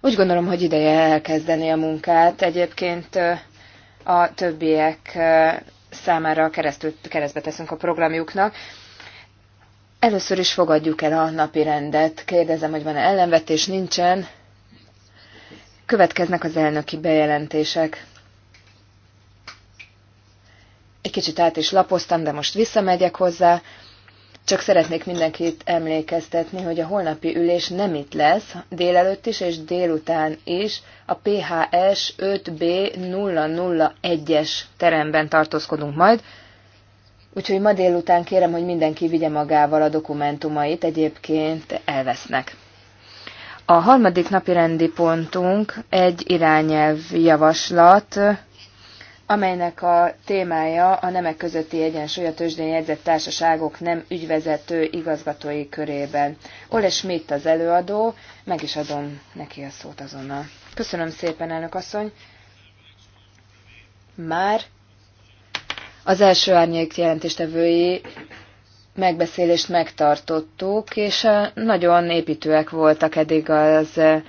Úgy gondolom, hogy ideje elkezdeni a munkát. Egyébként a többiek számára keresztül, keresztbe teszünk a programjuknak. Először is fogadjuk el a napi rendet. Kérdezem, hogy van-e ellenvetés, nincsen. Következnek az elnöki bejelentések. Egy kicsit át is lapoztam, de most visszamegyek hozzá. Csak szeretnék mindenkit emlékeztetni, hogy a holnapi ülés nem itt lesz, délelőtt is és délután is a PHS 5B001-es teremben tartózkodunk majd. Úgyhogy ma délután kérem, hogy mindenki vigye magával a dokumentumait, egyébként elvesznek. A harmadik napi rendi pontunk egy irányelv javaslat, amelynek a témája a nemek közötti egyensúly a tőzsdén jegyzett társaságok nem ügyvezető igazgatói körében. Ole Schmidt az előadó, meg is adom neki a szót azonnal. Köszönöm szépen, elnök asszony. Már az első árnyék jelentéstevői megbeszélést megtartottuk, és eh, nagyon építőek voltak eddig az eh,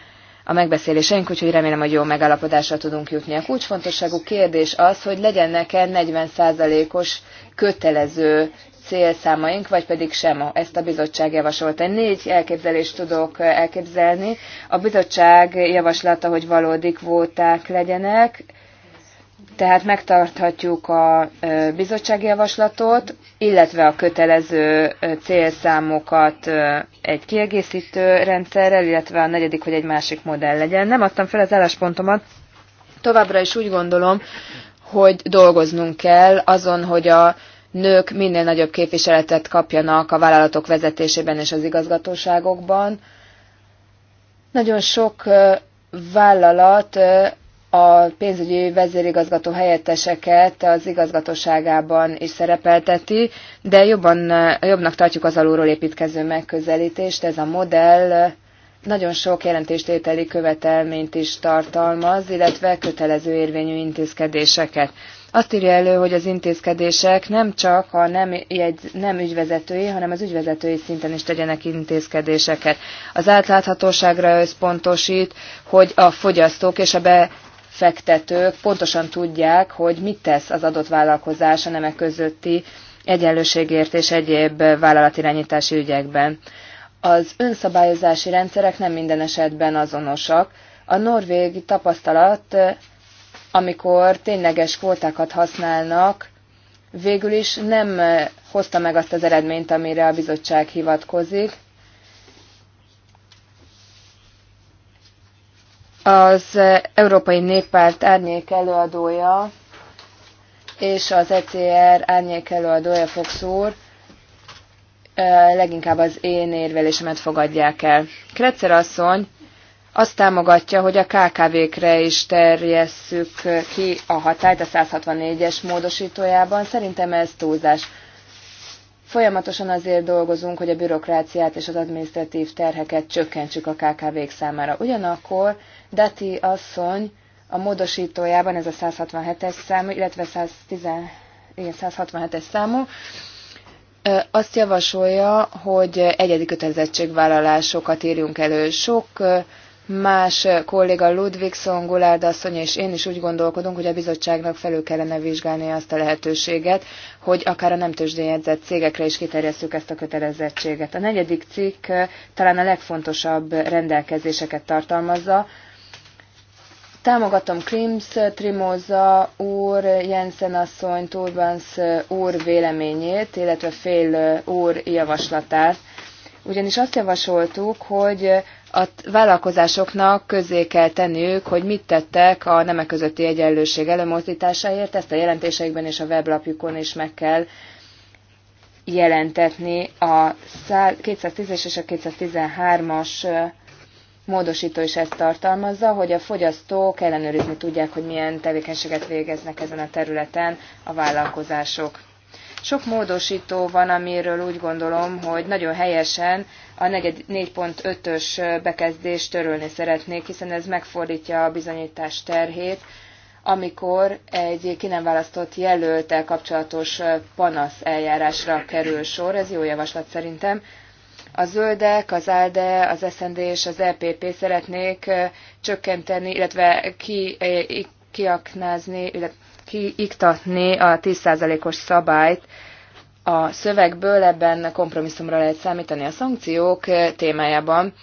a megbeszéléseink, úgyhogy remélem, hogy jó megállapodásra tudunk jutni. A kulcsfontosságú kérdés az, hogy legyen nekem 40%-os kötelező célszámaink, vagy pedig sem. Ezt a bizottság javasolta. Négy elképzelést tudok elképzelni. A bizottság javaslata, hogy valódi kvóták legyenek, tehát megtarthatjuk a bizottsági javaslatot, illetve a kötelező célszámokat egy kiegészítő rendszerrel, illetve a negyedik, hogy egy másik modell legyen. Nem adtam fel az álláspontomat, továbbra is úgy gondolom, hogy dolgoznunk kell azon, hogy a nők minél nagyobb képviseletet kapjanak a vállalatok vezetésében és az igazgatóságokban. Nagyon sok vállalat a pénzügyi vezérigazgató helyetteseket az igazgatóságában is szerepelteti, de jobban, jobbnak tartjuk az alulról építkező megközelítést. Ez a modell nagyon sok jelentéstételi követelményt is tartalmaz, illetve kötelező érvényű intézkedéseket. Azt írja elő, hogy az intézkedések nem csak a nem, jegy, nem ügyvezetői, hanem az ügyvezetői szinten is tegyenek intézkedéseket. Az átláthatóságra összpontosít, hogy a fogyasztók és a be befektetők pontosan tudják, hogy mit tesz az adott vállalkozás a nemek közötti egyenlőségért és egyéb vállalatirányítási ügyekben. Az önszabályozási rendszerek nem minden esetben azonosak. A norvég tapasztalat, amikor tényleges kvótákat használnak, végül is nem hozta meg azt az eredményt, amire a bizottság hivatkozik, az Európai Néppárt árnyék előadója és az ECR árnyék előadója Fox úr leginkább az én érvelésemet fogadják el. Kretszer asszony azt támogatja, hogy a KKV-kre is terjesszük ki a hatályt a 164-es módosítójában. Szerintem ez túlzás. Folyamatosan azért dolgozunk, hogy a bürokráciát és az adminisztratív terheket csökkentsük a KKV-k számára. Ugyanakkor Dati asszony a módosítójában, ez a 167-es számú, illetve 110, 167-es számú, azt javasolja, hogy egyedi kötelezettségvállalásokat írjunk elő. Sok más kolléga Ludvigson, Gulárd asszony és én is úgy gondolkodunk, hogy a bizottságnak felül kellene vizsgálni azt a lehetőséget, hogy akár a nem tőzsdéjegyzett cégekre is kiterjesztjük ezt a kötelezettséget. A negyedik cikk talán a legfontosabb rendelkezéseket tartalmazza, Támogatom Krims, Trimóza úr, Jensen asszony, Turbans úr véleményét, illetve fél úr javaslatát. Ugyanis azt javasoltuk, hogy a vállalkozásoknak közé kell tenniük, hogy mit tettek a nemek közötti egyenlőség előmozdításáért, ezt a jelentéseikben és a weblapjukon is meg kell jelentetni a 210-es és a 213-as módosító is ezt tartalmazza, hogy a fogyasztók ellenőrizni tudják, hogy milyen tevékenységet végeznek ezen a területen a vállalkozások. Sok módosító van, amiről úgy gondolom, hogy nagyon helyesen a 4.5-ös bekezdést törölni szeretnék, hiszen ez megfordítja a bizonyítás terhét, amikor egy ki nem választott jelöltel kapcsolatos panasz eljárásra kerül sor. Ez jó javaslat szerintem. A zöldek, az ALDE, az SND és az EPP szeretnék csökkenteni, illetve ki, kiaknázni, illetve kiiktatni a 10%-os szabályt a szövegből, ebben kompromisszumra lehet számítani a szankciók témájában.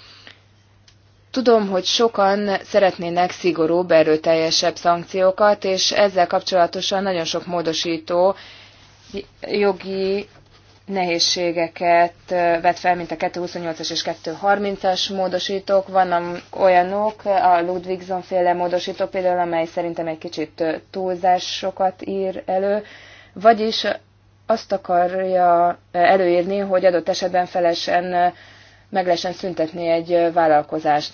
Tudom, hogy sokan szeretnének szigorúbb, erőteljesebb szankciókat, és ezzel kapcsolatosan nagyon sok módosító jogi nehézségeket vett fel, mint a 228-as és 230-as módosítók. Vannak olyanok, a Ludwigson féle módosító például, amely szerintem egy kicsit túlzásokat ír elő, vagyis azt akarja előírni, hogy adott esetben felesen meg lehessen szüntetni egy vállalkozást.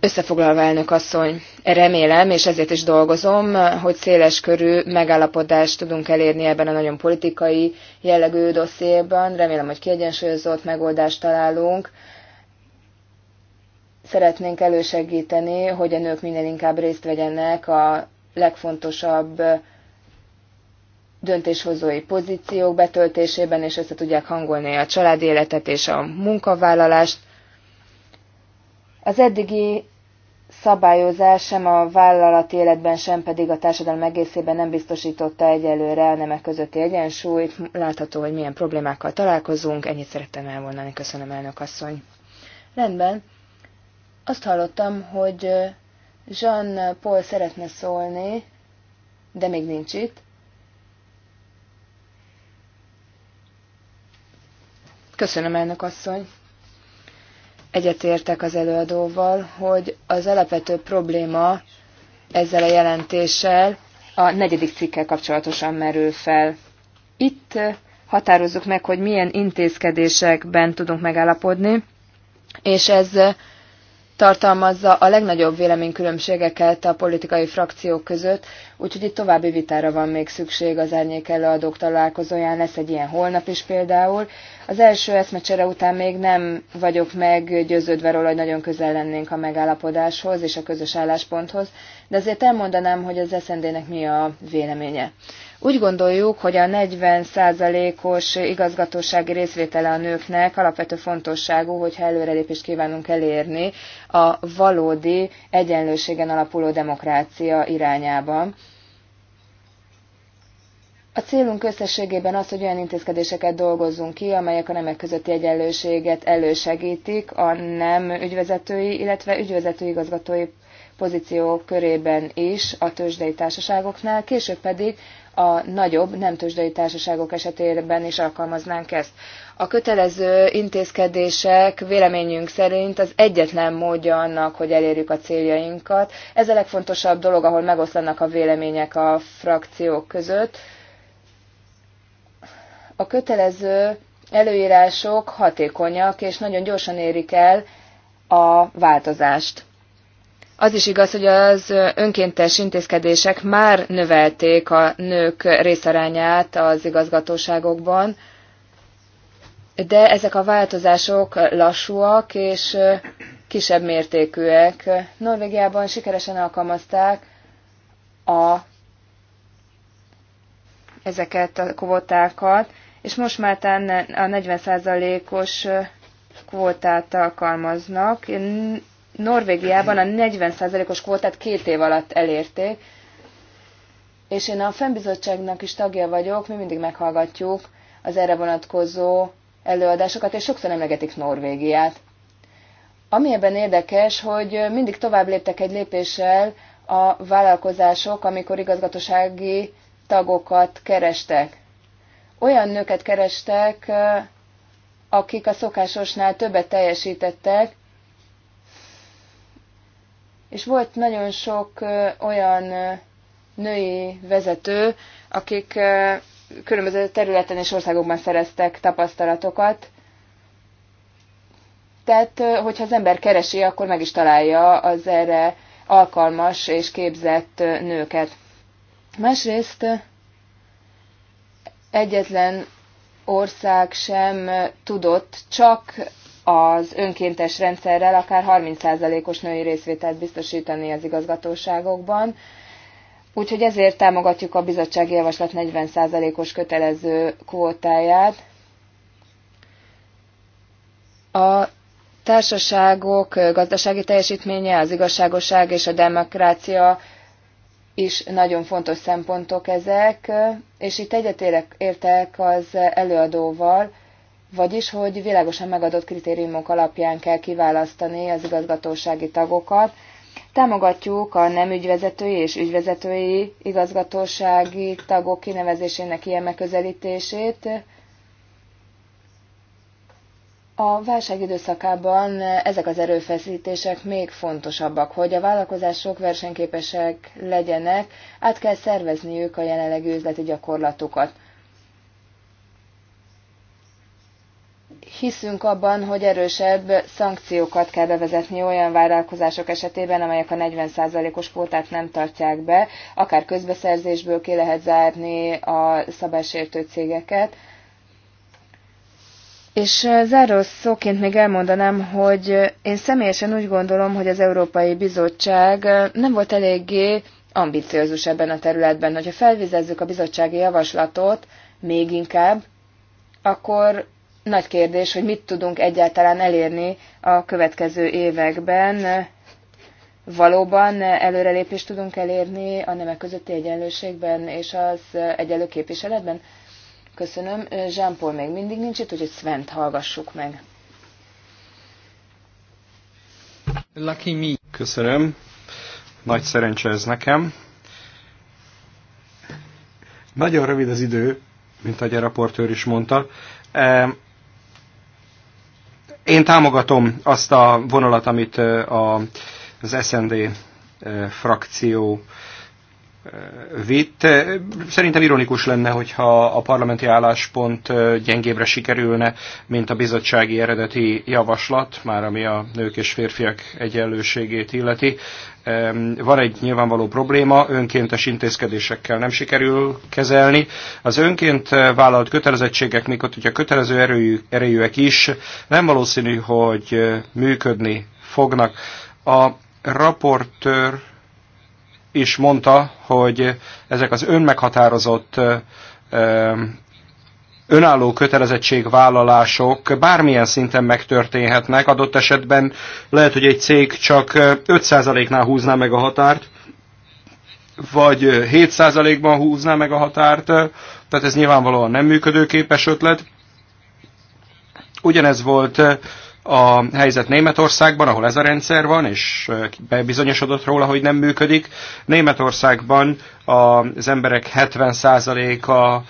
Összefoglalva, elnök asszony, remélem, és ezért is dolgozom, hogy széles körű megállapodást tudunk elérni ebben a nagyon politikai jellegű dossziéban. Remélem, hogy kiegyensúlyozott megoldást találunk. Szeretnénk elősegíteni, hogy a nők minél inkább részt vegyenek a legfontosabb döntéshozói pozíciók betöltésében, és össze tudják hangolni a családi életet és a munkavállalást az eddigi szabályozás sem a vállalat életben, sem pedig a társadalom egészében nem biztosította egyelőre a nemek közötti egyensúlyt. Látható, hogy milyen problémákkal találkozunk. Ennyit szerettem elmondani. Köszönöm, elnök asszony. Rendben. Azt hallottam, hogy Jean-Paul szeretne szólni, de még nincs itt. Köszönöm, elnök asszony. Egyetértek az előadóval, hogy az alapvető probléma ezzel a jelentéssel a negyedik cikkel kapcsolatosan merül fel. Itt eh, határozzuk meg, hogy milyen intézkedésekben tudunk megállapodni, és ez eh, tartalmazza a legnagyobb véleménykülönbségeket a politikai frakciók között, úgyhogy itt további vitára van még szükség az árnyék előadók találkozóján, lesz egy ilyen holnap is például, az első eszmecsere után még nem vagyok meggyőződve róla, hogy nagyon közel lennénk a megállapodáshoz és a közös állásponthoz, de azért elmondanám, hogy az SZND-nek mi a véleménye. Úgy gondoljuk, hogy a 40%-os igazgatósági részvétele a nőknek alapvető fontosságú, hogyha előrelépést kívánunk elérni a valódi egyenlőségen alapuló demokrácia irányába. A célunk összességében az, hogy olyan intézkedéseket dolgozzunk ki, amelyek a nemek közötti egyenlőséget elősegítik a nem ügyvezetői, illetve ügyvezetői igazgatói pozíció körében is a tőzsdei társaságoknál, később pedig a nagyobb, nem tőzsdei társaságok esetében is alkalmaznánk ezt. A kötelező intézkedések véleményünk szerint az egyetlen módja annak, hogy elérjük a céljainkat. Ez a legfontosabb dolog, ahol megoszlanak a vélemények a frakciók között a kötelező előírások hatékonyak, és nagyon gyorsan érik el a változást. Az is igaz, hogy az önkéntes intézkedések már növelték a nők részarányát az igazgatóságokban, de ezek a változások lassúak és kisebb mértékűek. Norvégiában sikeresen alkalmazták a, ezeket a kvótákat, és most már a 40%-os kvótát alkalmaznak. Norvégiában a 40%-os kvótát két év alatt elérték, és én a fennbizottságnak is tagja vagyok, mi mindig meghallgatjuk az erre vonatkozó előadásokat, és sokszor emlegetik Norvégiát. Ami ebben érdekes, hogy mindig tovább léptek egy lépéssel a vállalkozások, amikor igazgatósági tagokat kerestek olyan nőket kerestek, akik a szokásosnál többet teljesítettek, és volt nagyon sok olyan női vezető, akik különböző területen és országokban szereztek tapasztalatokat. Tehát, hogyha az ember keresi, akkor meg is találja az erre alkalmas és képzett nőket. Másrészt egyetlen ország sem tudott csak az önkéntes rendszerrel akár 30%-os női részvételt biztosítani az igazgatóságokban. Úgyhogy ezért támogatjuk a bizottsági javaslat 40%-os kötelező kvótáját. A társaságok gazdasági teljesítménye, az igazságosság és a demokrácia is nagyon fontos szempontok ezek, és itt egyetérek értek az előadóval, vagyis, hogy világosan megadott kritériumok alapján kell kiválasztani az igazgatósági tagokat. Támogatjuk a nem ügyvezetői és ügyvezetői igazgatósági tagok kinevezésének ilyen megközelítését, a válság időszakában ezek az erőfeszítések még fontosabbak, hogy a vállalkozások versenyképesek legyenek, át kell szervezniük a jelenlegi üzleti gyakorlatukat. Hiszünk abban, hogy erősebb szankciókat kell bevezetni olyan vállalkozások esetében, amelyek a 40%-os kvótát nem tartják be, akár közbeszerzésből ki lehet zárni a szabásértő cégeket, és záró szóként még elmondanám, hogy én személyesen úgy gondolom, hogy az Európai Bizottság nem volt eléggé ambiciózus ebben a területben. Hogyha felvizezzük a bizottsági javaslatot még inkább, akkor nagy kérdés, hogy mit tudunk egyáltalán elérni a következő években. Valóban előrelépést tudunk elérni a nemek közötti egyenlőségben és az egyenlő képviseletben? Köszönöm. Jean Paul még mindig nincs itt, úgyhogy Svent hallgassuk meg. Lucky me. Köszönöm. Nagy szerencse ez nekem. Nagyon rövid az idő, mint a raportőr is mondta. Én támogatom azt a vonalat, amit az SND frakció vitt. Szerintem ironikus lenne, hogyha a parlamenti álláspont gyengébre sikerülne, mint a bizottsági eredeti javaslat, már ami a nők és férfiak egyenlőségét illeti. Van egy nyilvánvaló probléma, önkéntes intézkedésekkel nem sikerül kezelni. Az önként vállalt kötelezettségek, mikor ugye kötelező erőjű, erőjűek is, nem valószínű, hogy működni fognak. A raportőr is mondta, hogy ezek az önmeghatározott önálló kötelezettségvállalások bármilyen szinten megtörténhetnek. Adott esetben lehet, hogy egy cég csak 5%-nál húzná meg a határt, vagy 7%-ban húzná meg a határt, tehát ez nyilvánvalóan nem működőképes ötlet. Ugyanez volt a helyzet Németországban, ahol ez a rendszer van, és bebizonyosodott róla, hogy nem működik. Németországban az emberek 70%-a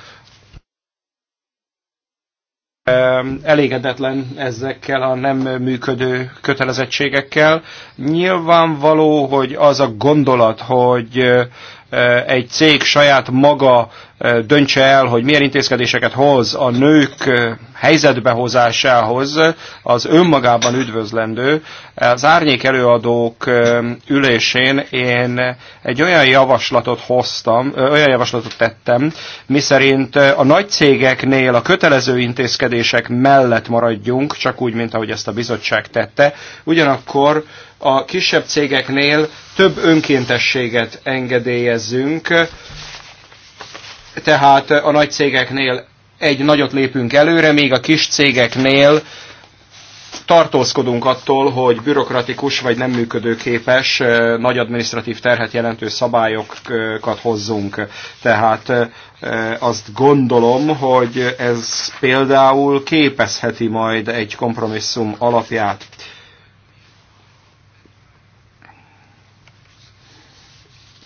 elégedetlen ezekkel a nem működő kötelezettségekkel. Nyilvánvaló, hogy az a gondolat, hogy egy cég saját maga döntse el, hogy milyen intézkedéseket hoz a nők helyzetbehozásához, az önmagában üdvözlendő. Az árnyék előadók ülésén én egy olyan javaslatot hoztam, olyan javaslatot tettem, miszerint a nagy cégeknél a kötelező intézkedések mellett maradjunk, csak úgy, mint ahogy ezt a bizottság tette, ugyanakkor a kisebb cégeknél több önkéntességet engedélyezzünk, tehát a nagy cégeknél egy nagyot lépünk előre, még a kis cégeknél tartózkodunk attól, hogy bürokratikus vagy nem működőképes, nagy administratív terhet jelentő szabályokat hozzunk. Tehát azt gondolom, hogy ez például képezheti majd egy kompromisszum alapját.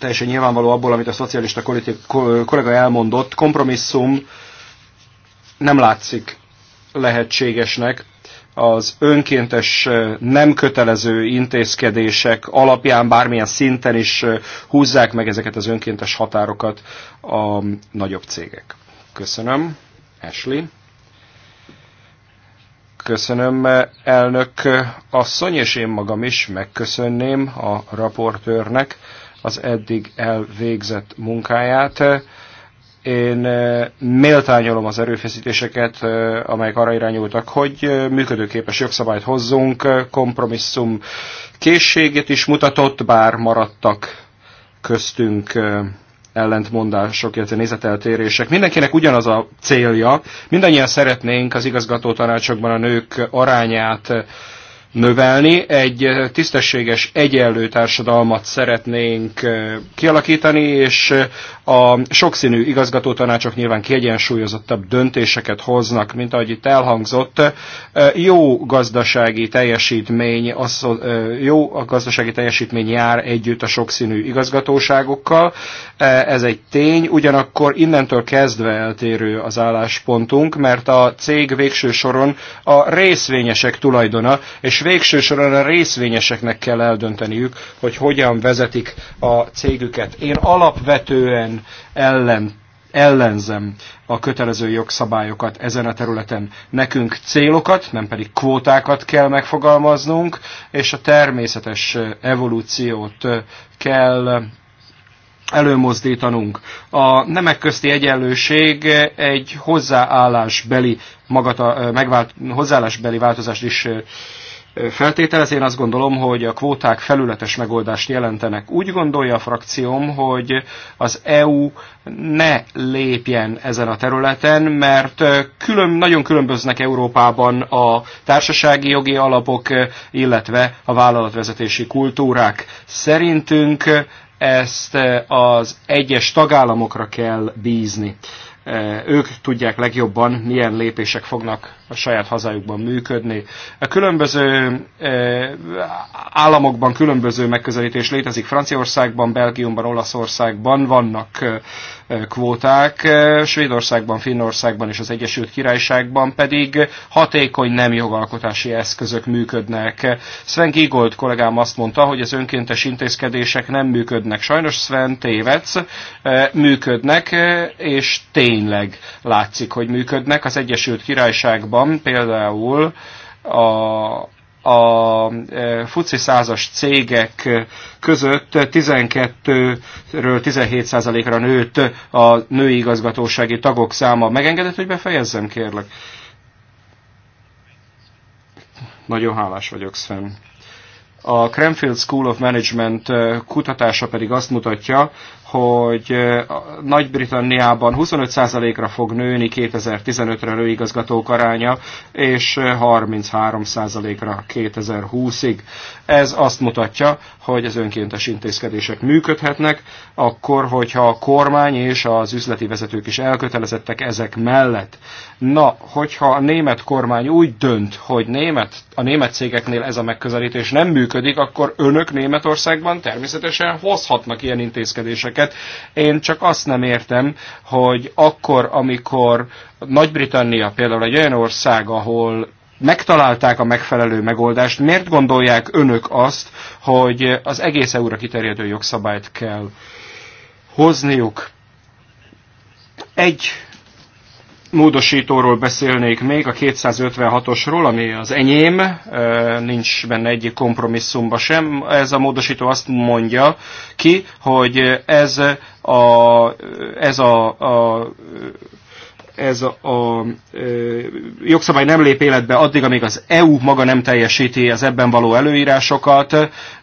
teljesen nyilvánvaló abból, amit a szocialista kollega elmondott, kompromisszum nem látszik lehetségesnek. Az önkéntes, nem kötelező intézkedések alapján bármilyen szinten is húzzák meg ezeket az önkéntes határokat a nagyobb cégek. Köszönöm, Ashley. Köszönöm, elnök asszony, és én magam is megköszönném a raportőrnek az eddig elvégzett munkáját. Én méltányolom az erőfeszítéseket, amelyek arra irányultak, hogy működőképes jogszabályt hozzunk, kompromisszum készségét is mutatott, bár maradtak köztünk ellentmondások, illetve nézeteltérések. Mindenkinek ugyanaz a célja, mindannyian szeretnénk az igazgató tanácsokban a nők arányát növelni. Egy tisztességes, egyenlő társadalmat szeretnénk kialakítani, és a sokszínű igazgatótanácsok nyilván kiegyensúlyozottabb döntéseket hoznak, mint ahogy itt elhangzott. Jó gazdasági teljesítmény, az, jó a gazdasági teljesítmény jár együtt a sokszínű igazgatóságokkal. Ez egy tény, ugyanakkor innentől kezdve eltérő az álláspontunk, mert a cég végső soron a részvényesek tulajdona, és végső soron a részvényeseknek kell eldönteniük, hogy hogyan vezetik a cégüket. Én alapvetően ellen ellenzem a kötelező jogszabályokat ezen a területen. Nekünk célokat, nem pedig kvótákat kell megfogalmaznunk, és a természetes evolúciót kell előmozdítanunk. A nemek közti egyenlőség egy hozzáállásbeli, magata, megvált, hozzáállásbeli változást is feltételez. Én azt gondolom, hogy a kvóták felületes megoldást jelentenek. Úgy gondolja a frakcióm, hogy az EU ne lépjen ezen a területen, mert külön, nagyon különböznek Európában a társasági jogi alapok, illetve a vállalatvezetési kultúrák. Szerintünk ezt az egyes tagállamokra kell bízni. Eh, ők tudják legjobban, milyen lépések fognak a saját hazájukban működni. A különböző eh, államokban különböző megközelítés létezik. Franciaországban, Belgiumban, Olaszországban vannak eh, kvóták, eh, Svédországban, Finnországban és az Egyesült Királyságban pedig hatékony nem jogalkotási eszközök működnek. Sven Gigold kollégám azt mondta, hogy az önkéntes intézkedések nem működnek. Sajnos Sven tévedsz, eh, működnek, eh, és tényleg látszik, hogy működnek. Az Egyesült Királyságban például a a e, FUCI százas cégek között 12-ről 17%-ra nőtt a női igazgatósági tagok száma. Megengedett, hogy befejezzem, kérlek? Nagyon hálás vagyok, Sven. A Cranfield School of Management kutatása pedig azt mutatja, hogy Nagy-Britanniában 25%-ra fog nőni 2015-re lőigazgatók aránya, és 33%-ra 2020-ig. Ez azt mutatja, hogy az önkéntes intézkedések működhetnek, akkor, hogyha a kormány és az üzleti vezetők is elkötelezettek ezek mellett. Na, hogyha a német kormány úgy dönt, hogy német, a német cégeknél ez a megközelítés nem működik, akkor önök Németországban természetesen hozhatnak ilyen intézkedéseket. Én csak azt nem értem, hogy akkor, amikor Nagy-Britannia például egy olyan ország, ahol megtalálták a megfelelő megoldást, miért gondolják önök azt, hogy az egész eu kiterjedő jogszabályt kell hozniuk. Egy módosítóról beszélnék még, a 256-osról, ami az enyém, nincs benne egy kompromisszumba sem. Ez a módosító azt mondja ki, hogy ez a, ez a, a ez a, a ö, jogszabály nem lép életbe addig, amíg az EU maga nem teljesíti az ebben való előírásokat.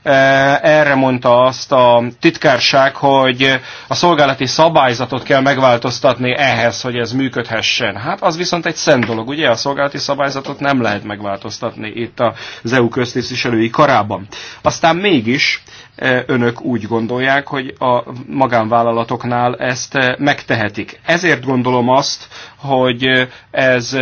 Erre mondta azt a titkárság, hogy a szolgálati szabályzatot kell megváltoztatni ehhez, hogy ez működhessen. Hát az viszont egy szent dolog, ugye? A szolgálati szabályzatot nem lehet megváltoztatni itt az EU köztisztviselői karában. Aztán mégis önök úgy gondolják, hogy a magánvállalatoknál ezt megtehetik. Ezért gondolom azt, hogy ez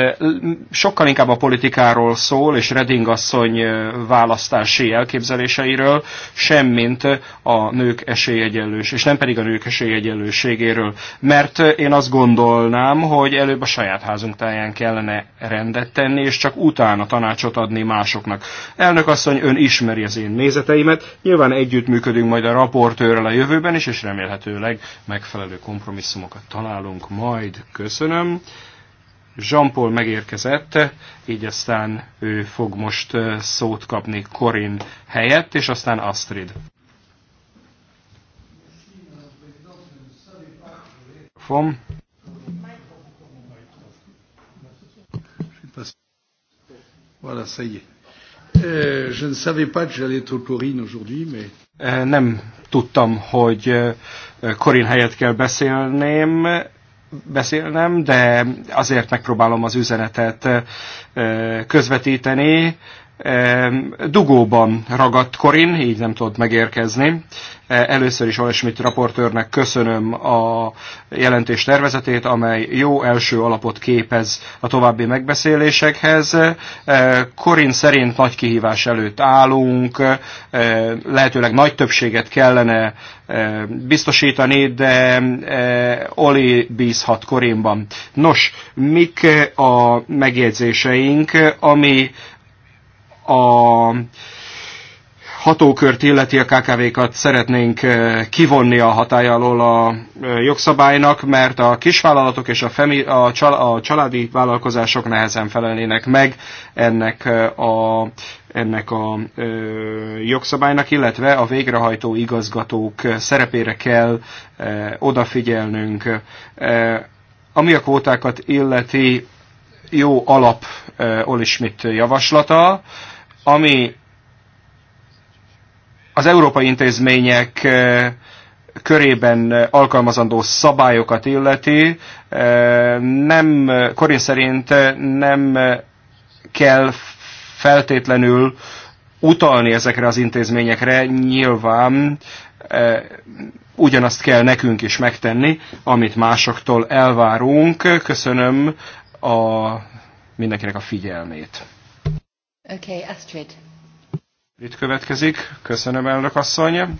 sokkal inkább a politikáról szól, és Reding asszony választási elképzeléseiről, semmint a nők esélyegyenlős, és nem pedig a nők esélyegyenlőségéről. Mert én azt gondolnám, hogy előbb a saját házunk táján kellene rendet tenni, és csak utána tanácsot adni másoknak. Elnök asszony, ön ismeri az én nézeteimet, nyilván együtt együttműködünk majd a raportőrrel a jövőben is, és remélhetőleg megfelelő kompromisszumokat találunk majd. Köszönöm. Jean-Paul megérkezett, így aztán ő fog most szót kapni Corin helyett, és aztán Astrid. Fom. Voilà, ça y est. Euh, je ne savais pas que j'allais être au Corinne aujourd'hui, mais... Eh, nem tudtam, hogy Korin eh, helyett kell beszélném, beszélnem, de azért megpróbálom az üzenetet eh, közvetíteni dugóban ragadt Korin, így nem tudott megérkezni. Először is Olesmit raportőrnek köszönöm a jelentés tervezetét, amely jó első alapot képez a további megbeszélésekhez. Korin szerint nagy kihívás előtt állunk, lehetőleg nagy többséget kellene biztosítani, de Oli bízhat Korinban. Nos, mik a megjegyzéseink, ami a hatókört illeti a KKV-kat szeretnénk eh, kivonni a hatály alól a eh, jogszabálynak, mert a kisvállalatok és a, femi, a, csal, a családi vállalkozások nehezen felelnének meg ennek eh, a, ennek a ö, jogszabálynak, illetve a végrehajtó igazgatók szerepére kell ö, odafigyelnünk. Ö, ami a kvótákat illeti, jó alap Oli Schmidt javaslata, ö, ami az európai intézmények eh, körében eh, alkalmazandó szabályokat illeti, eh, nem, Korin szerint nem kell feltétlenül utalni ezekre az intézményekre, nyilván ugyanazt kell nekünk is megtenni, amit másoktól elvárunk. Köszönöm a, mindenkinek a figyelmét. Okay, Astrid. Itt következik. Köszönöm, elnök asszony.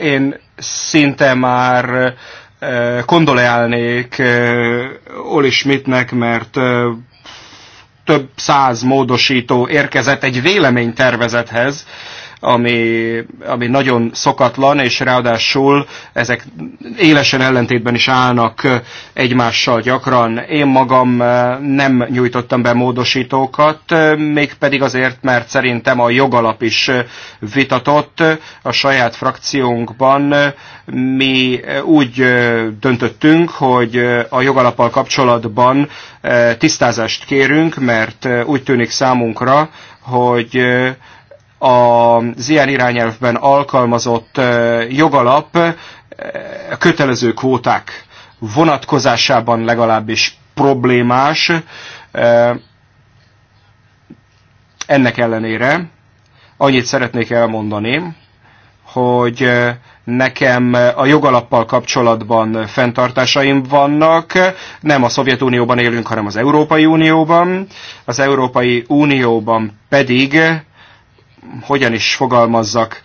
Én szinte már kondoleálnék Oli Schmidtnek, mert több száz módosító érkezett egy véleménytervezethez, ami, ami nagyon szokatlan, és ráadásul ezek élesen ellentétben is állnak egymással gyakran. Én magam nem nyújtottam be módosítókat, mégpedig azért, mert szerintem a jogalap is vitatott. A saját frakciónkban mi úgy döntöttünk, hogy a jogalapal kapcsolatban tisztázást kérünk, mert úgy tűnik számunkra, hogy az ilyen irányelvben alkalmazott jogalap kötelező kvóták vonatkozásában legalábbis problémás. Ennek ellenére annyit szeretnék elmondani, hogy nekem a jogalappal kapcsolatban fenntartásaim vannak. Nem a Szovjetunióban élünk, hanem az Európai Unióban. Az Európai Unióban pedig hogyan is fogalmazzak.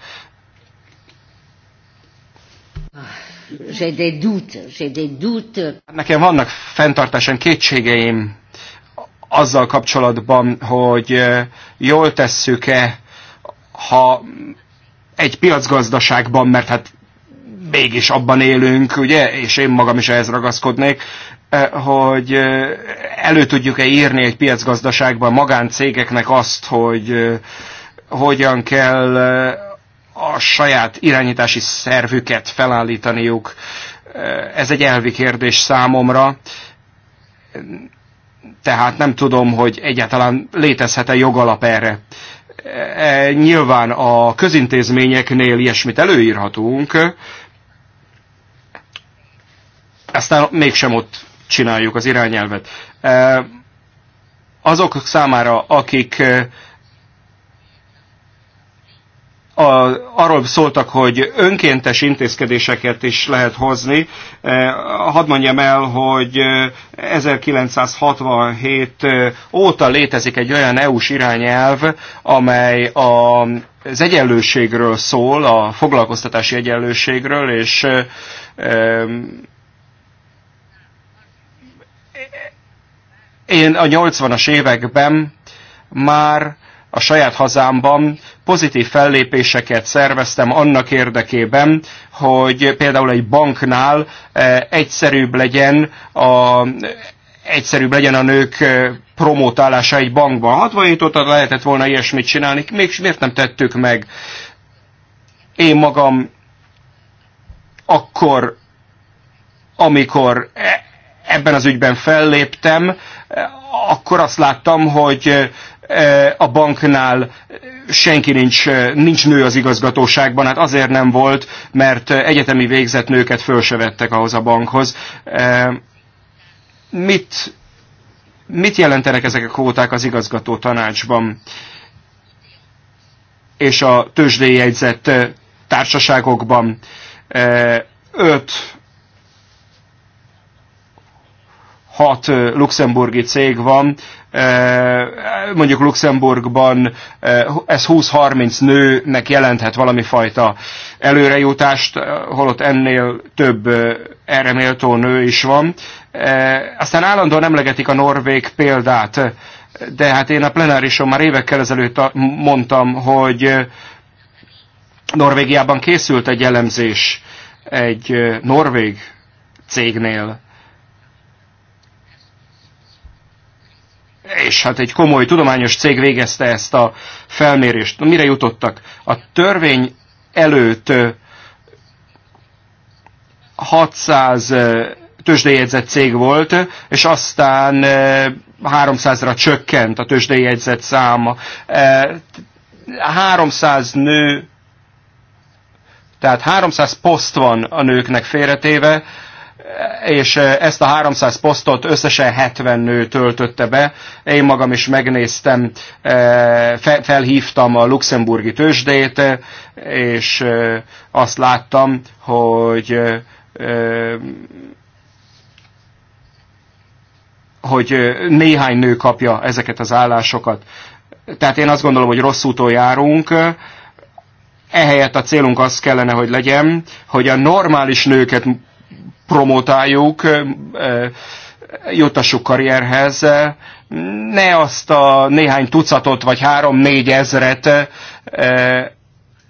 Nekem vannak fenntartásán kétségeim azzal kapcsolatban, hogy jól tesszük-e, ha egy piacgazdaságban, mert hát mégis abban élünk, ugye, és én magam is ehhez ragaszkodnék, hogy elő tudjuk-e írni egy piacgazdaságban magáncégeknek azt, hogy hogyan kell a saját irányítási szervüket felállítaniuk. Ez egy elvi kérdés számomra, tehát nem tudom, hogy egyáltalán létezhet-e jogalap erre. Nyilván a közintézményeknél ilyesmit előírhatunk, aztán mégsem ott csináljuk az irányelvet. Azok számára, akik a, arról szóltak, hogy önkéntes intézkedéseket is lehet hozni. E, hadd mondjam el, hogy 1967 e, e, óta létezik egy olyan EU-s irányelv, amely a, az egyenlőségről szól, a foglalkoztatási egyenlőségről, és én a 80-as években már a saját hazámban pozitív fellépéseket szerveztem annak érdekében, hogy például egy banknál eh, egyszerűbb legyen a, egyszerűbb legyen a nők eh, promótálása egy bankban. 67 óta lehetett volna ilyesmit csinálni, még miért nem tettük meg? Én magam akkor, amikor e, ebben az ügyben felléptem, eh, akkor azt láttam, hogy Eh, a banknál eh, senki nincs, eh, nincs nő az igazgatóságban, hát azért nem volt, mert egyetemi végzett nőket föl se vettek ahhoz a bankhoz. Mit, mit jelentenek ezek a kvóták az igazgató tanácsban és a tőzsdéjegyzett társaságokban? Öt hat luxemburgi cég van, mondjuk Luxemburgban ez 20-30 nőnek jelenthet valami fajta előrejutást, holott ennél több erre méltó nő is van. Aztán állandóan emlegetik a norvég példát, de hát én a plenárison már évekkel ezelőtt mondtam, hogy Norvégiában készült egy elemzés egy norvég cégnél, és hát egy komoly tudományos cég végezte ezt a felmérést. Na, mire jutottak? A törvény előtt 600 tőzsdejegyzett cég volt, és aztán 300-ra csökkent a tőzsdejegyzett száma. 300 nő, tehát 300 poszt van a nőknek félretéve, és eh, ezt a 300 posztot összesen 70 nő töltötte be. Én magam is megnéztem, eh, felhívtam a luxemburgi tőzsdét, eh, és azt láttam, hogy hogy néhány nő kapja ezeket az állásokat. Tehát én azt gondolom, hogy rossz úton járunk, ehelyett a célunk az kellene, hogy legyen, hogy a normális nőket promotáljuk, jutassuk karrierhez, ne azt a néhány tucatot vagy három-négy ezret,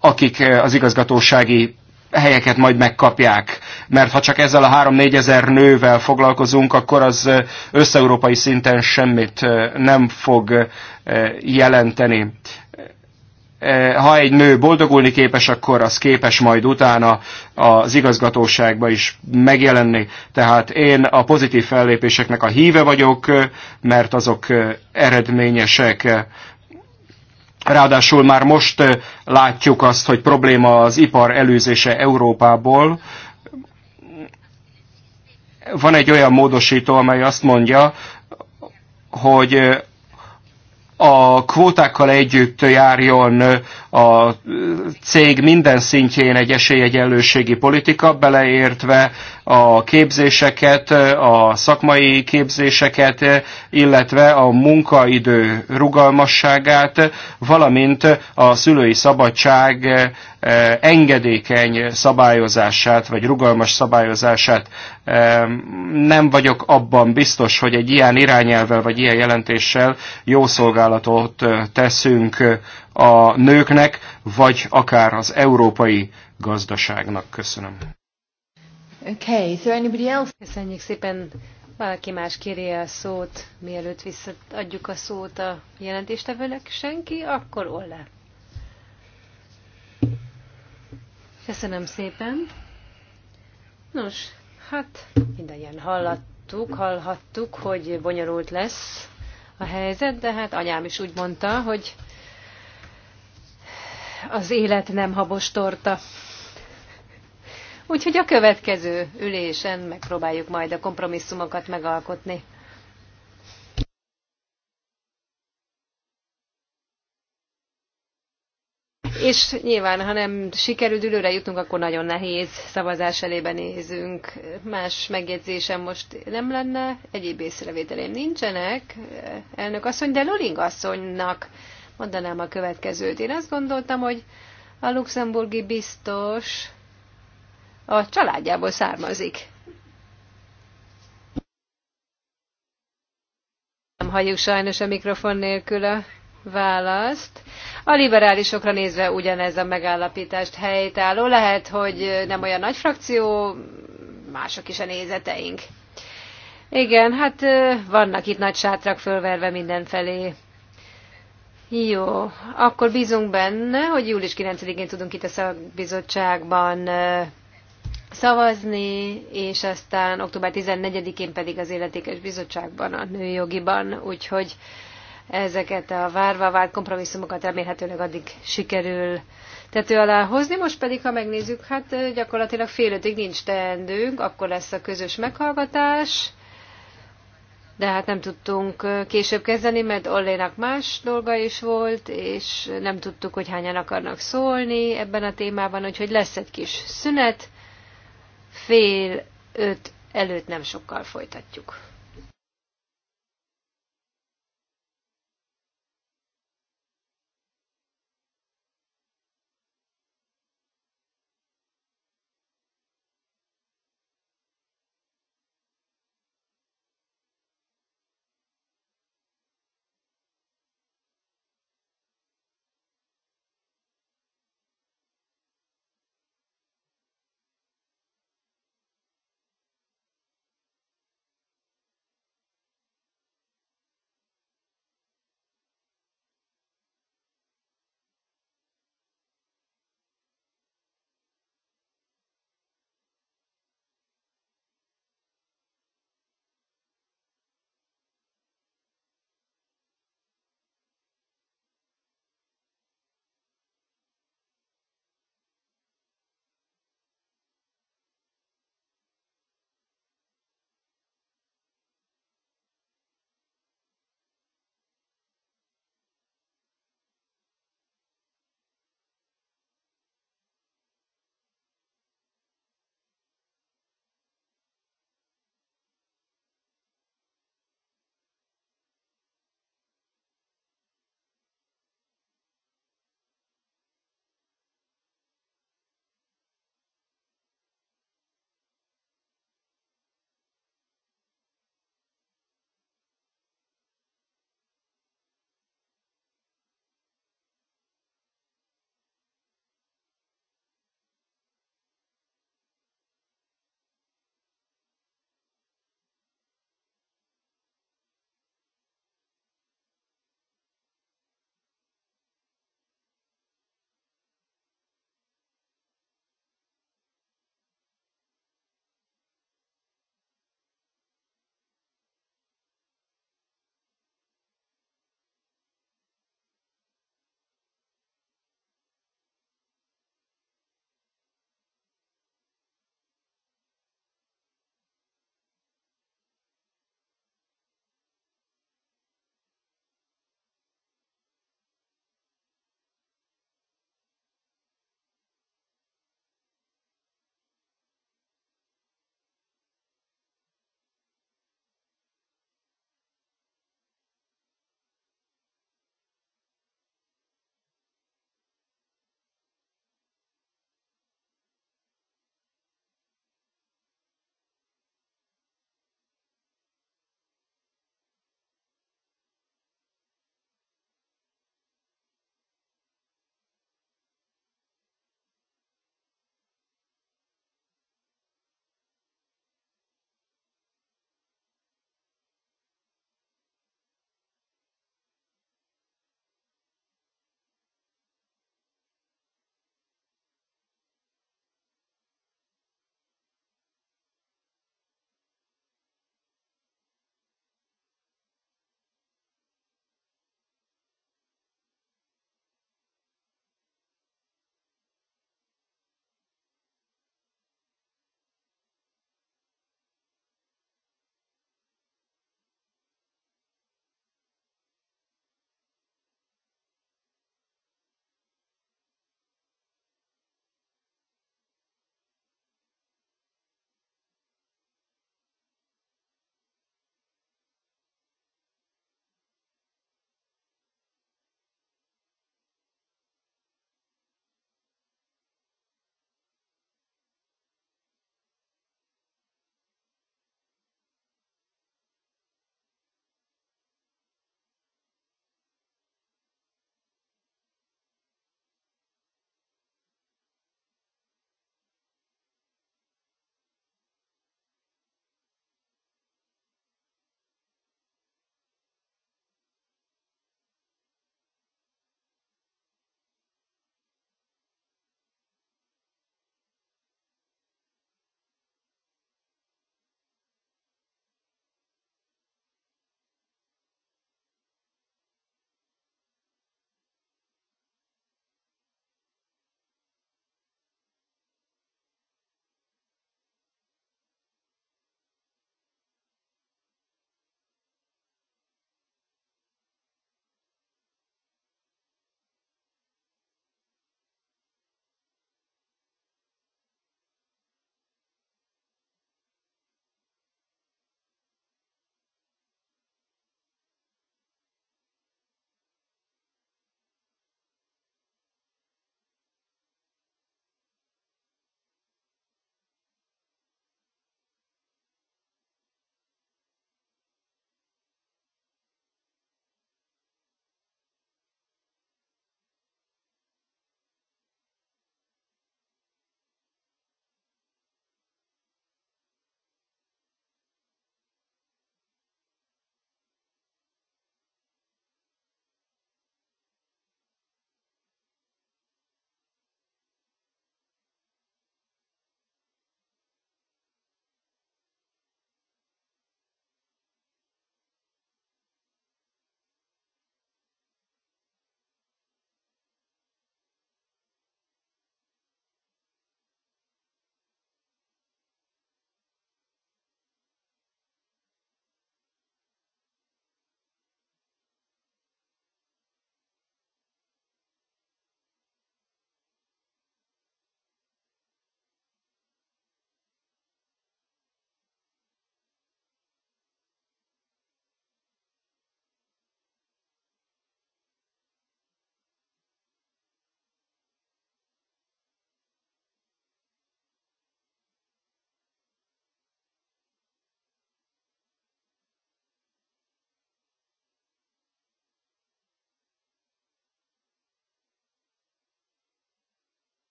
akik az igazgatósági helyeket majd megkapják. Mert ha csak ezzel a 3-4 ezer nővel foglalkozunk, akkor az összeurópai szinten semmit nem fog jelenteni. Eh, ha egy nő boldogulni képes, akkor az képes majd utána az igazgatóságba is megjelenni. Tehát én a pozitív fellépéseknek a híve vagyok, mert azok eh, eredményesek. Ráadásul már most eh, látjuk azt, hogy probléma az ipar előzése Európából, van egy olyan módosító, amely azt mondja, hogy a kvótákkal együtt járjon a cég minden szintjén egy esélyegyenlőségi politika, beleértve a képzéseket, a szakmai képzéseket, illetve a munkaidő rugalmasságát, valamint a szülői szabadság eh, engedékeny szabályozását, vagy rugalmas szabályozását. Eh, nem vagyok abban biztos, hogy egy ilyen irányelvel, vagy ilyen jelentéssel jó szolgálatot eh, teszünk a nőknek, vagy akár az európai gazdaságnak. Köszönöm. Okay, is there anybody else? Köszönjük szépen. Valaki más kéri a szót, mielőtt visszaadjuk a szót a jelentéstevőnek. Senki? Akkor Olle. Köszönöm szépen. Nos, hát mindannyian hallattuk, hallhattuk, hogy bonyolult lesz a helyzet, de hát anyám is úgy mondta, hogy az élet nem habos torta. Úgyhogy a következő ülésen megpróbáljuk majd a kompromisszumokat megalkotni. És nyilván, ha nem sikerül ülőre jutnunk akkor nagyon nehéz szavazás elébe nézünk. Más megjegyzésem most nem lenne, egyéb észrevételém nincsenek. Elnök asszony, de Luling asszonynak mondanám a következőt. Én azt gondoltam, hogy a luxemburgi biztos a családjából származik. Nem halljuk sajnos a mikrofon nélkül a választ. A liberálisokra nézve ugyanez a megállapítást helytálló. Lehet, hogy nem olyan nagy frakció, mások is a nézeteink. Igen, hát vannak itt nagy sátrak fölverve mindenfelé. Jó, akkor bízunk benne, hogy július 9-én tudunk itt a szakbizottságban szavazni, és aztán október 14-én pedig az Életékes Bizottságban, a Nőjogiban, úgyhogy ezeket a várva várt kompromisszumokat remélhetőleg addig sikerül tető alá hozni. Most pedig, ha megnézzük, hát gyakorlatilag fél ötig nincs teendőnk, akkor lesz a közös meghallgatás, de hát nem tudtunk később kezdeni, mert Ollénak más dolga is volt, és nem tudtuk, hogy hányan akarnak szólni ebben a témában, úgyhogy lesz egy kis szünet, fél öt előtt nem sokkal folytatjuk.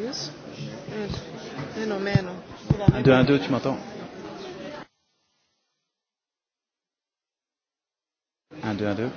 Yes. Yes. Non, 2 2, tu m'entends 1 2 un, 2.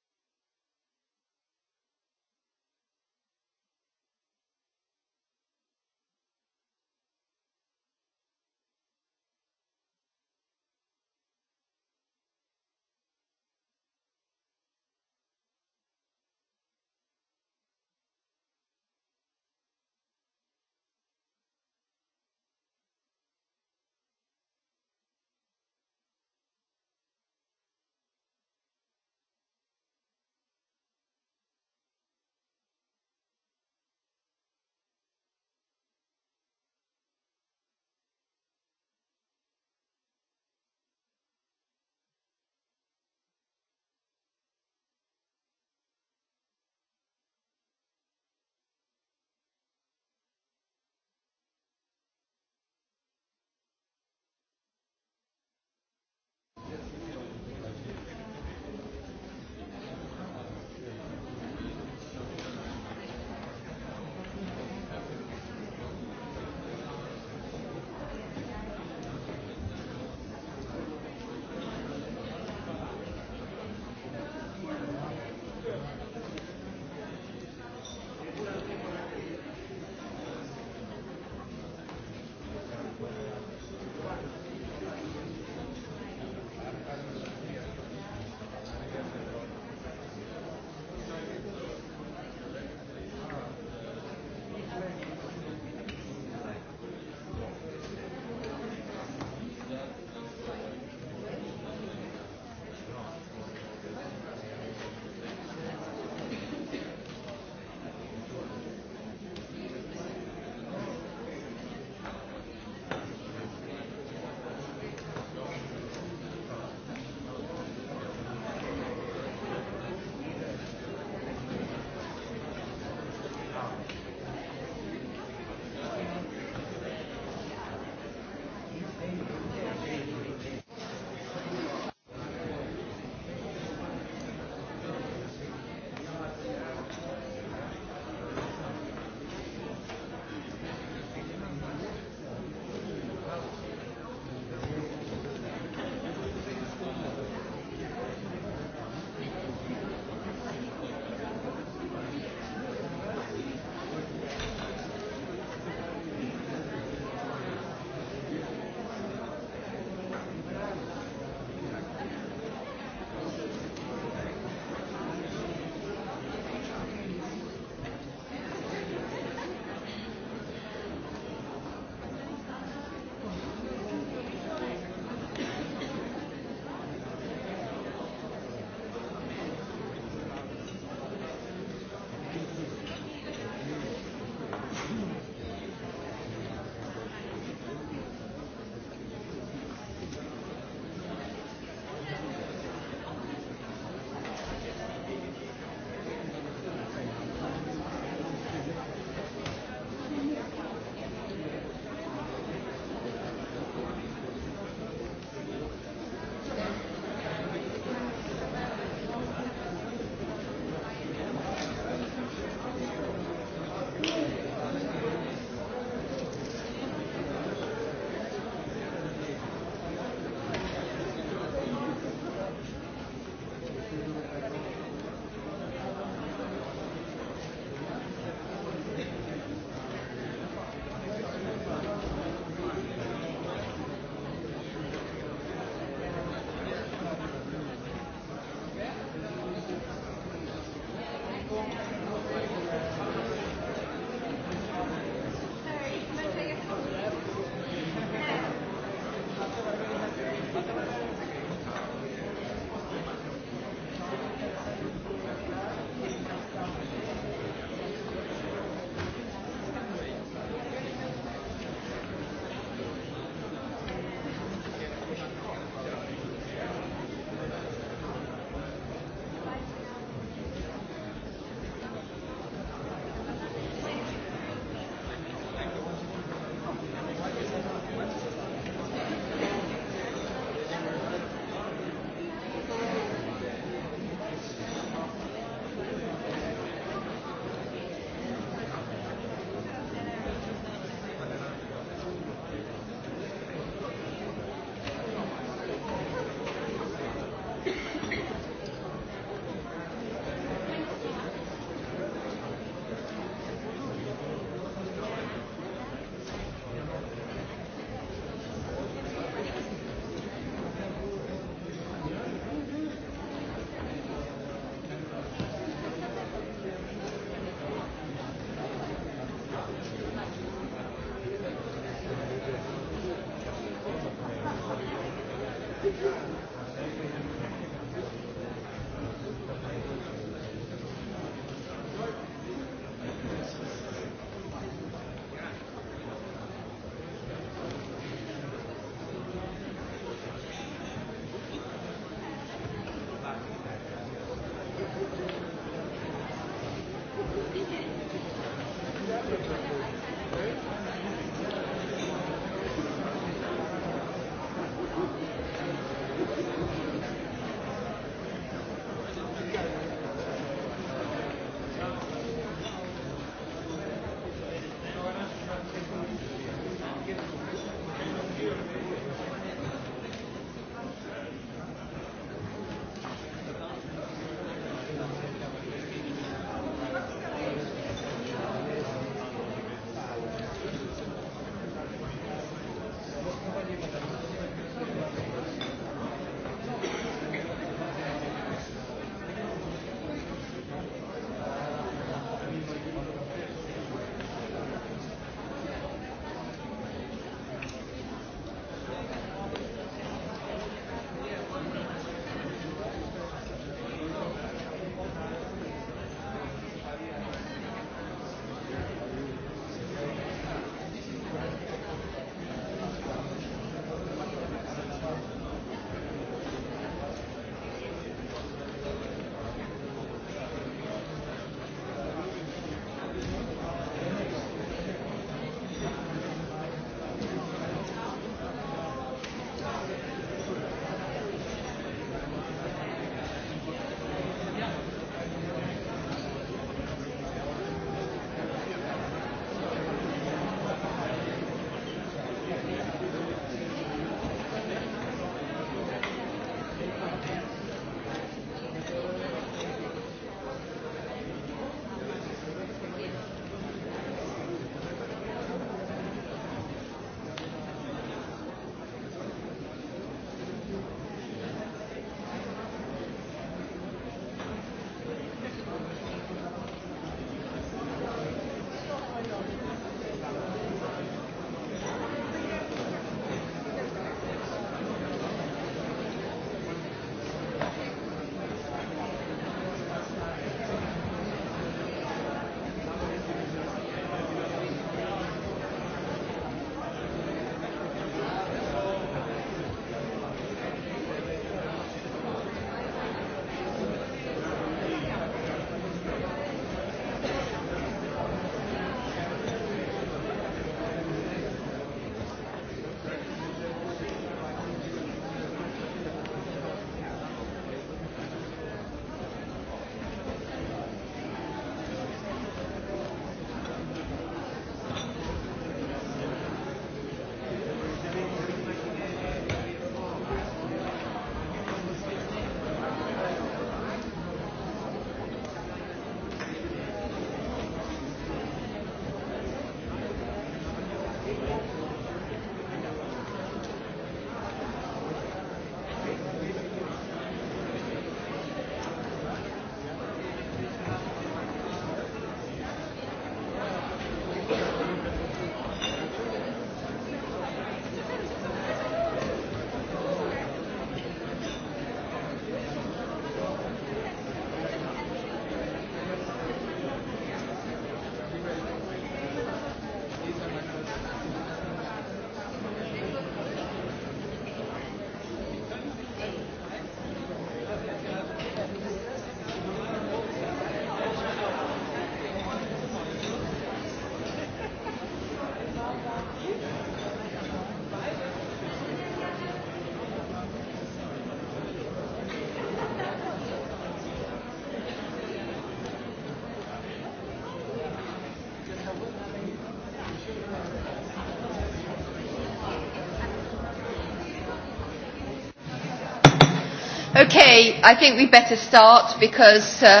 Okay, I think we better start because... Uh...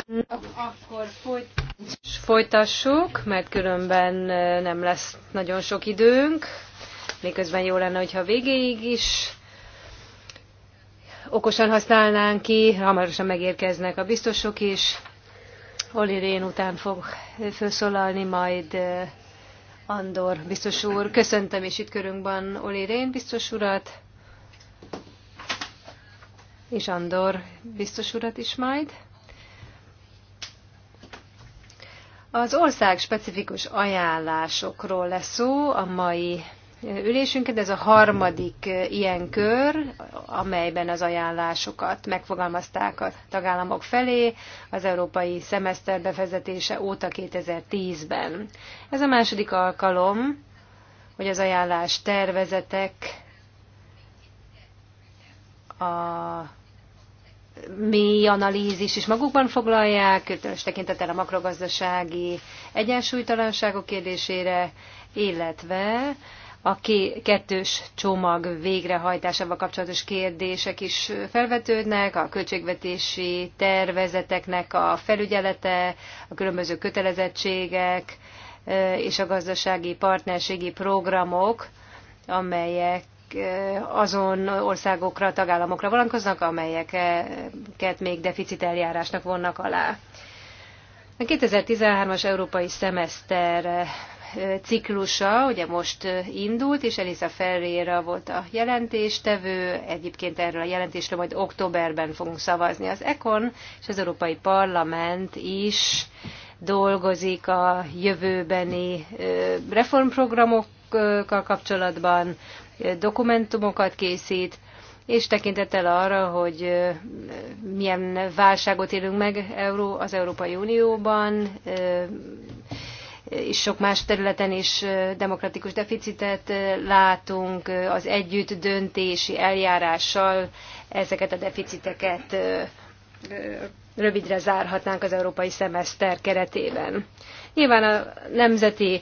Akkor folytassuk, mert különben uh, nem lesz nagyon sok időnk. Miközben jó lenne, hogyha végéig is okosan használnánk ki, hamarosan megérkeznek a biztosok is. Oli Rén után fog felszólalni, majd uh, Andor biztos úr. Köszöntöm is itt körünkben Oli Rén biztos urat és Andor biztos urat is majd. Az ország specifikus ajánlásokról lesz szó a mai ülésünket, ez a harmadik ilyen kör, amelyben az ajánlásokat megfogalmazták a tagállamok felé az európai szemeszter bevezetése óta 2010-ben. Ez a második alkalom, hogy az ajánlás tervezetek a mély analízis is magukban foglalják, különös tekintettel a makrogazdasági egyensúlytalanságok kérdésére, illetve a kettős csomag végrehajtásával kapcsolatos kérdések is felvetődnek, a költségvetési tervezeteknek a felügyelete, a különböző kötelezettségek és a gazdasági partnerségi programok, amelyek Eh, azon országokra, tagállamokra vonatkoznak, amelyeket még deficit eljárásnak vonnak alá. A 2013-as európai szemeszter eh, ciklusa ugye most eh, indult, és Elisa Ferreira volt a jelentéstevő, egyébként erről a jelentésről majd októberben fogunk szavazni. Az ECON és az Európai Parlament is dolgozik a jövőbeni reformprogramokkal kapcsolatban, dokumentumokat készít, és tekintettel arra, hogy milyen válságot élünk meg az Európai Unióban, és sok más területen is demokratikus deficitet látunk, az együtt döntési eljárással ezeket a deficiteket rövidre zárhatnánk az európai szemeszter keretében. Nyilván a nemzeti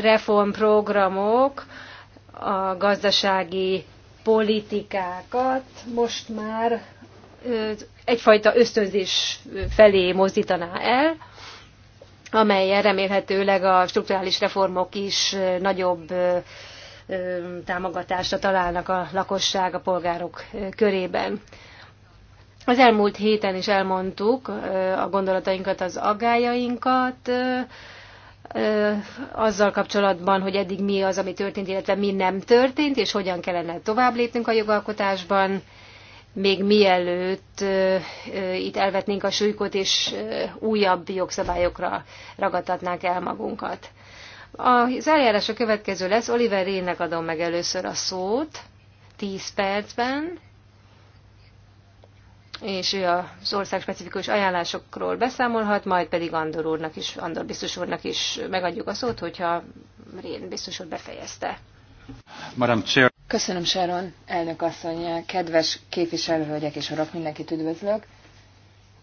reformprogramok a gazdasági politikákat most már egyfajta ösztönzés felé mozdítaná el, amelyen remélhetőleg a strukturális reformok is nagyobb támogatásra találnak a lakosság, a polgárok körében. Az elmúlt héten is elmondtuk a gondolatainkat, az agájainkat, azzal kapcsolatban, hogy eddig mi az, ami történt, illetve mi nem történt, és hogyan kellene tovább lépnünk a jogalkotásban, még mielőtt itt elvetnénk a súlykot, és újabb jogszabályokra ragadtatnánk el magunkat. Az eljárás a következő lesz. Oliver Rénnek adom meg először a szót, 10 percben, és ő az ország specifikus ajánlásokról beszámolhat, majd pedig Andor úrnak is, Andor biztos úrnak is megadjuk a szót, hogyha Rén biztos úr befejezte. Madam Chair. Köszönöm Sharon, elnök asszony, kedves képviselőhölgyek és urak, mindenkit üdvözlök.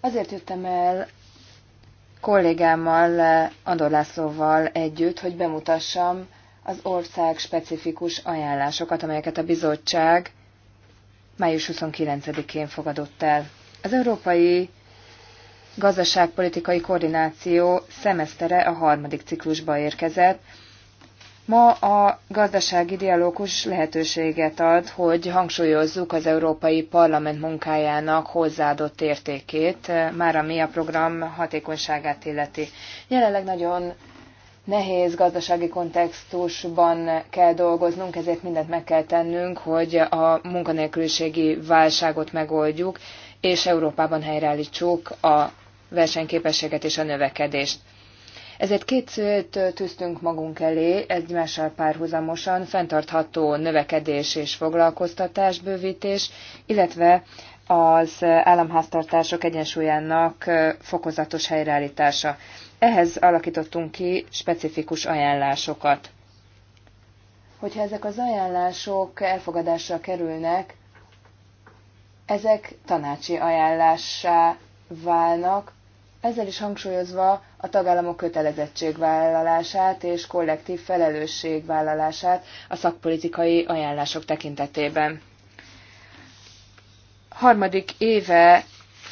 Azért jöttem el kollégámmal, Andor Lászlóval együtt, hogy bemutassam az ország specifikus ajánlásokat, amelyeket a bizottság május 29-én fogadott el. Az Európai Gazdaságpolitikai Koordináció szemesztere a harmadik ciklusba érkezett. Ma a gazdasági dialógus lehetőséget ad, hogy hangsúlyozzuk az Európai Parlament munkájának hozzáadott értékét, már ami a program hatékonyságát illeti. Jelenleg nagyon nehéz gazdasági kontextusban kell dolgoznunk, ezért mindent meg kell tennünk, hogy a munkanélküliségi válságot megoldjuk, és Európában helyreállítsuk a versenyképességet és a növekedést. Ezért két célt tűztünk magunk elé egymással párhuzamosan, fenntartható növekedés és foglalkoztatás bővítés, illetve az államháztartások egyensúlyának fokozatos helyreállítása. Ehhez alakítottunk ki specifikus ajánlásokat. Hogyha ezek az ajánlások elfogadásra kerülnek, ezek tanácsi ajánlássá válnak, ezzel is hangsúlyozva a tagállamok kötelezettségvállalását és kollektív felelősségvállalását a szakpolitikai ajánlások tekintetében. Harmadik éve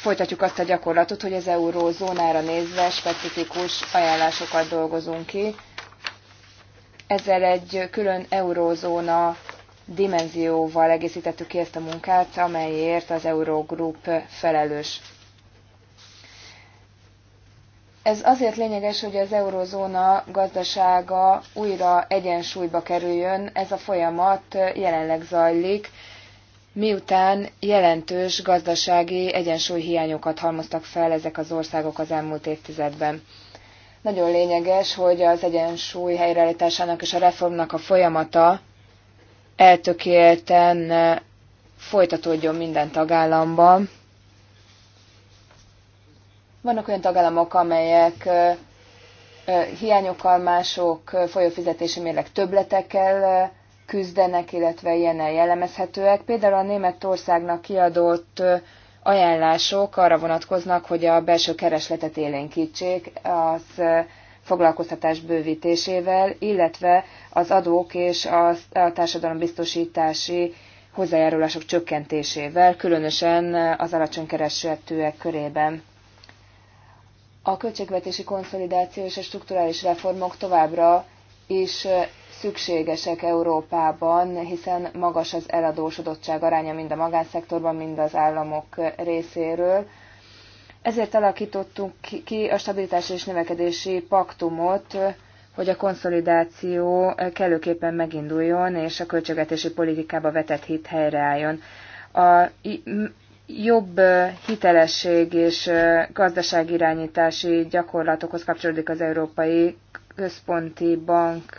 folytatjuk azt a gyakorlatot, hogy az eurózónára nézve specifikus ajánlásokat dolgozunk ki. Ezzel egy külön eurózóna dimenzióval egészítettük ki ezt a munkát, amelyért az Eurogroup felelős. Ez azért lényeges, hogy az eurozóna gazdasága újra egyensúlyba kerüljön. Ez a folyamat jelenleg zajlik, miután jelentős gazdasági egyensúlyhiányokat halmoztak fel ezek az országok az elmúlt évtizedben. Nagyon lényeges, hogy az egyensúly helyreállításának és a reformnak a folyamata eltökélten eh, folytatódjon minden tagállamban. Vannak olyan tagállamok, amelyek eh, eh, hiányokkal, mások folyófizetési mérleg többletekkel küzdenek, illetve ilyennel jellemezhetőek. Például a Németországnak kiadott ajánlások arra vonatkoznak, hogy a belső keresletet élénkítsék az foglalkoztatás bővítésével, illetve az adók és a társadalombiztosítási hozzájárulások csökkentésével, különösen az alacsony keresetőek körében. A költségvetési konszolidáció és a strukturális reformok továbbra is szükségesek Európában, hiszen magas az eladósodottság aránya mind a magánszektorban, mind az államok részéről. Ezért alakítottunk ki a stabilitás és növekedési paktumot, hogy a konszolidáció kellőképpen meginduljon, és a költségvetési politikába vetett hit helyreálljon. A jobb hitelesség és gazdaságirányítási gyakorlatokhoz kapcsolódik az Európai Központi Bank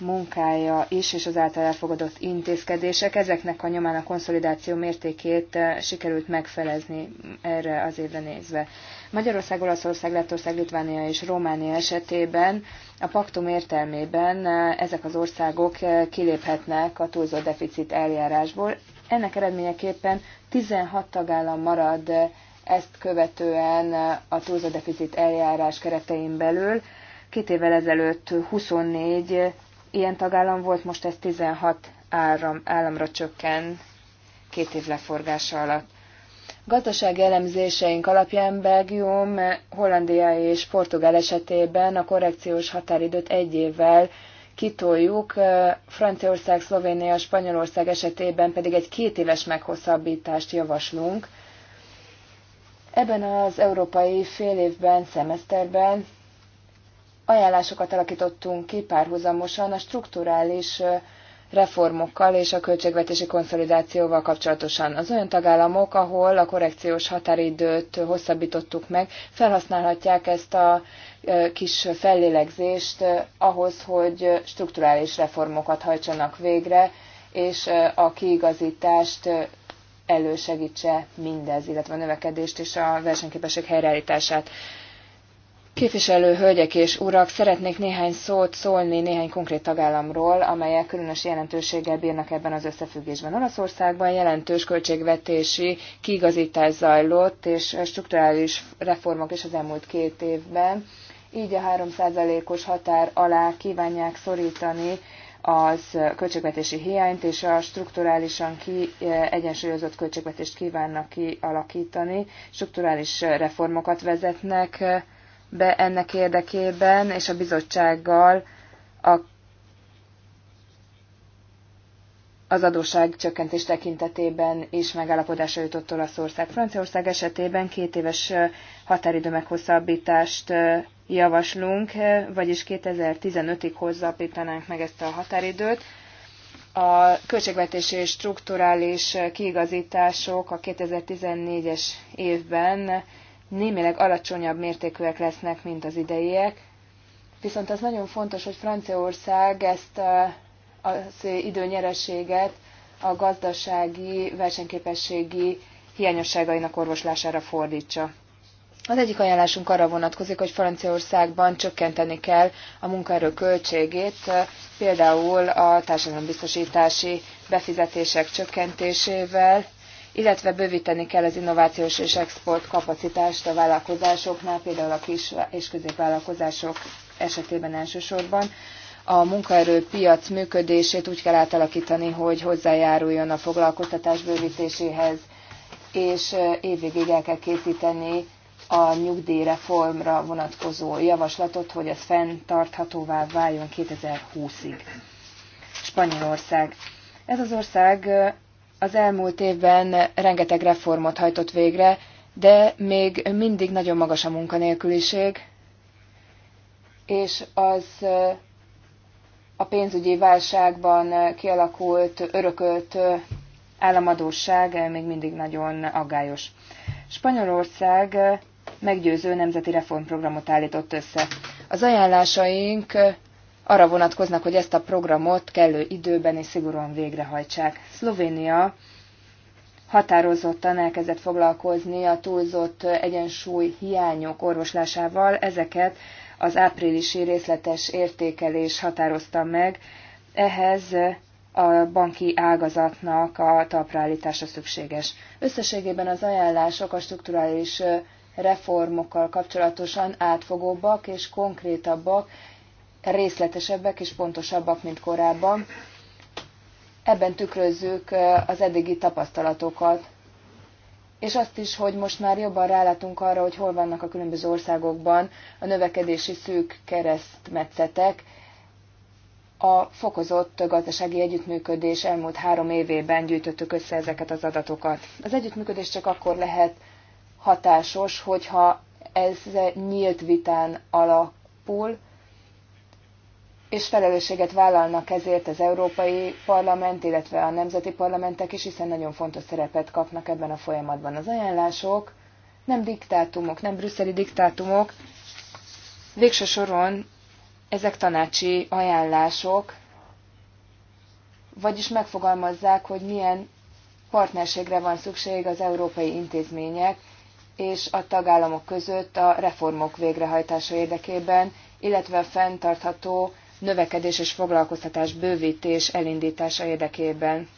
munkája is, és az által elfogadott intézkedések, ezeknek a nyomán a konszolidáció mértékét eh, sikerült megfelezni erre az évre nézve. Magyarország, Olaszország, Lettország, Litvánia és Románia esetében a paktum értelmében eh, ezek az országok eh, kiléphetnek a túlzó deficit eljárásból. Ennek eredményeképpen 16 tagállam marad ezt követően a túlzó deficit eljárás keretein belül, két évvel ezelőtt 24 ilyen tagállam volt, most ez 16 állam, államra csökken két év leforgása alatt. Gazdasági elemzéseink alapján Belgium, Hollandia és Portugál esetében a korrekciós határidőt egy évvel kitoljuk, Franciaország, Szlovénia, Spanyolország esetében pedig egy két éves meghosszabbítást javaslunk. Ebben az európai fél évben, szemeszterben ajánlásokat alakítottunk ki párhuzamosan a strukturális reformokkal és a költségvetési konszolidációval kapcsolatosan. Az olyan tagállamok, ahol a korrekciós határidőt hosszabbítottuk meg, felhasználhatják ezt a kis fellélegzést ahhoz, hogy strukturális reformokat hajtsanak végre, és a kiigazítást elősegítse mindez, illetve a növekedést és a versenyképesség helyreállítását. Képviselő hölgyek és urak, szeretnék néhány szót szólni néhány konkrét tagállamról, amelyek különös jelentőséggel bírnak ebben az összefüggésben. Olaszországban jelentős költségvetési kiigazítás zajlott, és strukturális reformok is az elmúlt két évben. Így a 3%-os határ alá kívánják szorítani az költségvetési hiányt, és a strukturálisan ki eh, egyensúlyozott költségvetést kívánnak kialakítani, strukturális reformokat vezetnek eh, be ennek érdekében, és a bizottsággal a, az adósság csökkentés tekintetében is megállapodásra jutott Olaszország. Franciaország esetében két éves határidő meghosszabbítást javaslunk, vagyis 2015-ig hosszabbítanánk meg ezt a határidőt. A költségvetési és strukturális kiigazítások a 2014-es évben némileg alacsonyabb mértékűek lesznek, mint az ideiek. Viszont az nagyon fontos, hogy Franciaország ezt az időnyereséget a gazdasági, versenyképességi hiányosságainak orvoslására fordítsa. Az egyik ajánlásunk arra vonatkozik, hogy Franciaországban csökkenteni kell a munkaerő költségét, például a társadalombiztosítási befizetések csökkentésével, illetve bővíteni kell az innovációs és export kapacitást a vállalkozásoknál, például a kis és középvállalkozások esetében elsősorban. A munkaerőpiac működését úgy kell átalakítani, hogy hozzájáruljon a foglalkoztatás bővítéséhez, és évvégig el kell készíteni a nyugdíjreformra vonatkozó javaslatot, hogy ez fenntarthatóvá váljon 2020-ig. Spanyolország. Ez az ország az elmúlt évben rengeteg reformot hajtott végre, de még mindig nagyon magas a munkanélküliség, és az a pénzügyi válságban kialakult, örökölt államadóság még mindig nagyon aggályos. Spanyolország meggyőző nemzeti reformprogramot állított össze. Az ajánlásaink arra vonatkoznak, hogy ezt a programot kellő időben és szigorúan végrehajtsák. Szlovénia határozottan elkezdett foglalkozni a túlzott egyensúly hiányok orvoslásával. Ezeket az áprilisi részletes értékelés határozta meg. Ehhez a banki ágazatnak a talpraállítása szükséges. Összességében az ajánlások a strukturális reformokkal kapcsolatosan átfogóbbak és konkrétabbak, részletesebbek és pontosabbak, mint korábban. Ebben tükrözzük az eddigi tapasztalatokat, és azt is, hogy most már jobban rálátunk arra, hogy hol vannak a különböző országokban a növekedési szűk keresztmetszetek, a fokozott gazdasági együttműködés elmúlt három évében gyűjtöttük össze ezeket az adatokat. Az együttműködés csak akkor lehet hatásos, hogyha ez nyílt vitán alapul, és felelősséget vállalnak ezért az Európai Parlament, illetve a nemzeti parlamentek is, hiszen nagyon fontos szerepet kapnak ebben a folyamatban. Az ajánlások nem diktátumok, nem brüsszeli diktátumok, végső soron ezek tanácsi ajánlások, vagyis megfogalmazzák, hogy milyen partnerségre van szükség az európai intézmények és a tagállamok között a reformok végrehajtása érdekében, illetve a fenntartható növekedés és foglalkoztatás bővítés elindítása érdekében.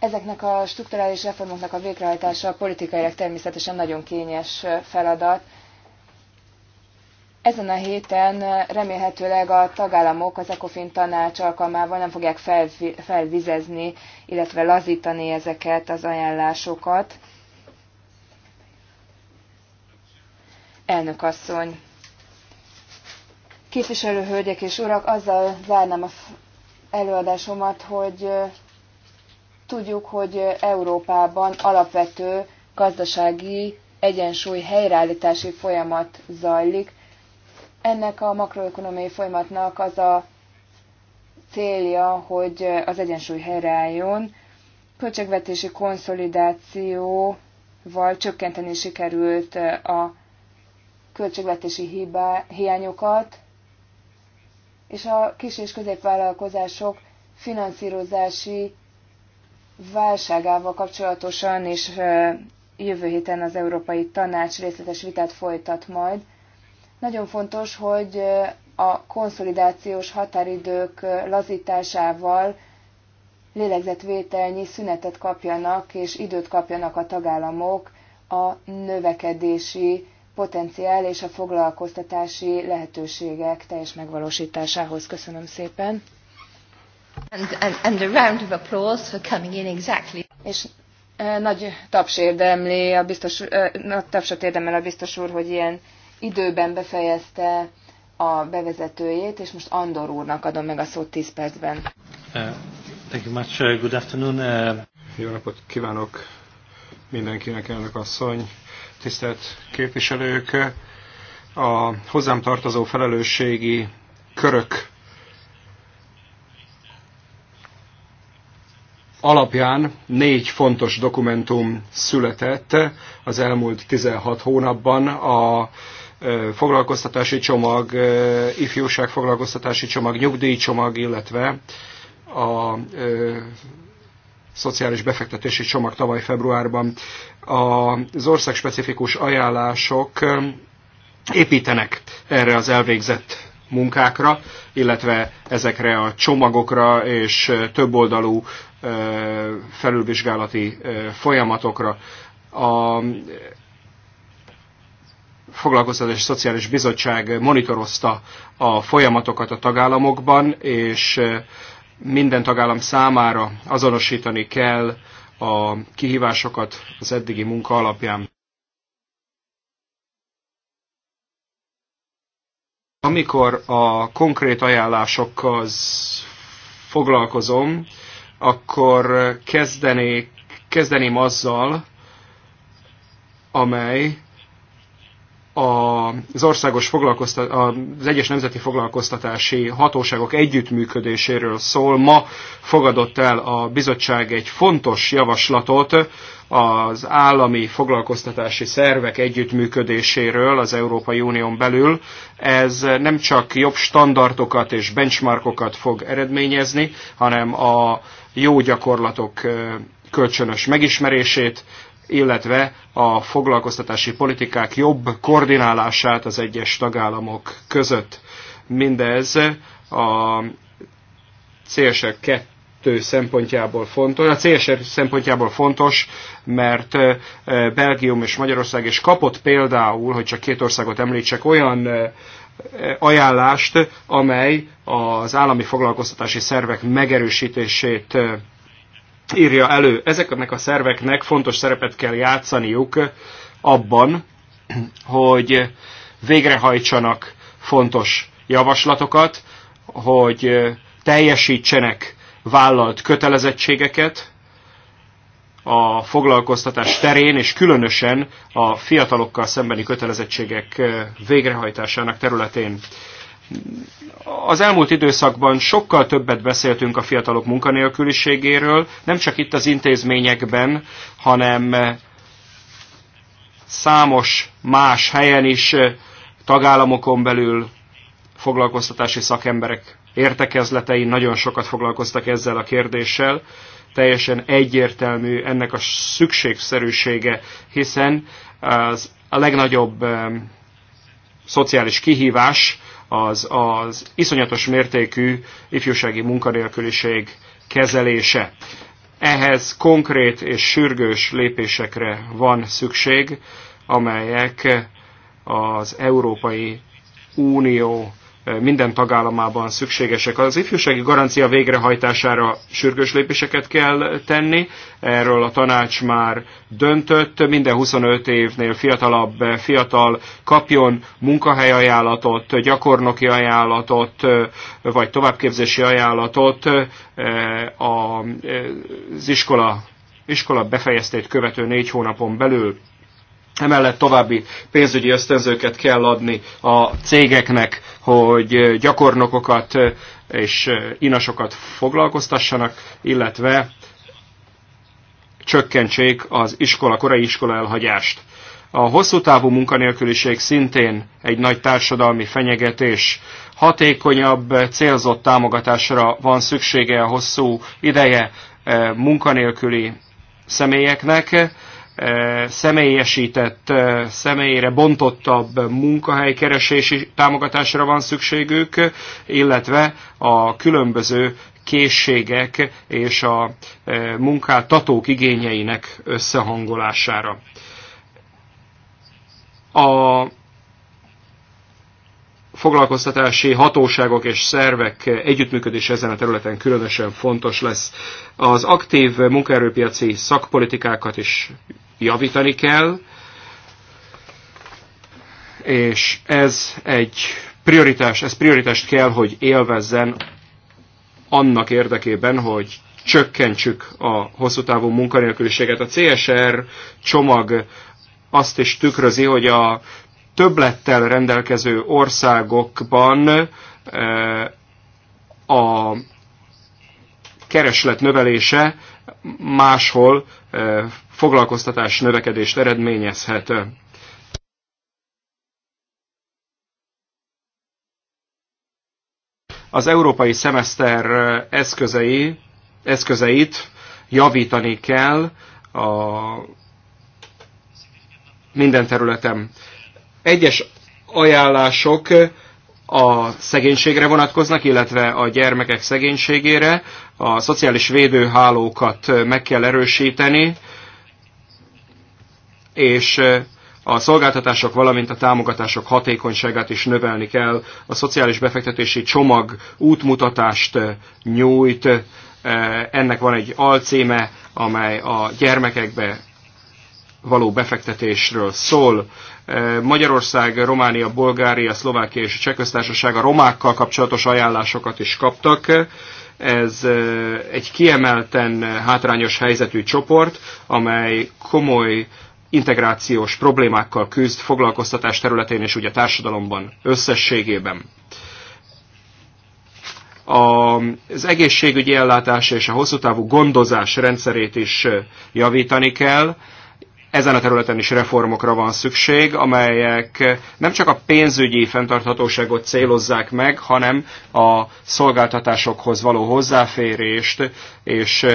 Ezeknek a strukturális reformoknak a végrehajtása politikailag természetesen nagyon kényes feladat. Ezen a héten remélhetőleg a tagállamok az ECOFIN tanács alkalmával nem fogják felvizezni, illetve lazítani ezeket az ajánlásokat. Elnök asszony, Képviselő hölgyek és urak, azzal zárnám a előadásomat, hogy tudjuk, hogy Európában alapvető gazdasági egyensúly helyreállítási folyamat zajlik. Ennek a makroökonomiai folyamatnak az a célja, hogy az egyensúly helyreálljon, költségvetési konszolidációval csökkenteni sikerült a költségvetési hibá, hiányokat, és a kis- és középvállalkozások finanszírozási válságával kapcsolatosan és jövő héten az Európai Tanács részletes vitát folytat majd. Nagyon fontos, hogy a konszolidációs határidők lazításával lélegzetvételnyi szünetet kapjanak és időt kapjanak a tagállamok a növekedési potenciál és a foglalkoztatási lehetőségek teljes megvalósításához. Köszönöm szépen. And, and, and a round of applause for coming in exactly. És e, nagy taps érdemli a biztos, e, nagy tapsot érdemel a biztos úr, hogy ilyen időben befejezte a bevezetőjét, és most Andor úrnak adom meg a szót 10 percben. Uh, thank you much. Uh, good afternoon. Uh... Jó napot kívánok mindenkinek, elnök asszony tisztelt képviselők! A hozzám tartozó felelősségi körök alapján négy fontos dokumentum született az elmúlt 16 hónapban. A foglalkoztatási csomag, ifjúság foglalkoztatási csomag, nyugdíjcsomag, illetve a szociális befektetési csomag tavaly februárban. Az országspecifikus ajánlások um, építenek erre az elvégzett munkákra, illetve ezekre a csomagokra és uh, többoldalú uh, felülvizsgálati uh, folyamatokra. A Foglalkoztatási Szociális Bizottság monitorozta a folyamatokat a tagállamokban, és minden tagállam számára azonosítani kell a kihívásokat az eddigi munka alapján. Amikor a konkrét ajánlásokkal foglalkozom, akkor kezdenék, kezdeném azzal, amely az országos foglalkoztatás, az egyes nemzeti foglalkoztatási hatóságok együttműködéséről szól. Ma fogadott el a bizottság egy fontos javaslatot az állami foglalkoztatási szervek együttműködéséről az Európai Unión belül. Ez nem csak jobb standardokat és benchmarkokat fog eredményezni, hanem a jó gyakorlatok kölcsönös megismerését, illetve a foglalkoztatási politikák jobb koordinálását az egyes tagállamok között. Mindez a CSR 2 kettő szempontjából fontos, a CSR szempontjából fontos, mert Belgium és Magyarország is kapott például, hogy csak két országot említsek, olyan ajánlást, amely az állami foglalkoztatási szervek megerősítését írja elő. Ezeknek a szerveknek fontos szerepet kell játszaniuk abban, hogy végrehajtsanak fontos javaslatokat, hogy teljesítsenek vállalt kötelezettségeket a foglalkoztatás terén, és különösen a fiatalokkal szembeni kötelezettségek végrehajtásának területén az elmúlt időszakban sokkal többet beszéltünk a fiatalok munkanélküliségéről, nem csak itt az intézményekben, hanem számos más helyen is tagállamokon belül foglalkoztatási szakemberek értekezletein nagyon sokat foglalkoztak ezzel a kérdéssel. Teljesen egyértelmű ennek a szükségszerűsége, hiszen az a legnagyobb szociális kihívás az, az iszonyatos mértékű ifjúsági munkanélküliség kezelése. Ehhez konkrét és sürgős lépésekre van szükség, amelyek az Európai Unió minden tagállamában szükségesek. Az ifjúsági garancia végrehajtására sürgős lépéseket kell tenni, erről a tanács már döntött, minden 25 évnél fiatalabb fiatal kapjon munkahelyajánlatot, gyakornoki ajánlatot, vagy továbbképzési ajánlatot eh, az iskola, iskola befejeztét követő négy hónapon belül Emellett további pénzügyi ösztönzőket kell adni a cégeknek, hogy gyakornokokat és inasokat foglalkoztassanak, illetve csökkentsék az iskola, korai iskola elhagyást. A hosszú távú munkanélküliség szintén egy nagy társadalmi fenyegetés. Hatékonyabb, célzott támogatásra van szüksége a hosszú ideje munkanélküli személyeknek, személyesített, személyre bontottabb munkahelykeresési támogatásra van szükségük, illetve a különböző készségek és a munkáltatók igényeinek összehangolására. A foglalkoztatási hatóságok és szervek együttműködés ezen a területen különösen fontos lesz. Az aktív munkaerőpiaci szakpolitikákat is javítani kell, és ez egy prioritás, ez prioritást kell, hogy élvezzen annak érdekében, hogy csökkentsük a hosszú távú munkanélküliséget. A CSR csomag azt is tükrözi, hogy a többlettel rendelkező országokban eh, a kereslet növelése máshol eh, foglalkoztatás növekedést eredményezhet. Az európai szemeszter eszközei, eszközeit javítani kell a minden területen. Egyes ajánlások a szegénységre vonatkoznak, illetve a gyermekek szegénységére. A szociális védőhálókat meg kell erősíteni, és a szolgáltatások, valamint a támogatások hatékonyságát is növelni kell. A szociális befektetési csomag útmutatást nyújt, ennek van egy alcíme, amely a gyermekekbe való befektetésről szól. Magyarország, Románia, Bulgária, Szlovákia és a Csehköztársaság a romákkal kapcsolatos ajánlásokat is kaptak. Ez egy kiemelten hátrányos helyzetű csoport, amely komoly integrációs problémákkal küzd foglalkoztatás területén és ugye társadalomban összességében. Az egészségügyi ellátás és a hosszú távú gondozás rendszerét is javítani kell. Ezen a területen is reformokra van szükség, amelyek nem csak a pénzügyi fenntarthatóságot célozzák meg, hanem a szolgáltatásokhoz való hozzáférést és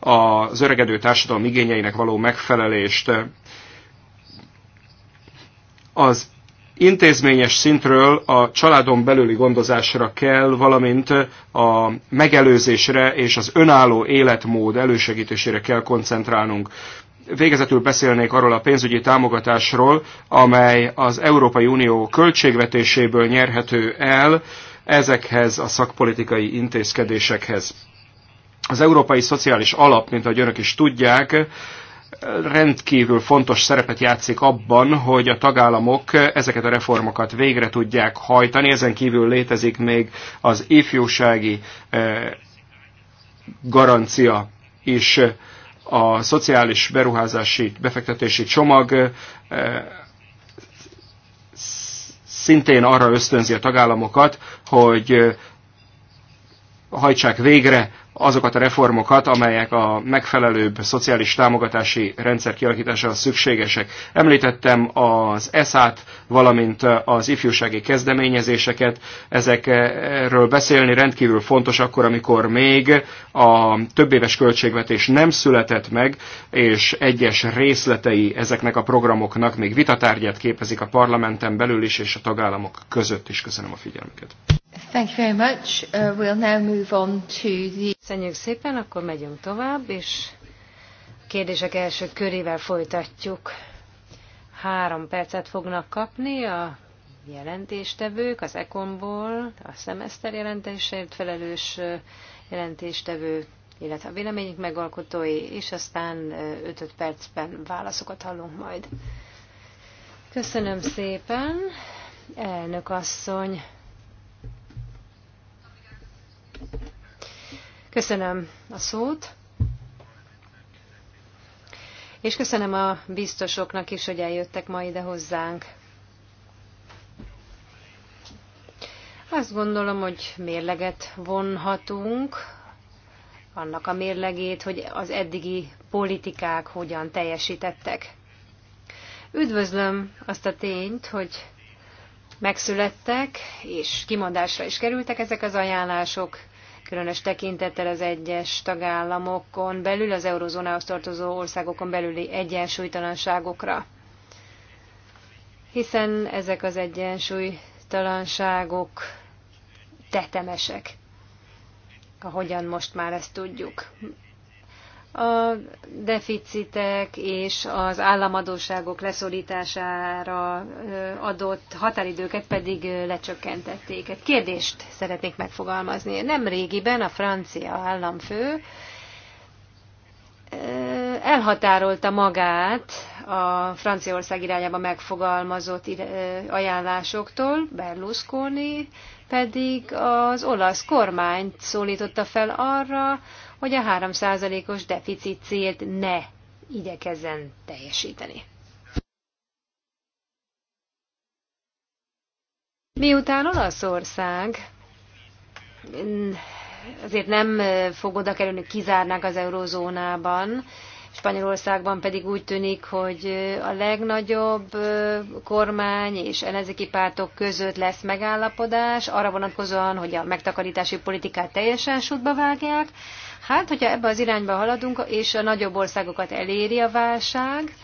az öregedő társadalom igényeinek való megfelelést az intézményes szintről a családon belüli gondozásra kell, valamint a megelőzésre és az önálló életmód elősegítésére kell koncentrálnunk. Végezetül beszélnék arról a pénzügyi támogatásról, amely az Európai Unió költségvetéséből nyerhető el ezekhez a szakpolitikai intézkedésekhez. Az Európai Szociális Alap, mint ahogy önök is tudják, rendkívül fontos szerepet játszik abban, hogy a tagállamok ezeket a reformokat végre tudják hajtani. Ezen kívül létezik még az ifjúsági eh, garancia is a szociális beruházási befektetési csomag eh, szintén arra ösztönzi a tagállamokat, hogy eh, hajtsák végre azokat a reformokat, amelyek a megfelelőbb szociális támogatási rendszer kialakítása szükségesek. Említettem az esz valamint az ifjúsági kezdeményezéseket. Ezekről eh, beszélni rendkívül fontos akkor, amikor még a többéves költségvetés nem született meg, és egyes részletei ezeknek a programoknak még vitatárgyát képezik a parlamenten belül is, és a tagállamok között is. Köszönöm a figyelmüket. Thank you very much. Uh, we'll now move on to the... Köszönjük szépen, akkor megyünk tovább, és a kérdések első körével folytatjuk. Három percet fognak kapni a jelentéstevők, az ECOM-ból, a szemeszter jelentésért felelős jelentéstevő, illetve a vélemények megalkotói, és aztán 5-5 percben válaszokat hallunk majd. Köszönöm szépen, elnök asszony, Köszönöm a szót. És köszönöm a biztosoknak is, hogy eljöttek ma ide hozzánk. Azt gondolom, hogy mérleget vonhatunk, annak a mérlegét, hogy az eddigi politikák hogyan teljesítettek. Üdvözlöm azt a tényt, hogy megszülettek, és kimondásra is kerültek ezek az ajánlások, különös tekintettel az egyes tagállamokon belül, az eurozónához tartozó országokon belüli egyensúlytalanságokra. Hiszen ezek az egyensúlytalanságok tetemesek, ahogyan most már ezt tudjuk a deficitek és az államadóságok leszorítására adott határidőket pedig lecsökkentették. Egy kérdést szeretnék megfogalmazni. Nem régiben a francia államfő elhatárolta magát a Franciaország irányába megfogalmazott ajánlásoktól, Berlusconi pedig az olasz kormányt szólította fel arra, hogy a 3%-os deficit célt ne igyekezzen teljesíteni. Miután Olaszország azért nem fog oda kerülni, kizárnák az eurozónában, Spanyolországban pedig úgy tűnik, hogy a legnagyobb kormány és ellenzéki pártok között lesz megállapodás, arra vonatkozóan, hogy a megtakarítási politikát teljesen sútba vágják, Hát, hogyha ebbe az irányba haladunk, és a nagyobb országokat eléri a válság,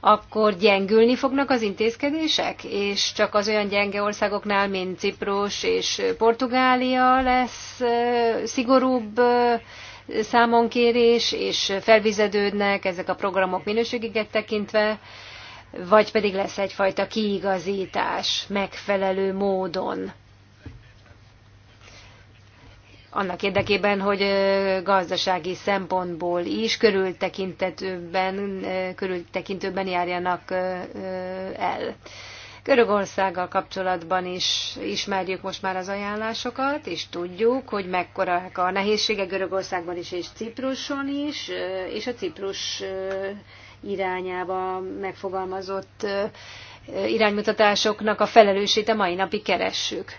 akkor gyengülni fognak az intézkedések, és csak az olyan gyenge országoknál, mint Ciprus és Portugália lesz szigorúbb számonkérés, és felvizedődnek ezek a programok minőségiget tekintve, vagy pedig lesz egyfajta kiigazítás megfelelő módon annak érdekében, hogy gazdasági szempontból is körültekintetőben, körültekintőben járjanak el. Görögországgal kapcsolatban is ismerjük most már az ajánlásokat, és tudjuk, hogy mekkora a nehézségek Görögországban is, és Cipruson is, és a Ciprus irányába megfogalmazott iránymutatásoknak a felelősét a mai napig keressük.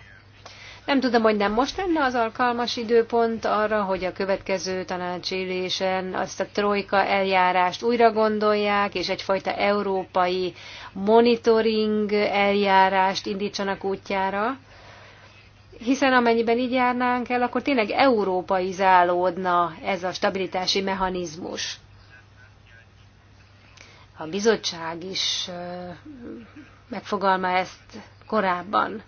Nem tudom, hogy nem most lenne az alkalmas időpont arra, hogy a következő tanácsülésen azt a trojka eljárást újra gondolják, és egyfajta európai monitoring eljárást indítsanak útjára. Hiszen amennyiben így járnánk el, akkor tényleg európai zálódna ez a stabilitási mechanizmus. A bizottság is megfogalma ezt korábban.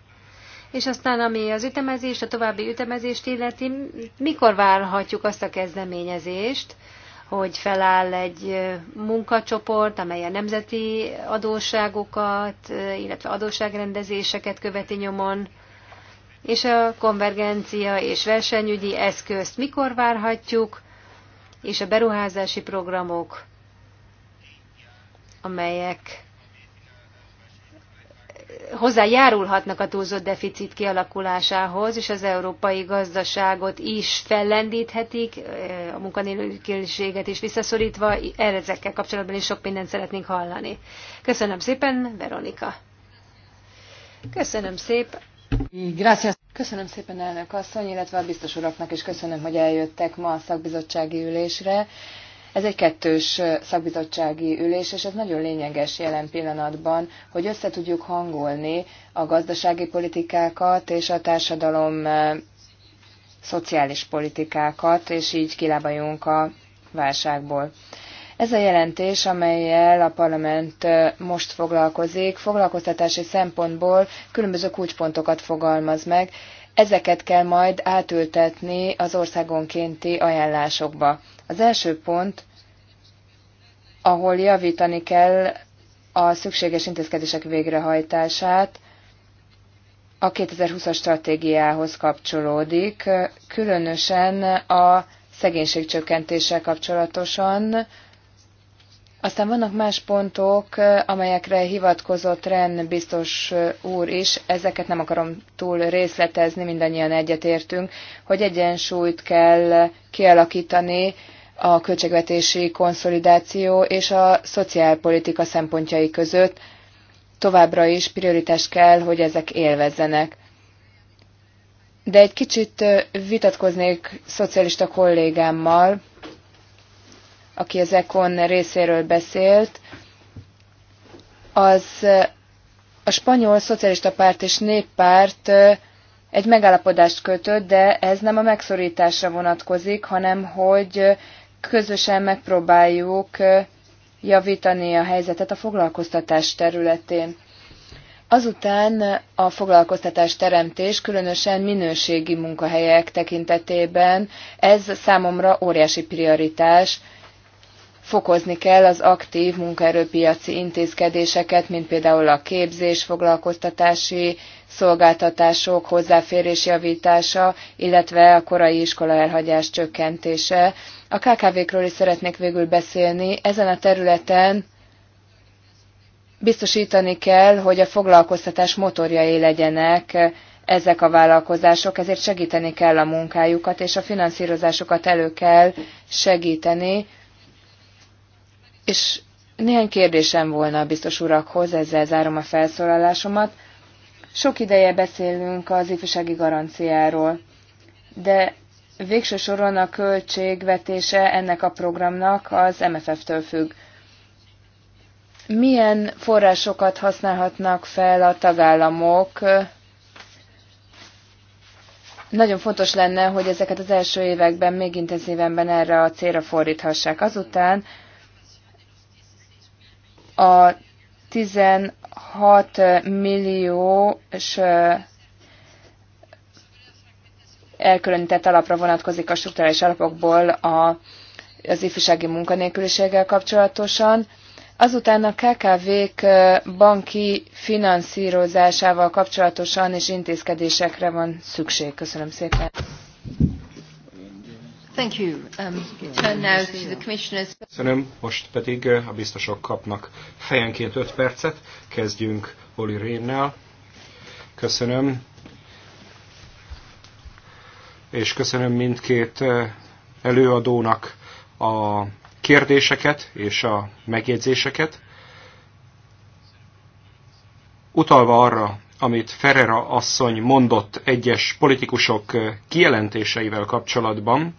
És aztán, ami az ütemezést, a további ütemezést illeti, mikor várhatjuk azt a kezdeményezést, hogy feláll egy munkacsoport, amely a nemzeti adósságokat, illetve adósságrendezéseket követi nyomon, és a konvergencia és versenyügyi eszközt mikor várhatjuk, és a beruházási programok, amelyek hozzájárulhatnak a túlzott deficit kialakulásához, és az európai gazdaságot is fellendíthetik, a munkanélküliséget is visszaszorítva, ezekkel kapcsolatban is sok mindent szeretnénk hallani. Köszönöm szépen, Veronika. Köszönöm szépen. Köszönöm szépen elnök asszony, illetve a biztos uraknak is köszönöm, hogy eljöttek ma a szakbizottsági ülésre. Ez egy kettős szakbizottsági ülés, és ez nagyon lényeges jelen pillanatban, hogy össze tudjuk hangolni a gazdasági politikákat és a társadalom szociális politikákat, és így kilábajunk a válságból. Ez a jelentés, amelyel a parlament most foglalkozik, foglalkoztatási szempontból különböző kulcspontokat fogalmaz meg, ezeket kell majd átültetni az országonkénti ajánlásokba. Az első pont, ahol javítani kell a szükséges intézkedések végrehajtását, a 2020-as stratégiához kapcsolódik, különösen a szegénységcsökkentéssel kapcsolatosan. Aztán vannak más pontok, amelyekre hivatkozott Ren biztos úr is, ezeket nem akarom túl részletezni, mindannyian egyetértünk, hogy egyensúlyt kell kialakítani a költségvetési konszolidáció és a szociálpolitika szempontjai között továbbra is prioritás kell, hogy ezek élvezzenek. De egy kicsit vitatkoznék szocialista kollégámmal, aki az Econ részéről beszélt, az a spanyol szocialista párt és néppárt egy megállapodást kötött, de ez nem a megszorításra vonatkozik, hanem hogy közösen megpróbáljuk javítani a helyzetet a foglalkoztatás területén. Azután a foglalkoztatás teremtés, különösen minőségi munkahelyek tekintetében, ez számomra óriási prioritás. Fokozni kell az aktív munkaerőpiaci intézkedéseket, mint például a képzés, foglalkoztatási szolgáltatások hozzáférés javítása, illetve a korai iskola elhagyás csökkentése. A KKV-król is szeretnék végül beszélni. Ezen a területen biztosítani kell, hogy a foglalkoztatás motorjai legyenek ezek a vállalkozások, ezért segíteni kell a munkájukat, és a finanszírozásokat elő kell segíteni. És néhány kérdésem volna a biztos urakhoz, ezzel zárom a felszólalásomat. Sok ideje beszélünk az ifjúsági garanciáról, de végső soron a költségvetése ennek a programnak az MFF-től függ. Milyen forrásokat használhatnak fel a tagállamok? Nagyon fontos lenne, hogy ezeket az első években még intenzívenben erre a célra fordíthassák. Azután a 6 millió és elkülönített alapra vonatkozik a struktúrális alapokból a, az ifjúsági munkanélküliséggel kapcsolatosan. Azután a KKV-k banki finanszírozásával kapcsolatosan és intézkedésekre van szükség. Köszönöm szépen. Um, köszönöm, most pedig uh, a biztosok kapnak fejenként 5 percet. Kezdjünk Oli Rénnel. Köszönöm. És köszönöm mindkét uh, előadónak a kérdéseket és a megjegyzéseket. Utalva arra, amit Ferrera asszony mondott egyes politikusok uh, kijelentéseivel kapcsolatban,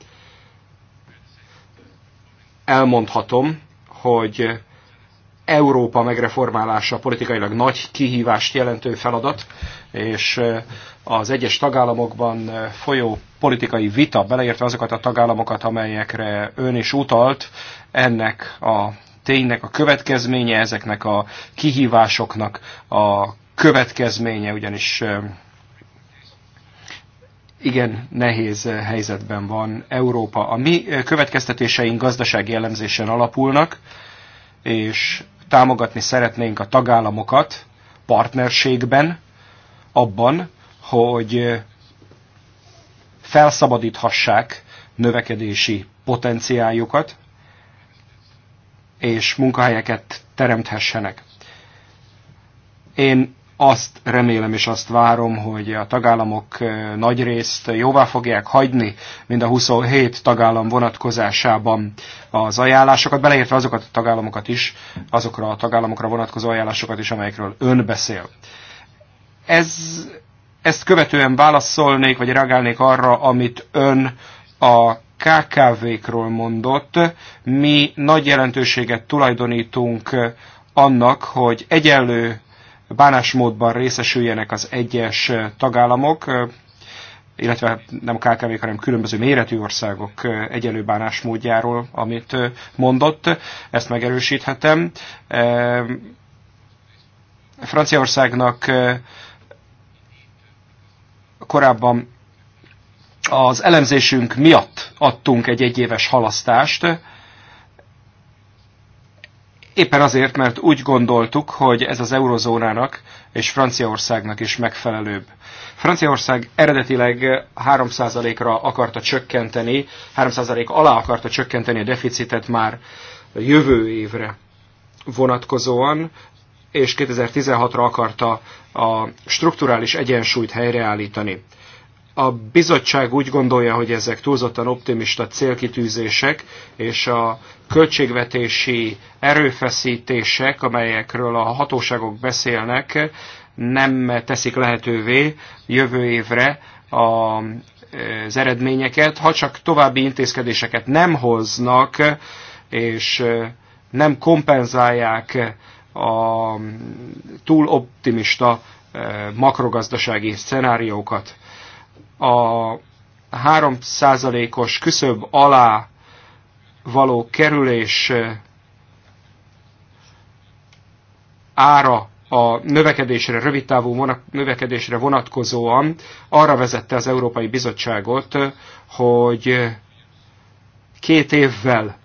elmondhatom, hogy Európa megreformálása politikailag nagy kihívást jelentő feladat, és az egyes tagállamokban folyó politikai vita, beleértve azokat a tagállamokat, amelyekre ön is utalt, ennek a ténynek a következménye, ezeknek a kihívásoknak a következménye, ugyanis igen nehéz eh, helyzetben van Európa. A mi eh, következtetéseink gazdasági elemzésen alapulnak, és támogatni szeretnénk a tagállamokat partnerségben, abban, hogy eh, felszabadíthassák növekedési potenciáljukat, és munkahelyeket teremthessenek. Én azt remélem és azt várom, hogy a tagállamok eh, nagy részt jóvá fogják hagyni, mind a 27 tagállam vonatkozásában az ajánlásokat, beleértve azokat a tagállamokat is, azokra a tagállamokra vonatkozó ajánlásokat is, amelyekről ön beszél. Ez, ezt követően válaszolnék, vagy reagálnék arra, amit ön a KKV-król mondott. Mi nagy jelentőséget tulajdonítunk annak, hogy egyenlő bánásmódban részesüljenek az egyes tagállamok, illetve nem kkv hanem különböző méretű országok egyenlő bánásmódjáról, amit mondott, ezt megerősíthetem. Franciaországnak korábban az elemzésünk miatt adtunk egy egyéves halasztást, Éppen azért, mert úgy gondoltuk, hogy ez az eurozónának és Franciaországnak is megfelelőbb. Franciaország eredetileg 3%-ra akarta csökkenteni, 3% alá akarta csökkenteni a deficitet már jövő évre vonatkozóan, és 2016-ra akarta a strukturális egyensúlyt helyreállítani a bizottság úgy gondolja, hogy ezek túlzottan optimista célkitűzések, és a költségvetési erőfeszítések, amelyekről a hatóságok beszélnek, nem teszik lehetővé jövő évre a, az eredményeket, ha csak további intézkedéseket nem hoznak, és nem kompenzálják a túl optimista eh, makrogazdasági szenáriókat a 3%-os küszöb alá való kerülés eh, ára a növekedésre, rövidtávú növekedésre vonatkozóan arra vezette az Európai Bizottságot, eh, hogy eh, két évvel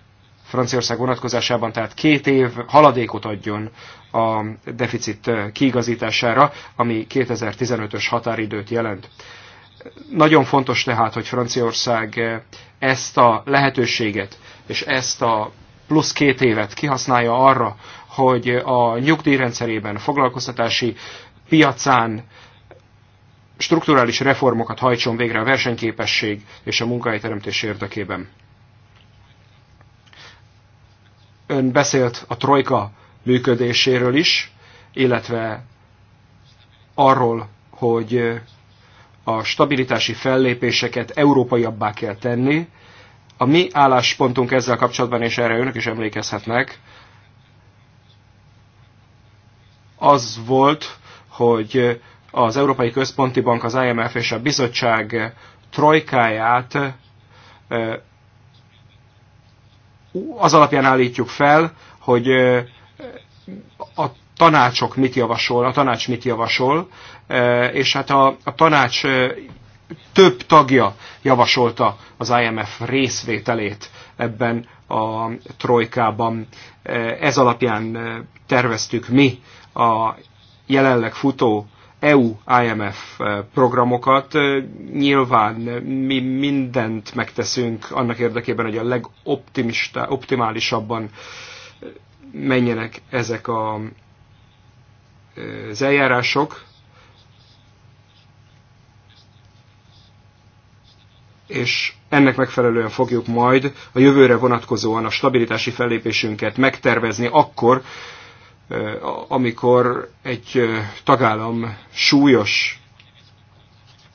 Franciaország vonatkozásában, tehát két év haladékot adjon a deficit kiigazítására, ami 2015-ös határidőt jelent. Nagyon fontos tehát, hogy Franciaország eh, ezt a lehetőséget és ezt a plusz két évet kihasználja arra, hogy a nyugdíjrendszerében, a foglalkoztatási piacán strukturális reformokat hajtson végre a versenyképesség és a munkahelyteremtés érdekében. Ön beszélt a trojka működéséről is, illetve arról, hogy eh, a stabilitási fellépéseket európaiabbá kell tenni. A mi álláspontunk ezzel kapcsolatban, és erre önök is emlékezhetnek, az volt, hogy az Európai Központi Bank, az IMF és a bizottság trojkáját az alapján állítjuk fel, hogy tanácsok mit javasol, a tanács mit javasol, e, és hát a, a tanács e, több tagja javasolta az IMF részvételét ebben a trojkában. E, ez alapján terveztük mi a jelenleg futó EU-IMF programokat. Nyilván mi mindent megteszünk annak érdekében, hogy a legoptimálisabban menjenek ezek a az eljárások és ennek megfelelően fogjuk majd a jövőre vonatkozóan a stabilitási fellépésünket megtervezni akkor, amikor egy tagállam súlyos,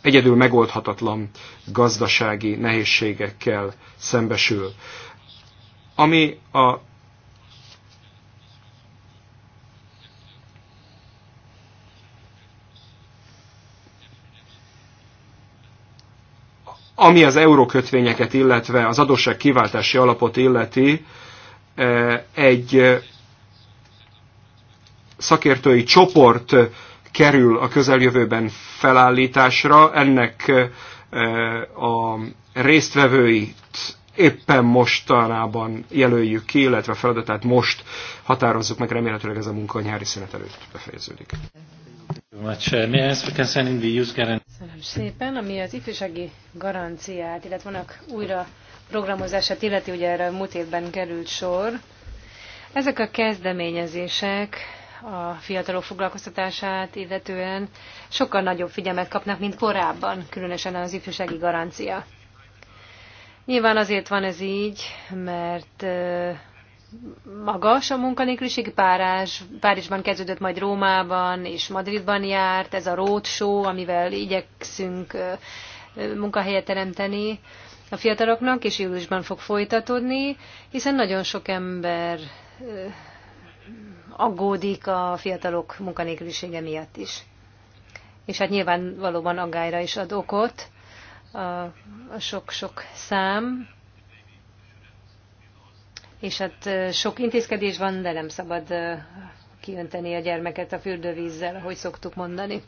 egyedül megoldhatatlan gazdasági nehézségekkel szembesül. Ami a Ami az eurókötvényeket, illetve az adósság kiváltási alapot illeti, e, egy e, szakértői csoport kerül a közeljövőben felállításra. Ennek e, a résztvevőit éppen mostanában jelöljük ki, illetve a feladatát most határozzuk meg, remélhetőleg ez a munka a nyári szünet előtt befejeződik. Uh, szépen. Ami az ifjúsági garanciát, illetve vannak újra programozását illeti, ugye erre a múlt évben került sor. Ezek a kezdeményezések a fiatalok foglalkoztatását illetően sokkal nagyobb figyelmet kapnak, mint korábban, különösen az ifjúsági garancia. Nyilván azért van ez így, mert magas a munkanélküliség, Párás, Párizsban kezdődött, majd Rómában és Madridban járt, ez a roadshow, amivel igyekszünk munkahelyet teremteni a fiataloknak, és júliusban fog folytatódni, hiszen nagyon sok ember aggódik a fiatalok munkanélkülisége miatt is. És hát nyilván valóban aggályra is ad okot a sok-sok szám, és hát sok intézkedés van, de nem szabad kiönteni a gyermeket a fürdővízzel, ahogy szoktuk mondani.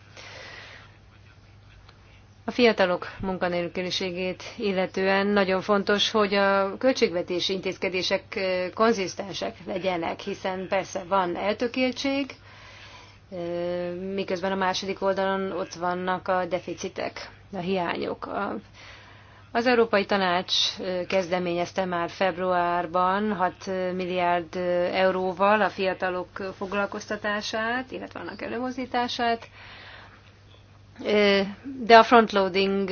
A fiatalok munkanélküliségét illetően nagyon fontos, hogy a költségvetési intézkedések konzisztensek legyenek, hiszen persze van eltökéltség, miközben a második oldalon ott vannak a deficitek, a hiányok. A az Európai Tanács kezdeményezte már februárban 6 milliárd euróval a fiatalok foglalkoztatását, illetve annak előmozdítását, de a frontloading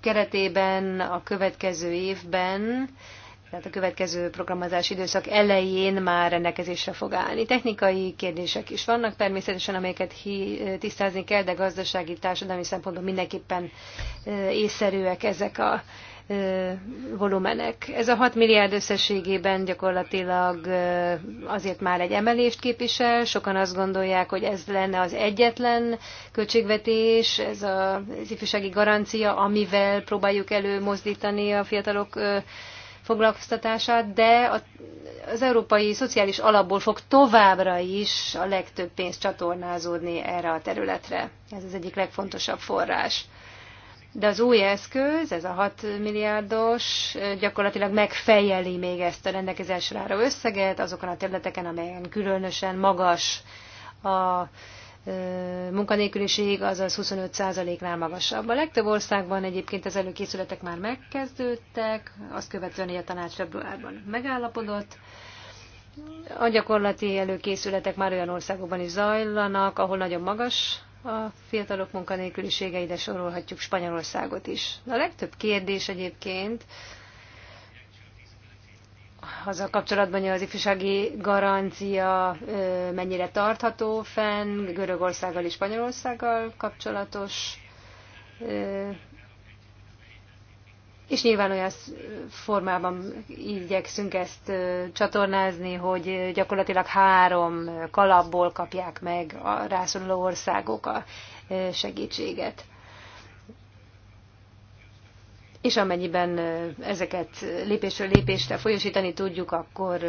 keretében a következő évben tehát a következő programozási időszak elején már rendelkezésre fog állni. Technikai kérdések is vannak természetesen, amelyeket tisztázni kell, de gazdasági, társadalmi szempontból mindenképpen észszerűek ezek a volumenek. Ez a 6 milliárd összességében gyakorlatilag azért már egy emelést képvisel. Sokan azt gondolják, hogy ez lenne az egyetlen költségvetés, ez az ifjúsági garancia, amivel próbáljuk előmozdítani a fiatalok foglalkoztatását, de a, az Európai Szociális Alapból fog továbbra is a legtöbb pénz csatornázódni erre a területre. Ez az egyik legfontosabb forrás. De az új eszköz, ez a 6 milliárdos, gyakorlatilag megfejeli még ezt a rendelkezésre álló összeget azokon a területeken, amelyen különösen magas a munkanélküliség, azaz 25%-nál magasabb. A legtöbb országban egyébként az előkészületek már megkezdődtek, azt követően, hogy a tanács februárban megállapodott. A gyakorlati előkészületek már olyan országokban is zajlanak, ahol nagyon magas a fiatalok munkanélkülisége, ide sorolhatjuk Spanyolországot is. A legtöbb kérdés egyébként azzal kapcsolatban, hogy az ifjúsági garancia mennyire tartható fenn, Görögországgal és Spanyolországgal kapcsolatos, és nyilván olyan formában igyekszünk ezt csatornázni, hogy gyakorlatilag három kalapból kapják meg a rászoruló országok a segítséget és amennyiben ezeket lépésről lépésre folyosítani tudjuk, akkor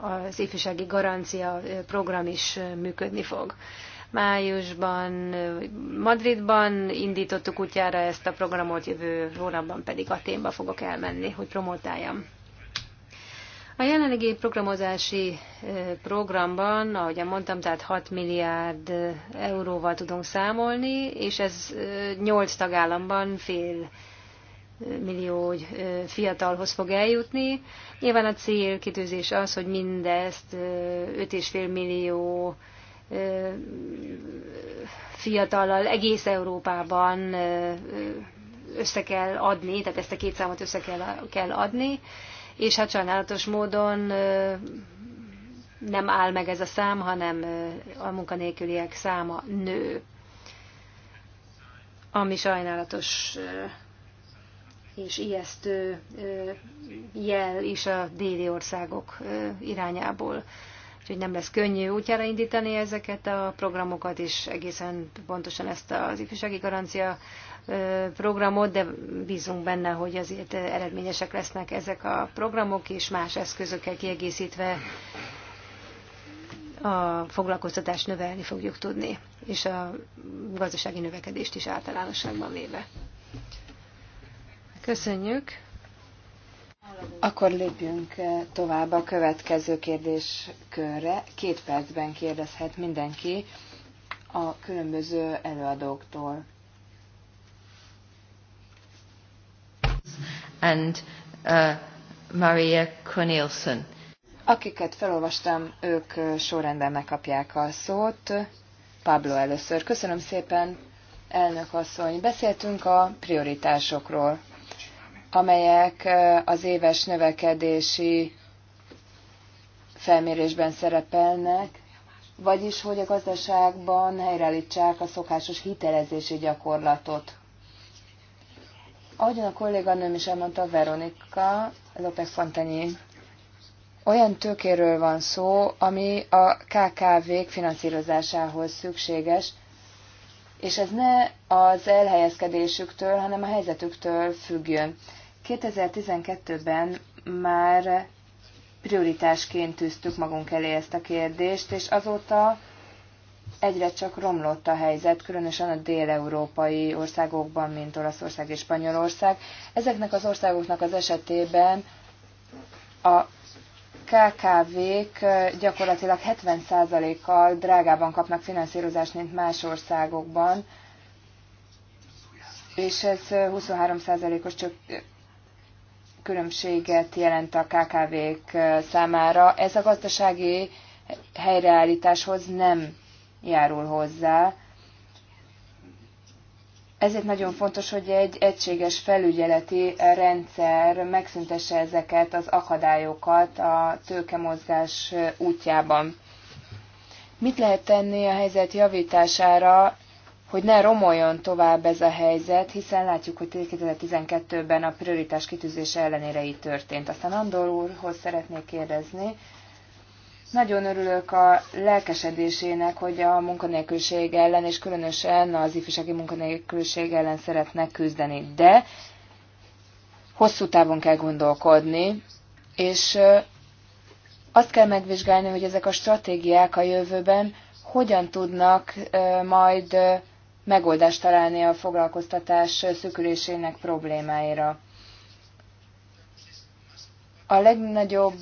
az ifjúsági garancia program is működni fog. Májusban Madridban indítottuk útjára ezt a programot, jövő hónapban pedig Aténba fogok elmenni, hogy promotáljam. A jelenlegi programozási programban, ahogy mondtam, tehát 6 milliárd euróval tudunk számolni, és ez 8 tagállamban fél millió fiatalhoz fog eljutni. Nyilván a célkitűzés az, hogy mindezt 5,5 millió fiatallal egész Európában össze kell adni, tehát ezt a két számot össze kell, kell adni, és hát sajnálatos módon nem áll meg ez a szám, hanem a munkanélküliek száma nő, ami sajnálatos és ijesztő jel is a déli országok irányából. Úgyhogy nem lesz könnyű útjára indítani ezeket a programokat, és egészen pontosan ezt az ifjúsági garancia programot, de bízunk benne, hogy azért eredményesek lesznek ezek a programok, és más eszközökkel kiegészítve a foglalkoztatást növelni fogjuk tudni, és a gazdasági növekedést is általánosságban véve. Köszönjük. Akkor lépjünk eh, tovább a következő kérdéskörre. Két percben kérdezhet mindenki a különböző előadóktól. And uh, Maria Cornelson. Akiket felolvastam, ők eh, sorrendben megkapják a szót. Pablo először. Köszönöm szépen, elnök asszony. Beszéltünk a prioritásokról amelyek az éves növekedési felmérésben szerepelnek, vagyis hogy a gazdaságban helyreállítsák a szokásos hitelezési gyakorlatot. Ahogyan a kolléganőm is elmondta, Veronika López Fontanyi olyan tőkéről van szó, ami a KKV-k finanszírozásához szükséges, és ez ne az elhelyezkedésüktől, hanem a helyzetüktől függjön. 2012-ben már prioritásként tűztük magunk elé ezt a kérdést, és azóta egyre csak romlott a helyzet, különösen a déleurópai országokban, mint Olaszország és Spanyolország. Ezeknek az országoknak az esetében a KKV-k gyakorlatilag 70%-kal drágában kapnak finanszírozást, mint más országokban, és ez 23%-os különbséget jelent a KKV-k számára. Ez a gazdasági helyreállításhoz nem járul hozzá. Ezért nagyon fontos, hogy egy egységes felügyeleti rendszer megszüntesse ezeket az akadályokat a tőkemozgás útjában. Mit lehet tenni a helyzet javítására? hogy ne romoljon tovább ez a helyzet, hiszen látjuk, hogy 2012-ben a prioritás kitűzése ellenére így történt. Aztán Andor úrhoz szeretnék kérdezni. Nagyon örülök a lelkesedésének, hogy a munkanélküliség ellen, és különösen az ifjúsági munkanélküliség ellen szeretnek küzdeni. De hosszú távon kell gondolkodni, és azt kell megvizsgálni, hogy ezek a stratégiák a jövőben hogyan tudnak majd megoldást találni a foglalkoztatás szükülésének problémáira. A legnagyobb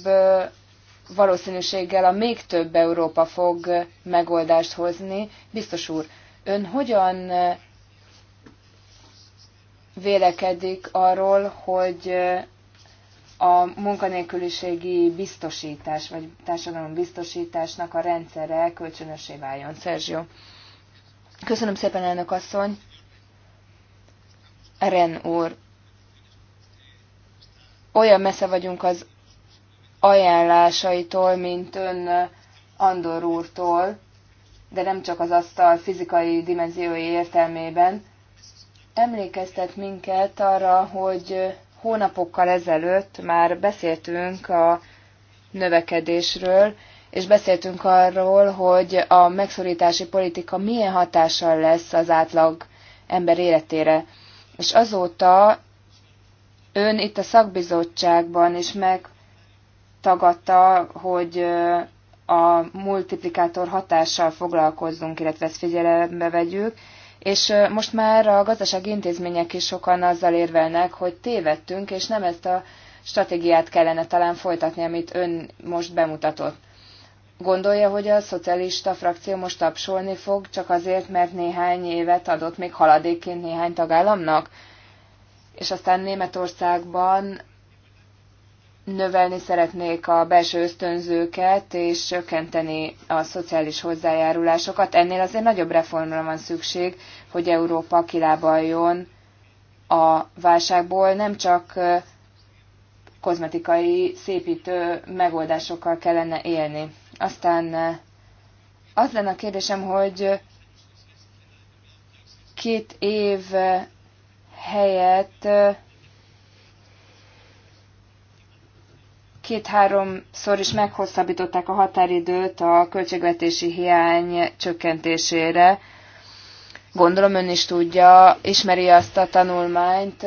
valószínűséggel a még több Európa fog megoldást hozni. Biztos úr, ön hogyan vélekedik arról, hogy a munkanélküliségi biztosítás, vagy társadalom biztosításnak a rendszere kölcsönösé váljon. Szerzsio. Köszönöm szépen, elnök asszony. Eren úr, olyan messze vagyunk az ajánlásaitól, mint ön Andor úrtól, de nem csak az asztal fizikai dimenziói értelmében. Emlékeztet minket arra, hogy hónapokkal ezelőtt már beszéltünk a növekedésről, és beszéltünk arról, hogy a megszorítási politika milyen hatással lesz az átlag ember életére. És azóta ön itt a szakbizottságban is megtagadta, hogy a multiplikátor hatással foglalkozzunk, illetve ezt figyelembe vegyük, és most már a gazdasági intézmények is sokan azzal érvelnek, hogy tévedtünk, és nem ezt a stratégiát kellene talán folytatni, amit ön most bemutatott. Gondolja, hogy a szocialista frakció most tapsolni fog, csak azért, mert néhány évet adott még haladékként néhány tagállamnak? És aztán Németországban növelni szeretnék a belső ösztönzőket, és csökkenteni a szociális hozzájárulásokat. Ennél azért nagyobb reformra van szükség, hogy Európa kilábaljon a válságból. Nem csak kozmetikai szépítő megoldásokkal kellene élni. Aztán eh, az lenne a kérdésem, hogy eh, két év eh, helyett két-háromszor is meghosszabbították a határidőt a költségvetési hiány csökkentésére. Gondolom ön is tudja, ismeri azt a tanulmányt,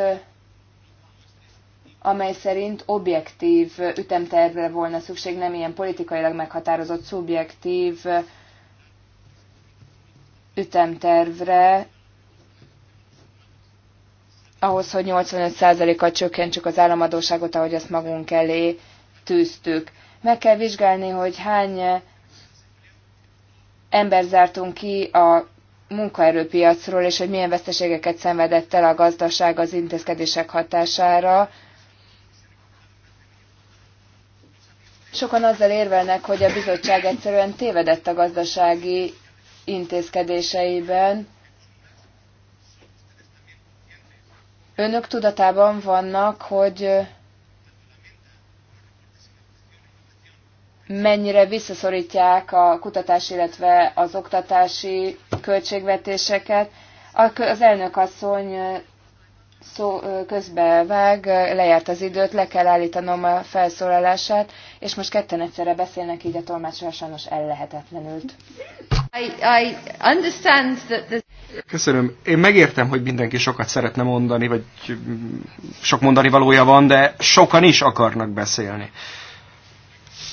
amely szerint objektív ütemtervre volna szükség, nem ilyen politikailag meghatározott szubjektív ütemtervre, ahhoz, hogy 85%-kal csökkentsük az államadóságot, ahogy ezt magunk elé tűztük. Meg kell vizsgálni, hogy hány ember zártunk ki a munkaerőpiacról, és hogy milyen veszteségeket szenvedett el a gazdaság az intézkedések hatására, Sokan azzal érvelnek, hogy a bizottság egyszerűen tévedett a gazdasági intézkedéseiben. Önök tudatában vannak, hogy mennyire visszaszorítják a kutatás, illetve az oktatási költségvetéseket. Az elnök asszony szó közbevág, lejárt az időt, le kell állítanom a felszólalását, és most ketten egyszerre beszélnek, így a tolmácsra sajnos ellehetetlenült. I, I understand that the... Köszönöm. Én megértem, hogy mindenki sokat szeretne mondani, vagy mm, sok mondani valója van, de sokan is akarnak beszélni.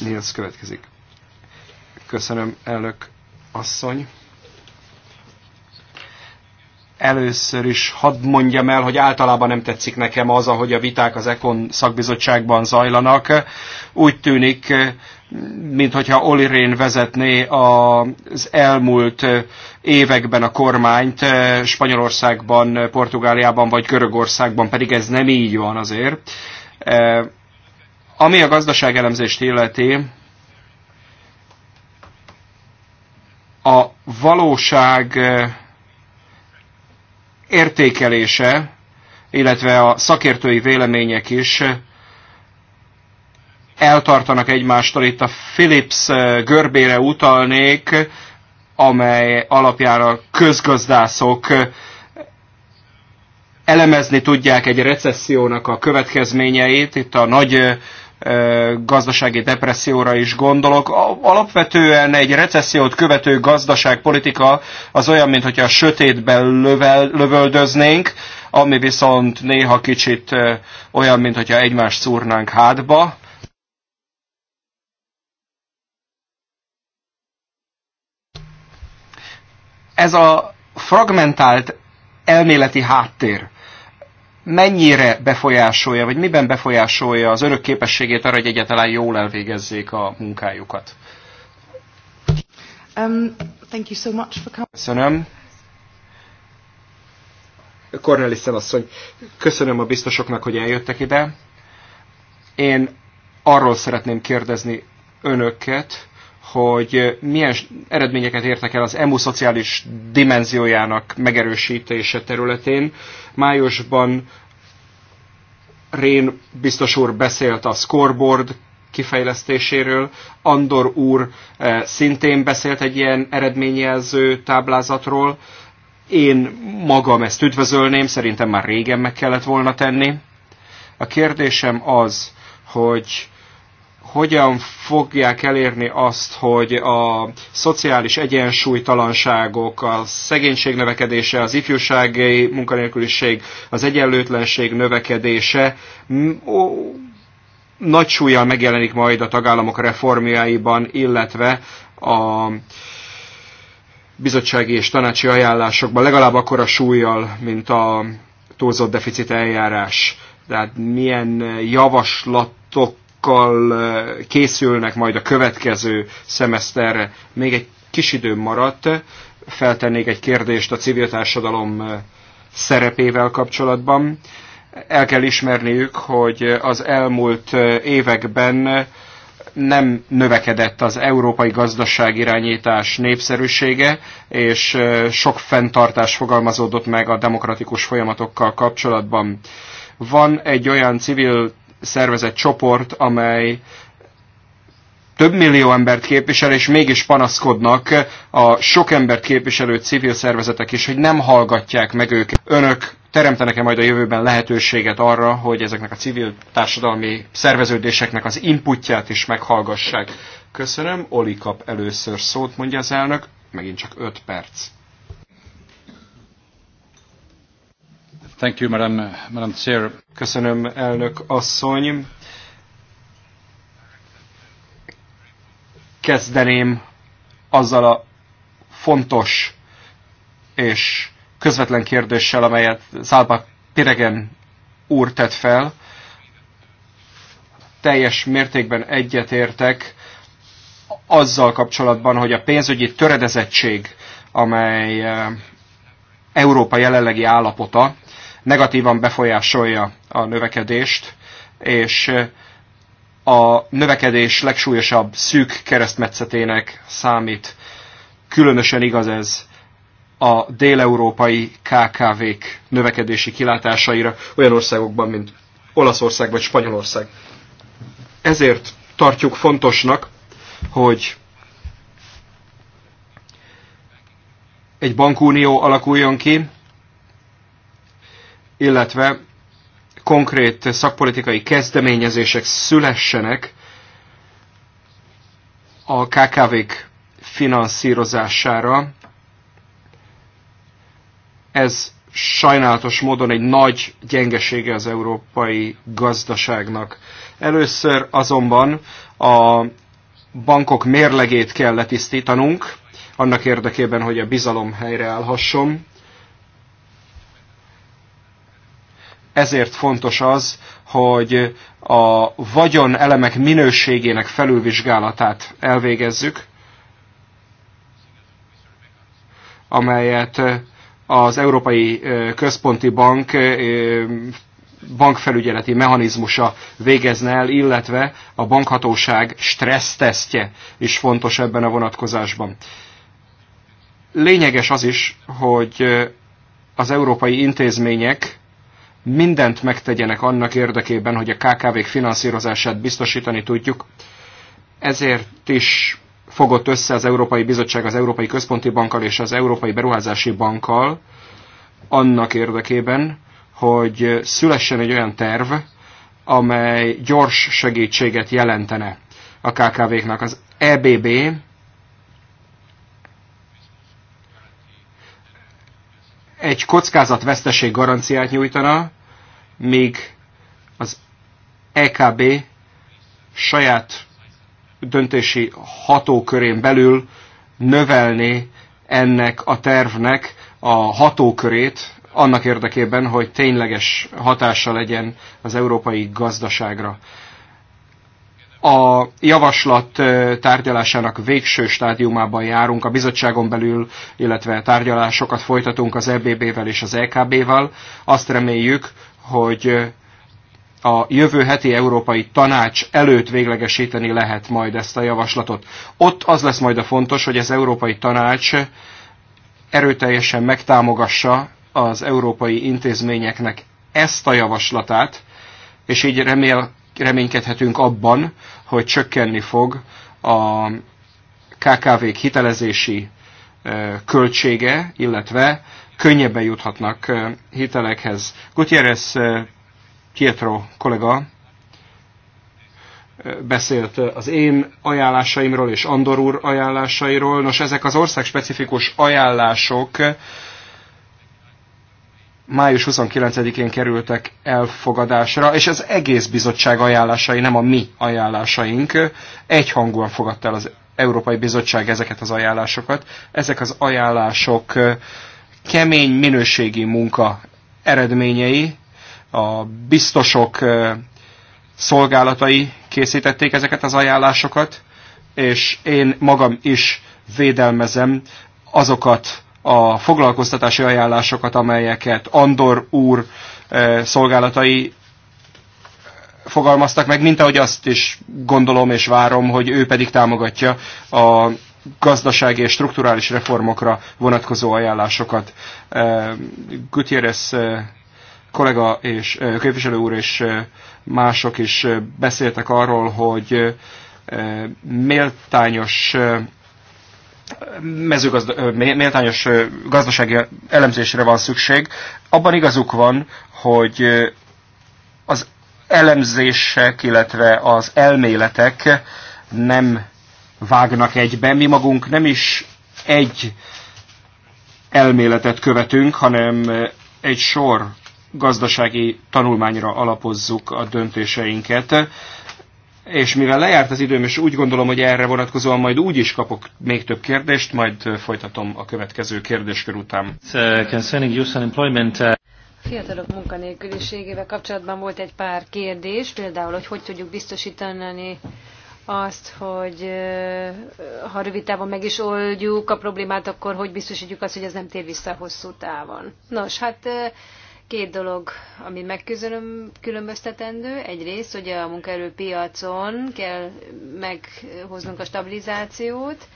Nils következik. Köszönöm, elnök asszony. Először is hadd mondjam el, hogy általában nem tetszik nekem az, ahogy a viták az Ekon szakbizottságban zajlanak. Úgy tűnik, mintha Oli Rén vezetné az elmúlt években a kormányt, Spanyolországban, Portugáliában vagy Görögországban, pedig ez nem így van azért. Ami a gazdaságelemzést illeti, a valóság értékelése, illetve a szakértői vélemények is eltartanak egymástól. Itt a Philips görbére utalnék, amely alapján a közgazdászok elemezni tudják egy recessziónak a következményeit. Itt a nagy gazdasági depresszióra is gondolok. Alapvetően egy recessziót követő gazdaságpolitika az olyan, mintha a sötétben lövel, lövöldöznénk, ami viszont néha kicsit olyan, mintha egymást szúrnánk hátba. Ez a fragmentált elméleti háttér, mennyire befolyásolja, vagy miben befolyásolja az örök képességét arra, hogy egyáltalán jól elvégezzék a munkájukat? Um, thank you so much for coming. Köszönöm. Cornelis asszony, köszönöm a biztosoknak, hogy eljöttek ide. Én arról szeretném kérdezni önöket, hogy milyen eredményeket értek el az EMU szociális dimenziójának megerősítése területén. Májusban Rén biztos úr beszélt a scoreboard kifejlesztéséről, Andor úr eh, szintén beszélt egy ilyen eredményjelző táblázatról. Én magam ezt üdvözölném, szerintem már régen meg kellett volna tenni. A kérdésem az, hogy hogyan fogják elérni azt, hogy a szociális egyensúlytalanságok, a szegénység növekedése, az ifjúsági munkanélküliség, az egyenlőtlenség növekedése nagy súlyjal megjelenik majd a tagállamok reformjaiban, illetve a bizottsági és tanácsi ajánlásokban legalább akkor a súlyjal, mint a túlzott deficit eljárás. Tehát milyen javaslatok kal készülnek majd a következő szemeszterre. Még egy kis időm maradt, feltennék egy kérdést a civil társadalom szerepével kapcsolatban. El kell ismerniük, hogy az elmúlt években nem növekedett az európai gazdaságirányítás népszerűsége, és sok fenntartás fogalmazódott meg a demokratikus folyamatokkal kapcsolatban. Van egy olyan civil szervezett csoport, amely több millió embert képvisel, és mégis panaszkodnak a sok embert képviselő civil szervezetek is, hogy nem hallgatják meg őket. Önök teremtenek-e majd a jövőben lehetőséget arra, hogy ezeknek a civil társadalmi szerveződéseknek az inputját is meghallgassák? Köszönöm, Oli kap először szót, mondja az elnök, megint csak 5 perc. Thank you, Madam, Madam Chair. Köszönöm, elnök asszony. Kezdeném azzal a fontos és közvetlen kérdéssel, amelyet Szálba Piregen úr tett fel. Teljes mértékben egyetértek azzal kapcsolatban, hogy a pénzügyi töredezettség, amely eh, Európa jelenlegi állapota, negatívan befolyásolja a növekedést, és a növekedés legsúlyosabb szűk keresztmetszetének számít. Különösen igaz ez a déleurópai KKV-k növekedési kilátásaira olyan országokban, mint Olaszország vagy Spanyolország. Ezért tartjuk fontosnak, hogy egy bankunió alakuljon ki, illetve konkrét szakpolitikai kezdeményezések szülessenek a KKV-k finanszírozására. Ez sajnálatos módon egy nagy gyengesége az európai gazdaságnak. Először azonban a bankok mérlegét kell letisztítanunk, annak érdekében, hogy a bizalom helyreállhasson. ezért fontos az, hogy a vagyon elemek minőségének felülvizsgálatát elvégezzük, amelyet az Európai Központi Bank bankfelügyeleti mechanizmusa végezne el, illetve a bankhatóság stressztesztje is fontos ebben a vonatkozásban. Lényeges az is, hogy az európai intézmények mindent megtegyenek annak érdekében, hogy a KKV-k finanszírozását biztosítani tudjuk. Ezért is fogott össze az Európai Bizottság az Európai Központi Bankkal és az Európai Beruházási Bankkal annak érdekében, hogy szülessen egy olyan terv, amely gyors segítséget jelentene a KKV-knak. Az EBB egy kockázatveszteség garanciát nyújtana, míg az EKB saját döntési hatókörén belül növelni ennek a tervnek a hatókörét annak érdekében, hogy tényleges hatása legyen az európai gazdaságra a javaslat tárgyalásának végső stádiumában járunk, a bizottságon belül, illetve tárgyalásokat folytatunk az EBB-vel és az EKB-vel. Azt reméljük, hogy a jövő heti Európai Tanács előtt véglegesíteni lehet majd ezt a javaslatot. Ott az lesz majd a fontos, hogy az Európai Tanács erőteljesen megtámogassa az európai intézményeknek ezt a javaslatát, és így remél, reménykedhetünk abban, hogy csökkenni fog a KKV-k hitelezési költsége, illetve könnyebben juthatnak hitelekhez. Gutierrez Pietro kollega beszélt az én ajánlásaimról és Andor úr ajánlásairól. Nos, ezek az országspecifikus ajánlások május 29-én kerültek elfogadásra, és az egész bizottság ajánlásai, nem a mi ajánlásaink, egyhangúan fogadta el az Európai Bizottság ezeket az ajánlásokat. Ezek az ajánlások kemény minőségi munka eredményei, a biztosok szolgálatai készítették ezeket az ajánlásokat, és én magam is védelmezem azokat a foglalkoztatási ajánlásokat, amelyeket Andor úr eh, szolgálatai fogalmaztak meg, mint ahogy azt is gondolom és várom, hogy ő pedig támogatja a gazdasági és strukturális reformokra vonatkozó ajánlásokat. Eh, Gutierrez eh, kollega és képviselő úr és mások is beszéltek arról, hogy méltányos mezőgazda, méltányos gazdasági elemzésre van szükség. Abban igazuk van, hogy az elemzések, illetve az elméletek nem vágnak egybe. Mi magunk nem is egy elméletet követünk, hanem egy sor gazdasági tanulmányra alapozzuk a döntéseinket és mivel lejárt az időm, és úgy gondolom, hogy erre vonatkozóan majd úgy is kapok még több kérdést, majd folytatom a következő kérdéskör után. Uh, concerning youth uh, a fiatalok munkanélküliségével kapcsolatban volt egy pár kérdés, például, hogy hogy tudjuk biztosítani azt, hogy ha rövid távon meg is oldjuk a problémát, akkor hogy biztosítjuk azt, hogy ez nem tér vissza hosszú távon. Nos, hát Két dolog, ami megkülönböztetendő. Egyrészt, hogy a munkaerőpiacon kell meghoznunk a stabilizációt,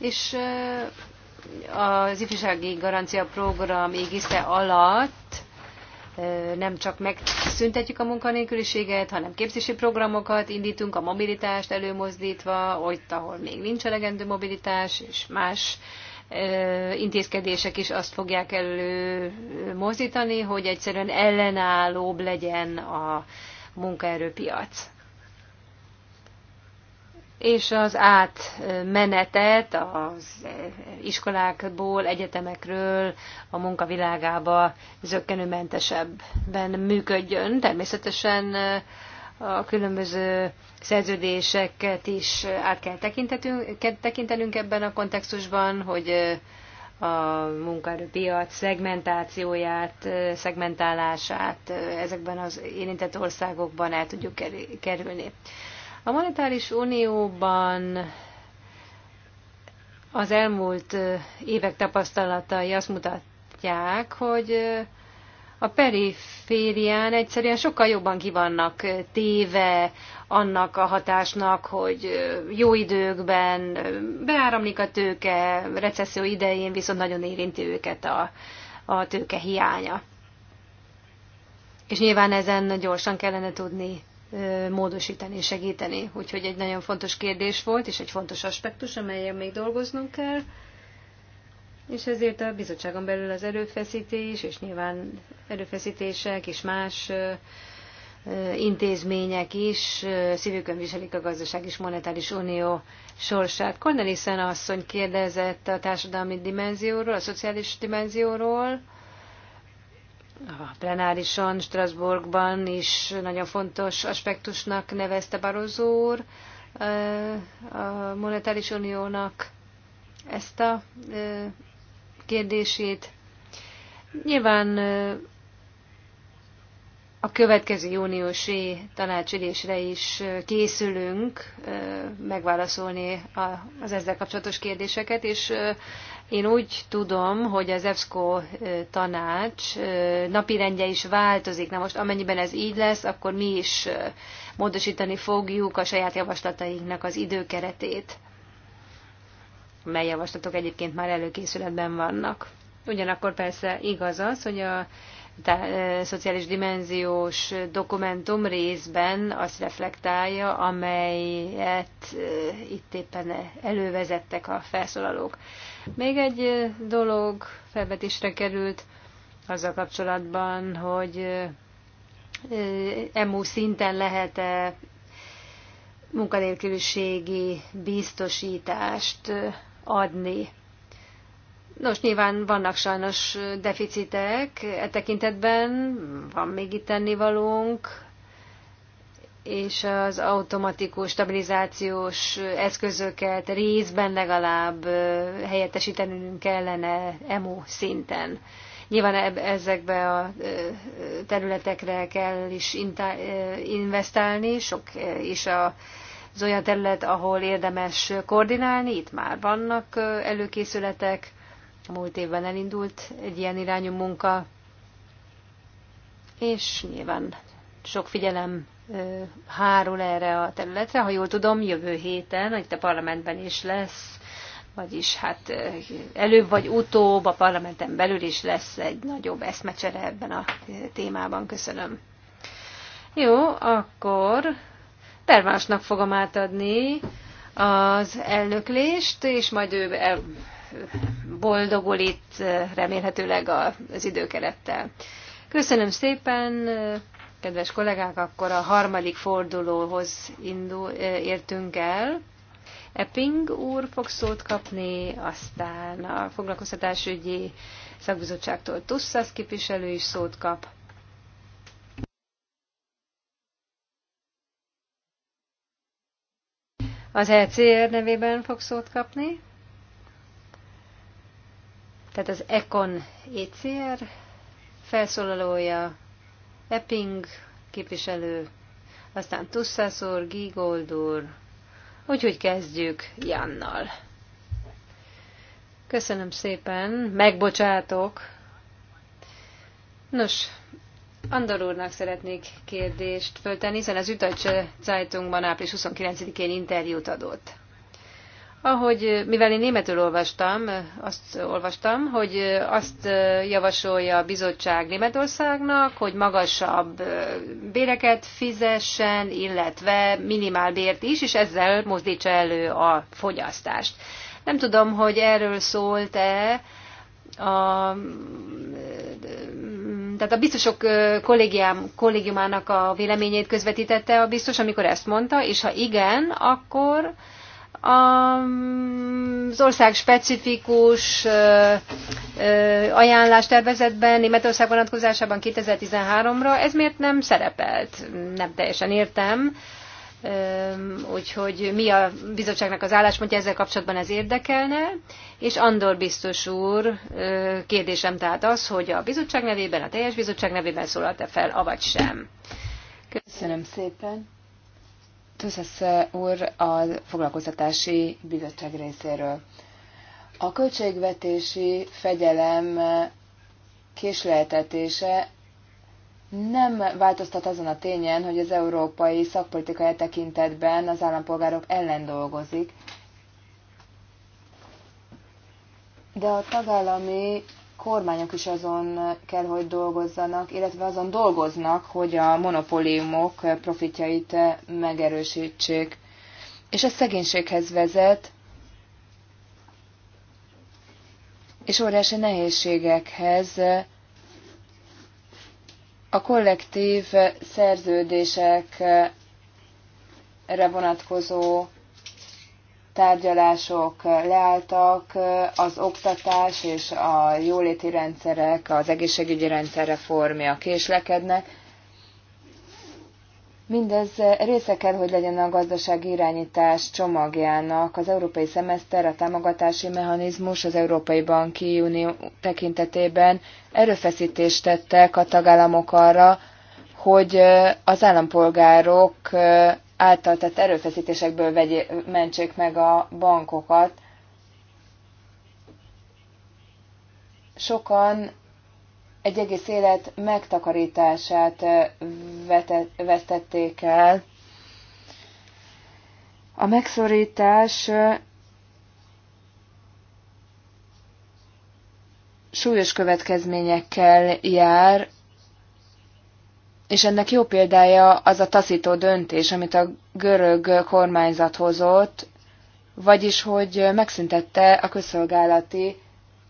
és az ifjúsági garancia program égisze alatt nem csak megszüntetjük a munkanélküliséget, hanem képzési programokat indítunk, a mobilitást előmozdítva, ott, ahol még nincs elegendő mobilitás, és más intézkedések is azt fogják elő mozdítani, hogy egyszerűen ellenállóbb legyen a munkaerőpiac. És az átmenetet az iskolákból, egyetemekről a munkavilágába zöggenőmentesebben működjön. Természetesen a különböző szerződéseket is át kell tekintenünk ebben a kontextusban, hogy a munkaerőpiac szegmentációját, szegmentálását ezekben az érintett országokban el tudjuk kerülni. A monetáris unióban az elmúlt évek tapasztalatai azt mutatják, hogy a periférián egyszerűen sokkal jobban kivannak téve annak a hatásnak, hogy jó időkben beáramlik a tőke, recesszió idején viszont nagyon érinti őket a, a tőke hiánya. És nyilván ezen gyorsan kellene tudni módosítani, segíteni. Úgyhogy egy nagyon fontos kérdés volt, és egy fontos aspektus, amelyen még dolgoznunk kell és ezért a bizottságon belül az erőfeszítés, és nyilván erőfeszítések és más intézmények is szívükön viselik a gazdaság és monetáris unió sorsát. Cornelissen asszony kérdezett a társadalmi dimenzióról, a szociális dimenzióról, a plenárison, Strasbourgban is nagyon fontos aspektusnak nevezte Barozó úr a monetáris uniónak ezt a kérdését. Nyilván a következő júniusi tanácsülésre is készülünk megválaszolni az ezzel kapcsolatos kérdéseket, és én úgy tudom, hogy az EFSCO tanács napirendje is változik. Na most amennyiben ez így lesz, akkor mi is módosítani fogjuk a saját javaslatainknak az időkeretét mely javaslatok egyébként már előkészületben vannak. Ugyanakkor persze igaz az, hogy a tá- szociális dimenziós dokumentum részben azt reflektálja, amelyet itt éppen elővezettek a felszólalók. Még egy dolog felvetésre került azzal kapcsolatban, hogy EMU szinten lehet-e munkanélküliségi biztosítást adni. Nos, nyilván vannak sajnos deficitek e tekintetben, van még itt tennivalónk, és az automatikus stabilizációs eszközöket részben legalább helyettesítenünk kellene EMU szinten. Nyilván ezekbe a területekre kell is investálni, sok is a az olyan terület, ahol érdemes koordinálni, itt már vannak előkészületek, A múlt évben elindult egy ilyen irányú munka, és nyilván sok figyelem hárul erre a területre. Ha jól tudom, jövő héten, itt a parlamentben is lesz, vagyis hát előbb vagy utóbb a parlamenten belül is lesz egy nagyobb eszmecsere ebben a témában. Köszönöm. Jó, akkor Pervásnak fogom átadni az elnöklést, és majd ő e, boldogul itt e, remélhetőleg az időkerettel. Köszönöm szépen, e, kedves kollégák, akkor a harmadik fordulóhoz indul, értünk el. Epping úr fog szót kapni, aztán a foglalkoztatásügyi szakbizottságtól Tusszasz képviselő is szót kap, Az ECR nevében fog szót kapni. Tehát az Econ ECR felszólalója, Epping képviselő, aztán Tusszászor Gigoldur. Úgyhogy kezdjük Jannal. Köszönöm szépen, megbocsátok. Nos, Andor úrnak szeretnék kérdést föltenni, hiszen az Ütacs Zeitungban április 29-én interjút adott. Ahogy, mivel én németül olvastam, azt olvastam, hogy azt javasolja a bizottság Németországnak, hogy magasabb béreket fizessen, illetve minimálbért is, és ezzel mozdítsa elő a fogyasztást. Nem tudom, hogy erről szólt-e, a, tehát a biztosok kollégiám, kollégiumának a véleményét közvetítette a biztos, amikor ezt mondta, és ha igen, akkor az ország specifikus ajánlástervezetben, Németország vonatkozásában 2013-ra, ez miért nem szerepelt? Nem teljesen értem úgyhogy mi a bizottságnak az álláspontja ezzel kapcsolatban ez érdekelne, és Andor biztos úr kérdésem tehát az, hogy a bizottság nevében, a teljes bizottság nevében szólalt-e fel, avagy sem. Köszönöm szépen. Tuszesz úr a foglalkoztatási bizottság részéről. A költségvetési fegyelem késleltetése nem változtat azon a tényen, hogy az európai szakpolitikai tekintetben az állampolgárok ellen dolgozik, de a tagállami kormányok is azon kell, hogy dolgozzanak, illetve azon dolgoznak, hogy a monopóliumok profitjait megerősítsék. És ez szegénységhez vezet, és óriási nehézségekhez, a kollektív szerződésekre vonatkozó tárgyalások leálltak, az oktatás és a jóléti rendszerek, az egészségügyi rendszer reformja késlekednek, Mindez része kell, hogy legyen a gazdasági irányítás csomagjának, az európai szemeszter, a támogatási mechanizmus az Európai Banki Unió tekintetében erőfeszítést tettek a tagállamok arra, hogy az állampolgárok által tett erőfeszítésekből vegyé, mentsék meg a bankokat. Sokan egy egész élet megtakarítását vetett, vesztették el. A megszorítás súlyos következményekkel jár, és ennek jó példája az a taszító döntés, amit a görög kormányzat hozott, vagyis hogy megszüntette a közszolgálati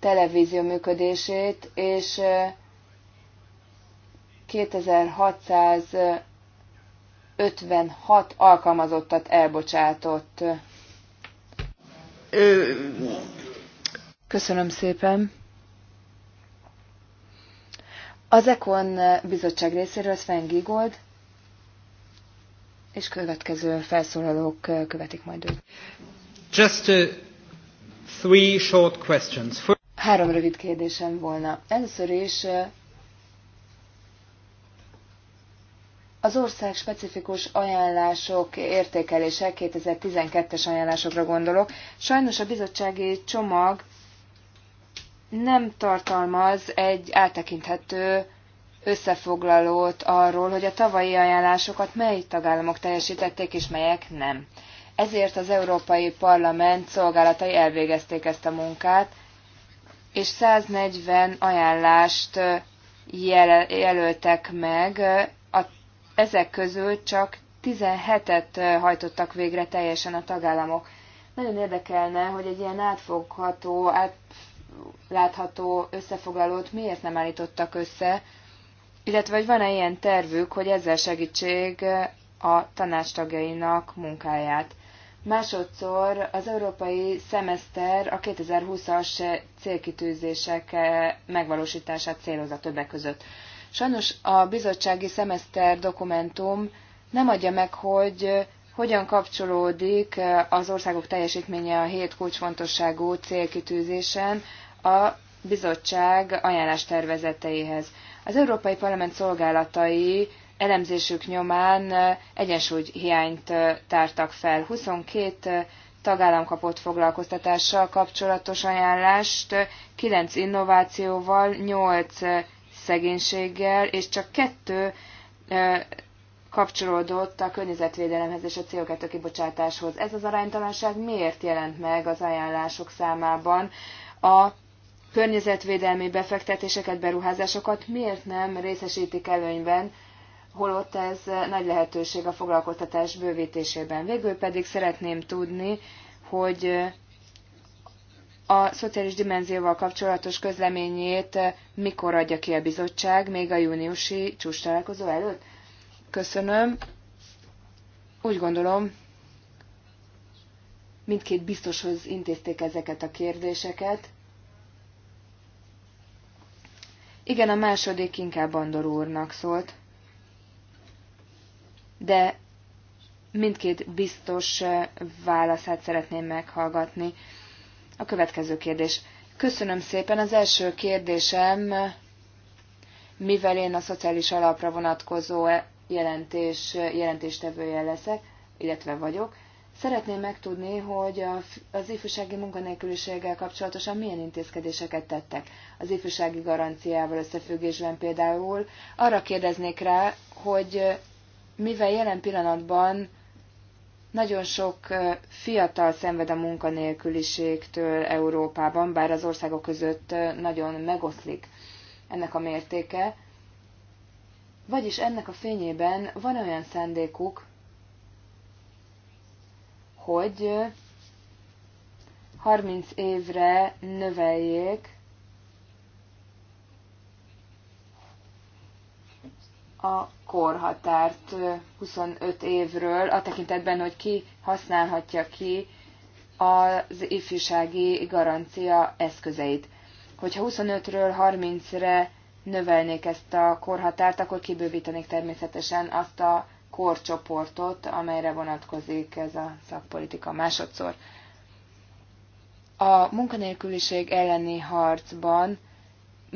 televízió működését, és 2656 alkalmazottat elbocsátott. Köszönöm szépen. Az Ekon bizottság részéről Sven Gigold, és következő felszólalók követik majd őt. Just three short questions. Három rövid kérdésem volna. Először is Az ország specifikus ajánlások értékelése, 2012-es ajánlásokra gondolok. Sajnos a bizottsági csomag nem tartalmaz egy áttekinthető összefoglalót arról, hogy a tavalyi ajánlásokat mely tagállamok teljesítették és melyek nem. Ezért az Európai Parlament szolgálatai elvégezték ezt a munkát, és 140 ajánlást jel jelöltek meg ezek közül csak 17-et hajtottak végre teljesen a tagállamok. Nagyon érdekelne, hogy egy ilyen átfogható, átlátható összefoglalót miért nem állítottak össze, illetve hogy van-e ilyen tervük, hogy ezzel segítség a tanástagjainak munkáját. Másodszor az európai szemeszter a 2020-as célkitűzések megvalósítását célozza többek között. Sajnos a bizottsági szemeszter dokumentum nem adja meg, hogy eh, hogyan kapcsolódik eh, az országok teljesítménye a hét kulcsfontosságú célkitűzésen a bizottság ajánlás tervezeteihez. Az Európai Parlament szolgálatai elemzésük nyomán eh, egyensúly hiányt tártak fel. 22 tagállam kapott foglalkoztatással kapcsolatos ajánlást, 9 innovációval, 8 szegénységgel, és csak kettő kapcsolódott a környezetvédelemhez és a CO2 kibocsátáshoz. Ez az aránytalanság miért jelent meg az ajánlások számában? A környezetvédelmi befektetéseket, beruházásokat miért nem részesítik előnyben, holott ez nagy lehetőség a foglalkoztatás bővítésében. Végül pedig szeretném tudni, hogy a szociális dimenzióval kapcsolatos közleményét eh, mikor adja ki a bizottság, még a júniusi csúcs találkozó előtt? Köszönöm. Úgy gondolom, mindkét biztoshoz intézték ezeket a kérdéseket. Igen, a második inkább Andor úrnak szólt. De mindkét biztos eh, válaszát szeretném meghallgatni. A következő kérdés. Köszönöm szépen. Az első kérdésem, mivel én a szociális alapra vonatkozó e- jelentés, jelentéstevője leszek, illetve vagyok, szeretném megtudni, hogy az ifjúsági munkanélküliséggel kapcsolatosan milyen intézkedéseket tettek. Az ifjúsági garanciával összefüggésben például arra kérdeznék rá, hogy mivel jelen pillanatban nagyon sok fiatal szenved a munkanélküliségtől Európában, bár az országok között nagyon megoszlik ennek a mértéke. Vagyis ennek a fényében van olyan szándékuk, hogy 30 évre növeljék a korhatárt 25 évről, a tekintetben, hogy ki használhatja ki az ifjúsági garancia eszközeit. Hogyha 25-ről 30-re növelnék ezt a korhatárt, akkor kibővítenék természetesen azt a korcsoportot, amelyre vonatkozik ez a szakpolitika másodszor. A munkanélküliség elleni harcban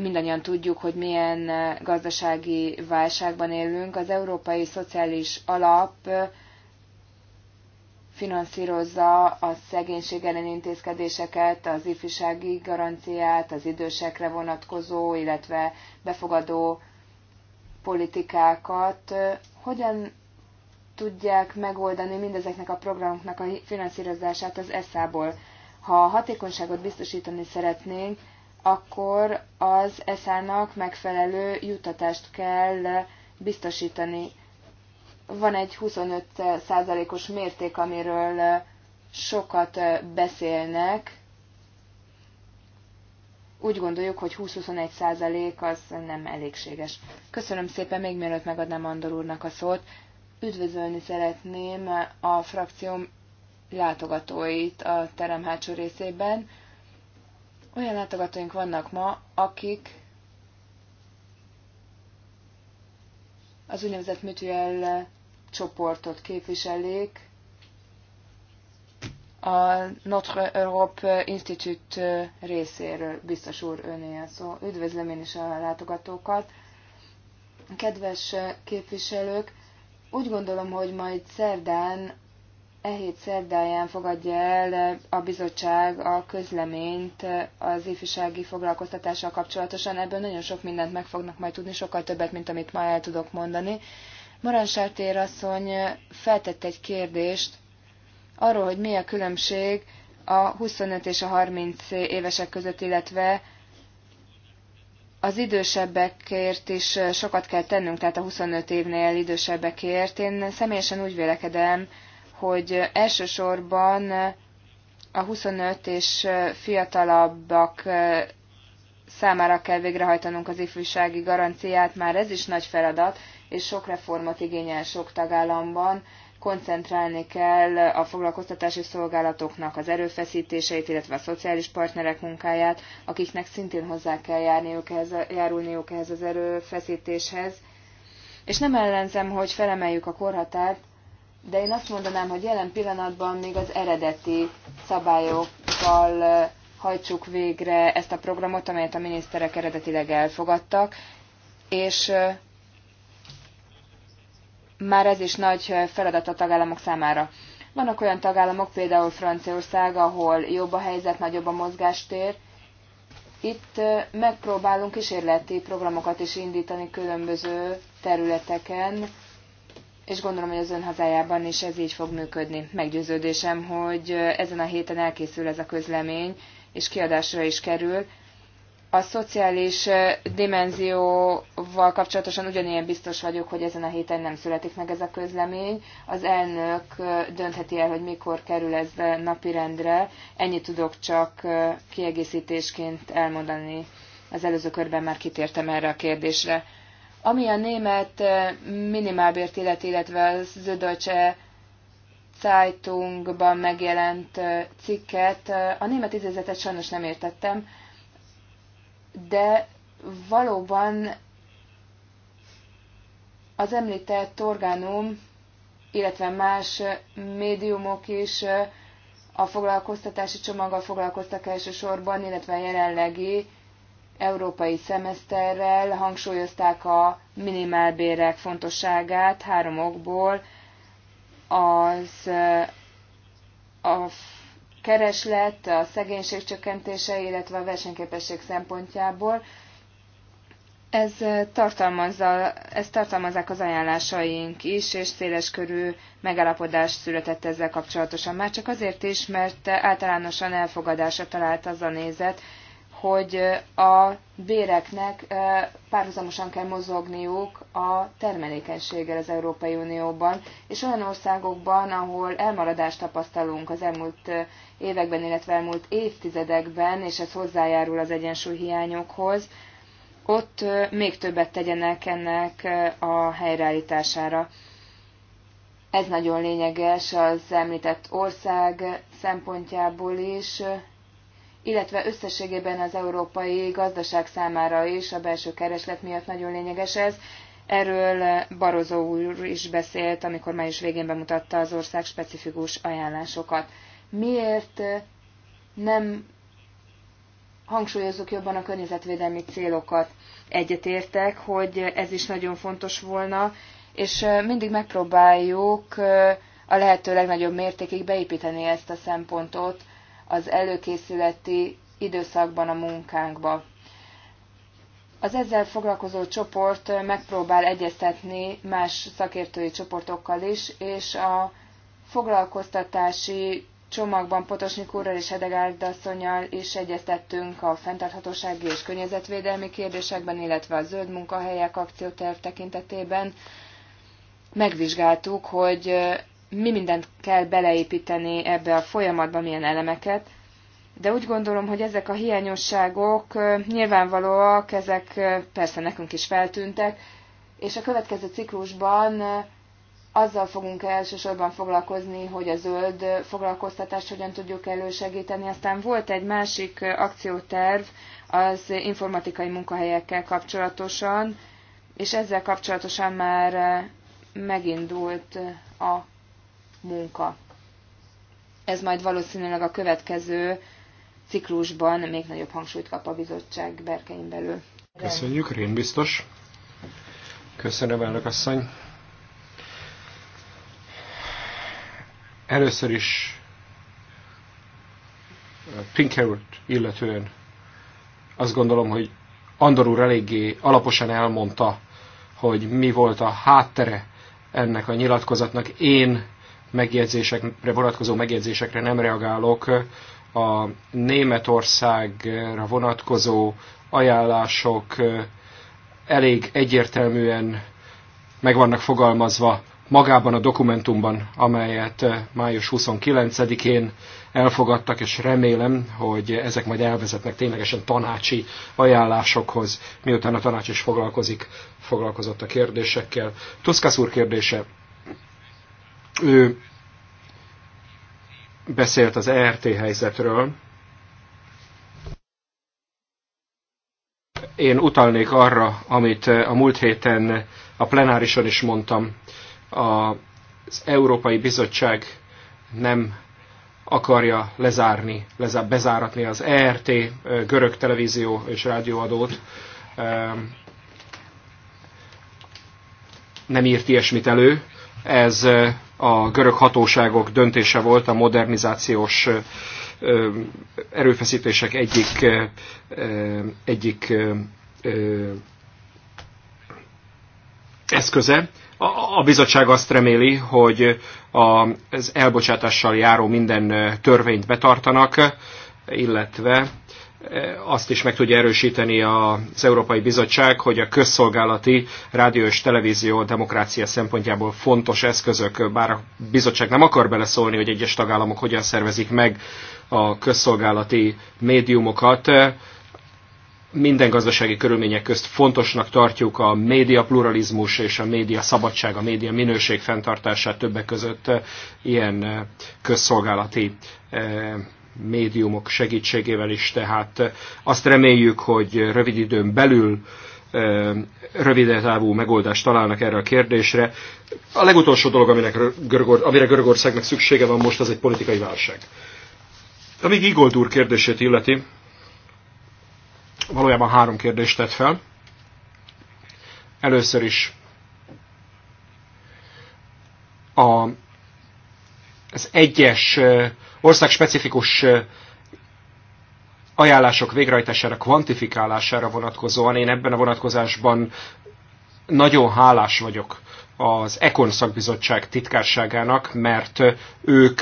mindannyian tudjuk, hogy milyen eh, gazdasági válságban élünk. Az Európai Szociális Alap eh, finanszírozza a szegénység ellen intézkedéseket, az ifjúsági garanciát, az idősekre vonatkozó, illetve befogadó politikákat. Hogyan tudják megoldani mindezeknek a programoknak a finanszírozását az ESZA-ból? Ha a hatékonyságot biztosítani szeretnénk, akkor az eszának megfelelő juttatást kell biztosítani. Van egy 25%-os mérték, amiről sokat beszélnek. Úgy gondoljuk, hogy 20-21% az nem elégséges. Köszönöm szépen, még mielőtt megadnám Andor úrnak a szót. Üdvözölni szeretném a frakcióm látogatóit a terem hátsó részében olyan látogatóink vannak ma, akik az úgynevezett mutual csoportot képviselik, a Notre Europe Institute részéről, biztos úr önél szó. Üdvözlöm én is a látogatókat. Kedves képviselők, úgy gondolom, hogy majd szerdán E hét szerdáján fogadja el a bizottság a közleményt az ifjúsági foglalkoztatással kapcsolatosan. Ebből nagyon sok mindent meg fognak majd tudni, sokkal többet, mint amit ma el tudok mondani. Marán Sártér asszony feltett egy kérdést arról, hogy mi a különbség a 25 és a 30 évesek között, illetve az idősebbekért is sokat kell tennünk, tehát a 25 évnél idősebbekért. Én személyesen úgy vélekedem, hogy elsősorban a 25 és fiatalabbak számára kell végrehajtanunk az ifjúsági garanciát, már ez is nagy feladat, és sok reformot igényel sok tagállamban. Koncentrálni kell a foglalkoztatási szolgálatoknak az erőfeszítéseit, illetve a szociális partnerek munkáját, akiknek szintén hozzá kell járniuk ehhez, járulniuk ehhez az erőfeszítéshez. És nem ellenzem, hogy felemeljük a korhatárt, de én azt mondanám, hogy jelen pillanatban még az eredeti szabályokkal hajtsuk végre ezt a programot, amelyet a miniszterek eredetileg elfogadtak, és már ez is nagy feladat a tagállamok számára. Vannak olyan tagállamok, például Franciaország, ahol jobb a helyzet, nagyobb a mozgástér. Itt megpróbálunk kísérleti programokat is indítani különböző területeken, és gondolom, hogy az ön hazájában is ez így fog működni. Meggyőződésem, hogy ezen a héten elkészül ez a közlemény, és kiadásra is kerül. A szociális dimenzióval kapcsolatosan ugyanilyen biztos vagyok, hogy ezen a héten nem születik meg ez a közlemény. Az elnök döntheti el, hogy mikor kerül ez napirendre. Ennyit tudok csak kiegészítésként elmondani. Az előző körben már kitértem erre a kérdésre. Ami a német minimálbért illeti, illetve a Zödöcse Zeitungban megjelent cikket, a német idézetet sajnos nem értettem, de valóban az említett orgánum, illetve más médiumok is a foglalkoztatási csomaggal foglalkoztak elsősorban, illetve a jelenlegi európai szemeszterrel hangsúlyozták a minimálbérek fontosságát három okból. Az eh, a kereslet, a szegénység csökkentése, illetve a versenyképesség szempontjából. Ez eh, tartalmazza, ezt tartalmazzák az ajánlásaink is, és körű megállapodás született ezzel kapcsolatosan. Már csak azért is, mert eh, általánosan elfogadásra talált az a nézet, hogy a béreknek párhuzamosan kell mozogniuk a termelékenységgel az Európai Unióban, és olyan országokban, ahol elmaradást tapasztalunk az elmúlt években, illetve elmúlt évtizedekben, és ez hozzájárul az egyensúlyhiányokhoz, ott még többet tegyenek ennek a helyreállítására. Ez nagyon lényeges az említett ország szempontjából is, illetve összességében az európai gazdaság számára is a belső kereslet miatt nagyon lényeges ez. Erről Barozó úr is beszélt, amikor május végén bemutatta az ország specifikus ajánlásokat. Miért nem hangsúlyozzuk jobban a környezetvédelmi célokat? Egyetértek, hogy ez is nagyon fontos volna, és mindig megpróbáljuk a lehető legnagyobb mértékig beépíteni ezt a szempontot az előkészületi időszakban a munkánkba. Az ezzel foglalkozó csoport megpróbál egyeztetni más szakértői csoportokkal is, és a foglalkoztatási csomagban Potosnik úrral és Hedegárd asszonyjal is egyeztettünk a fenntarthatósági és környezetvédelmi kérdésekben, illetve a zöld munkahelyek akcióterv tekintetében. Megvizsgáltuk, hogy mi mindent kell beleépíteni ebbe a folyamatba, milyen elemeket, de úgy gondolom, hogy ezek a hiányosságok nyilvánvalóak, ezek persze nekünk is feltűntek, és a következő ciklusban azzal fogunk elsősorban foglalkozni, hogy a zöld foglalkoztatást hogyan tudjuk elősegíteni. Aztán volt egy másik akcióterv az informatikai munkahelyekkel kapcsolatosan, és ezzel kapcsolatosan már megindult a munka. Ez majd valószínűleg a következő ciklusban még nagyobb hangsúlyt kap a bizottság berkein belül. Köszönjük, Rén biztos. Köszönöm, elnök asszony. Először is Pinker illetően azt gondolom, hogy Andor úr eléggé alaposan elmondta, hogy mi volt a háttere ennek a nyilatkozatnak. Én megjegyzésekre vonatkozó megjegyzésekre nem reagálok. A Németországra vonatkozó ajánlások elég egyértelműen meg vannak fogalmazva magában a dokumentumban, amelyet május 29-én elfogadtak, és remélem, hogy ezek majd elvezetnek ténylegesen tanácsi ajánlásokhoz, miután a tanács is foglalkozik, foglalkozott a kérdésekkel. Tuszkasz úr kérdése ő beszélt az ERT helyzetről. Én utalnék arra, amit a múlt héten a plenárison is mondtam. Az Európai Bizottság nem akarja lezárni, lezár, bezáratni az ERT, görög televízió és rádióadót. Nem írt ilyesmit elő. Ez a görög hatóságok döntése volt a modernizációs erőfeszítések egyik, egyik eszköze. A bizottság azt reméli, hogy az elbocsátással járó minden törvényt betartanak, illetve Eh, azt is meg tudja erősíteni az Európai Bizottság, hogy a közszolgálati rádió és televízió demokrácia szempontjából fontos eszközök, bár a bizottság nem akar beleszólni, hogy egyes tagállamok hogyan szervezik meg a közszolgálati médiumokat, minden gazdasági körülmények közt fontosnak tartjuk a média pluralizmus és a média szabadság, a média minőség fenntartását többek között eh, ilyen eh, közszolgálati médiumok segítségével is, tehát eh, azt reméljük, hogy rövid időn belül eh, rövidetávú megoldást találnak erre a kérdésre. A legutolsó dolog, aminek Görögor, amire Görögországnak szüksége van most, az egy politikai válság. Amíg Igold úr kérdését illeti, valójában három kérdést tett fel. Először is a, az egyes eh, Országspecifikus ajánlások végrehajtására, kvantifikálására vonatkozóan én ebben a vonatkozásban nagyon hálás vagyok az Ekon szakbizottság titkárságának, mert ők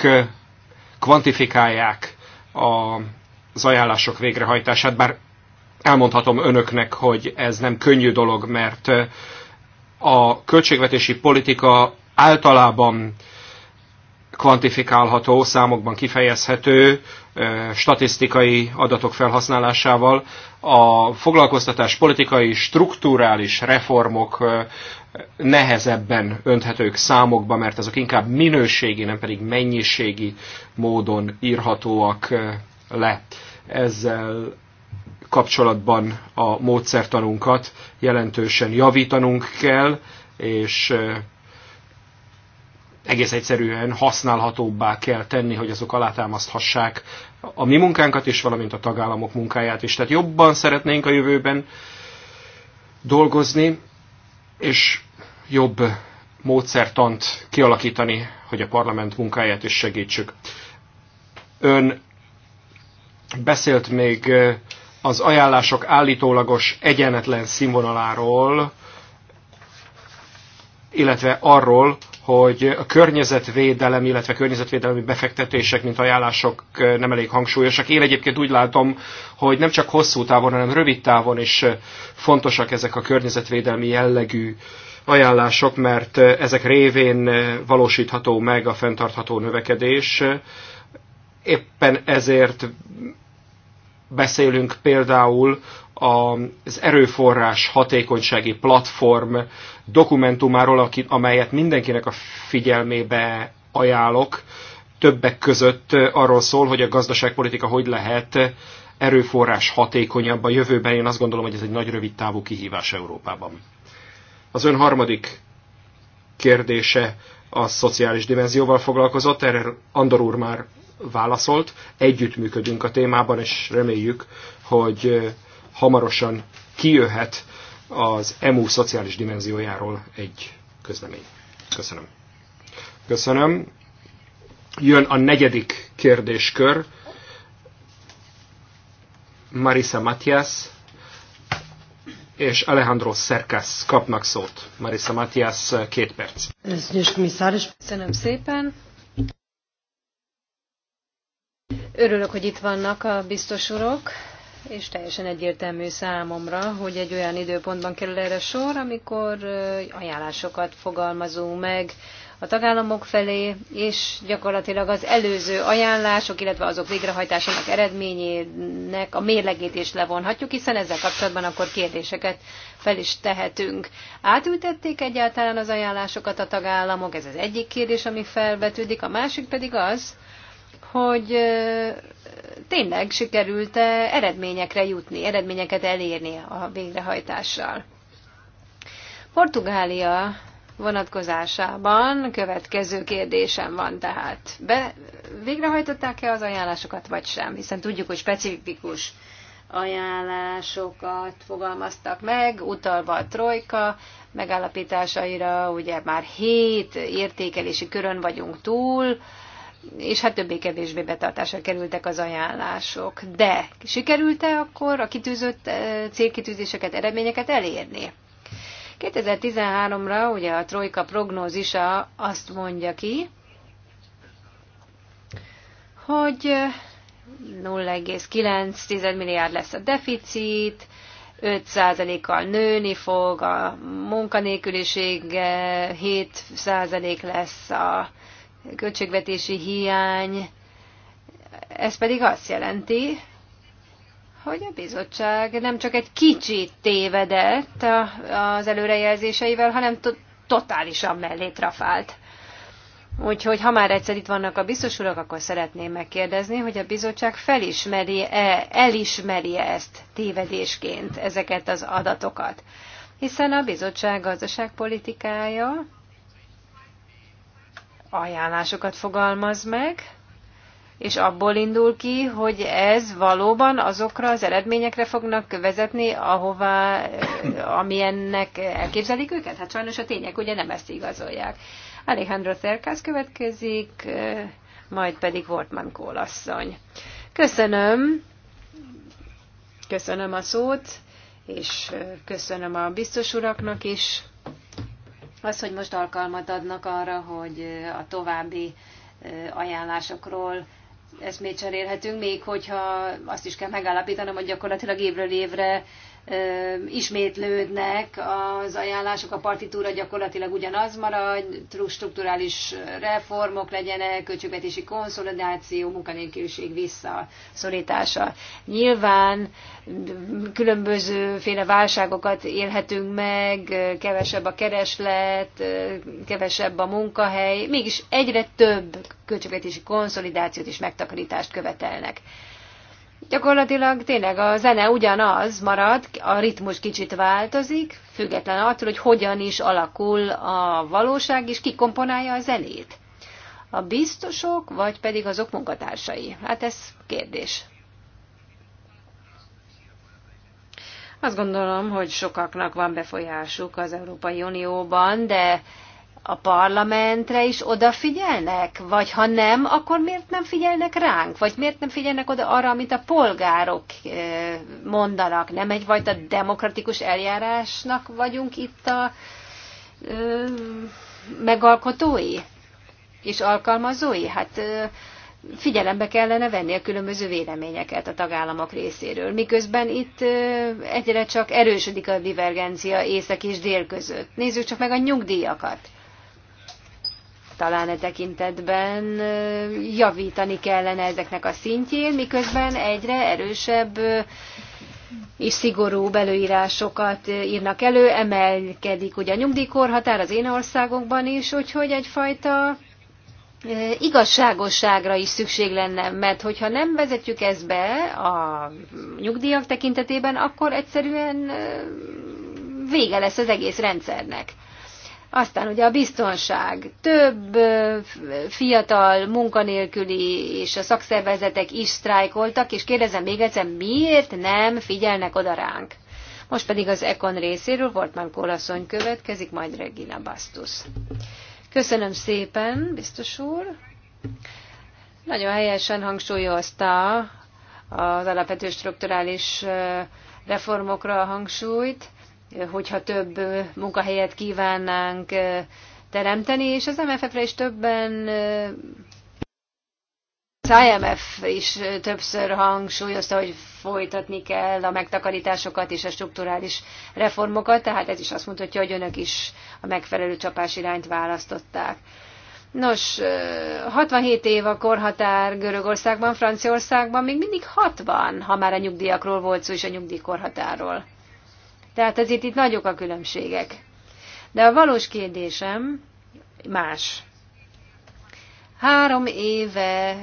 kvantifikálják az ajánlások végrehajtását, bár elmondhatom önöknek, hogy ez nem könnyű dolog, mert a költségvetési politika általában kvantifikálható, számokban kifejezhető statisztikai adatok felhasználásával a foglalkoztatás politikai strukturális reformok nehezebben önthetők számokba, mert azok inkább minőségi, nem pedig mennyiségi módon írhatóak le. Ezzel kapcsolatban a módszertanunkat jelentősen javítanunk kell, és egész egyszerűen használhatóbbá kell tenni, hogy azok alátámaszthassák a mi munkánkat is, valamint a tagállamok munkáját is. Tehát jobban szeretnénk a jövőben dolgozni, és jobb módszertant kialakítani, hogy a parlament munkáját is segítsük. Ön beszélt még eh, az ajánlások állítólagos egyenetlen színvonaláról, illetve arról, hogy a környezetvédelem, illetve környezetvédelmi befektetések, mint ajánlások nem elég hangsúlyosak. Én egyébként úgy látom, hogy nem csak hosszú távon, hanem rövid távon is fontosak ezek a környezetvédelmi jellegű ajánlások, mert ezek révén valósítható meg a fenntartható növekedés. Éppen ezért beszélünk például az erőforrás hatékonysági platform dokumentumáról, amelyet mindenkinek a figyelmébe ajánlok, többek között arról szól, hogy a gazdaságpolitika hogy lehet erőforrás hatékonyabb a jövőben. Én azt gondolom, hogy ez egy nagy rövid távú kihívás Európában. Az ön harmadik kérdése a szociális dimenzióval foglalkozott, erre Andor úr már válaszolt. Együttműködünk a témában, és reméljük, hogy hamarosan kijöhet az EMU szociális dimenziójáról egy közlemény. Köszönöm. Köszönöm. Jön a negyedik kérdéskör. Marisa Matias és Alejandro Szerkász kapnak szót. Marisa Matias, két perc. Köszönöm szépen. Örülök, hogy itt vannak a biztos urok, és teljesen egyértelmű számomra, hogy egy olyan időpontban kerül erre sor, amikor ajánlásokat fogalmazunk meg a tagállamok felé, és gyakorlatilag az előző ajánlások, illetve azok végrehajtásának eredményének a mérlegét is levonhatjuk, hiszen ezzel kapcsolatban akkor kérdéseket fel is tehetünk. Átültették egyáltalán az ajánlásokat a tagállamok, ez az egyik kérdés, ami felvetődik, a másik pedig az, hogy tényleg sikerült -e eredményekre jutni, eredményeket elérni a végrehajtással. Portugália vonatkozásában következő kérdésem van tehát. Be, végrehajtották-e az ajánlásokat, vagy sem? Hiszen tudjuk, hogy specifikus ajánlásokat fogalmaztak meg, utalva a trojka megállapításaira, ugye már hét értékelési körön vagyunk túl, és hát többé-kevésbé betartásra kerültek az ajánlások. De sikerült-e akkor a kitűzött eh, célkitűzéseket, eredményeket elérni? 2013-ra ugye a Trojka prognózisa azt mondja ki, hogy 0,9 eh, milliárd lesz a deficit, 5%-kal nőni fog, a munkanélküliség 7% lesz a költségvetési hiány, ez pedig azt jelenti, hogy a bizottság nem csak egy kicsit tévedett az előrejelzéseivel, hanem totálisan mellé trafált. Úgyhogy ha már egyszer itt vannak a biztos urak, akkor szeretném megkérdezni, hogy a bizottság felismeri-e, elismeri-e ezt tévedésként, ezeket az adatokat. Hiszen a bizottság gazdaságpolitikája ajánlásokat fogalmaz meg, és abból indul ki, hogy ez valóban azokra az eredményekre fognak vezetni, ahová, amilyennek elképzelik őket? Hát sajnos a tények ugye nem ezt igazolják. Alejandro Cercas következik, majd pedig Wortmann Kólasszony. Köszönöm, köszönöm a szót, és köszönöm a biztos uraknak is. Az, hogy most alkalmat adnak arra, hogy eh, a további eh, ajánlásokról még cserélhetünk, még hogyha azt is kell megállapítanom, hogy gyakorlatilag évről évre ismétlődnek az ajánlások, a partitúra gyakorlatilag ugyanaz marad, strukturális reformok legyenek, költségvetési konszolidáció, munkanélküliség visszaszorítása. Nyilván különbözőféle válságokat élhetünk meg, kevesebb a kereslet, kevesebb a munkahely, mégis egyre több költségvetési konszolidációt és megtakarítást követelnek gyakorlatilag tényleg a zene ugyanaz marad, a ritmus kicsit változik, független attól, hogy hogyan is alakul a valóság, és ki komponálja a zenét. A biztosok, vagy pedig azok munkatársai? Hát ez kérdés. Azt gondolom, hogy sokaknak van befolyásuk az Európai Unióban, de a parlamentre is odafigyelnek? Vagy ha nem, akkor miért nem figyelnek ránk? Vagy miért nem figyelnek oda arra, amit a polgárok eh, mondanak? Nem egyfajta demokratikus eljárásnak vagyunk itt a ö, megalkotói és alkalmazói? Hát ö, figyelembe kellene venni a különböző véleményeket a tagállamok részéről, miközben itt egyre csak erősödik a divergencia észak és dél között. Nézzük csak meg a nyugdíjakat talán e tekintetben javítani kellene ezeknek a szintjén, miközben egyre erősebb és szigorú belőírásokat írnak elő, emelkedik ugye a nyugdíjkorhatár az én országokban is, úgyhogy egyfajta igazságosságra is szükség lenne, mert hogyha nem vezetjük ezt be a nyugdíjak tekintetében, akkor egyszerűen vége lesz az egész rendszernek. Aztán ugye a biztonság. Több fiatal munkanélküli és a szakszervezetek is sztrájkoltak, és kérdezem még egyszer, miért nem figyelnek oda ránk? Most pedig az Ekon részéről Wortmann Kólaszony következik, majd Regina Bastus. Köszönöm szépen, biztos úr. Nagyon helyesen hangsúlyozta az alapvető strukturális reformokra a hangsúlyt hogyha több munkahelyet kívánnánk teremteni, és az MFF-re is többen az IMF is többször hangsúlyozta, hogy folytatni kell a megtakarításokat és a strukturális reformokat, tehát ez is azt mutatja, hogy önök is a megfelelő csapás irányt választották. Nos, 67 év a korhatár Görögországban, Franciaországban, még mindig 60, ha már a nyugdíjakról volt szó, és a nyugdíjkorhatárról. Tehát ez itt nagyok a különbségek. De a valós kérdésem más. Három éve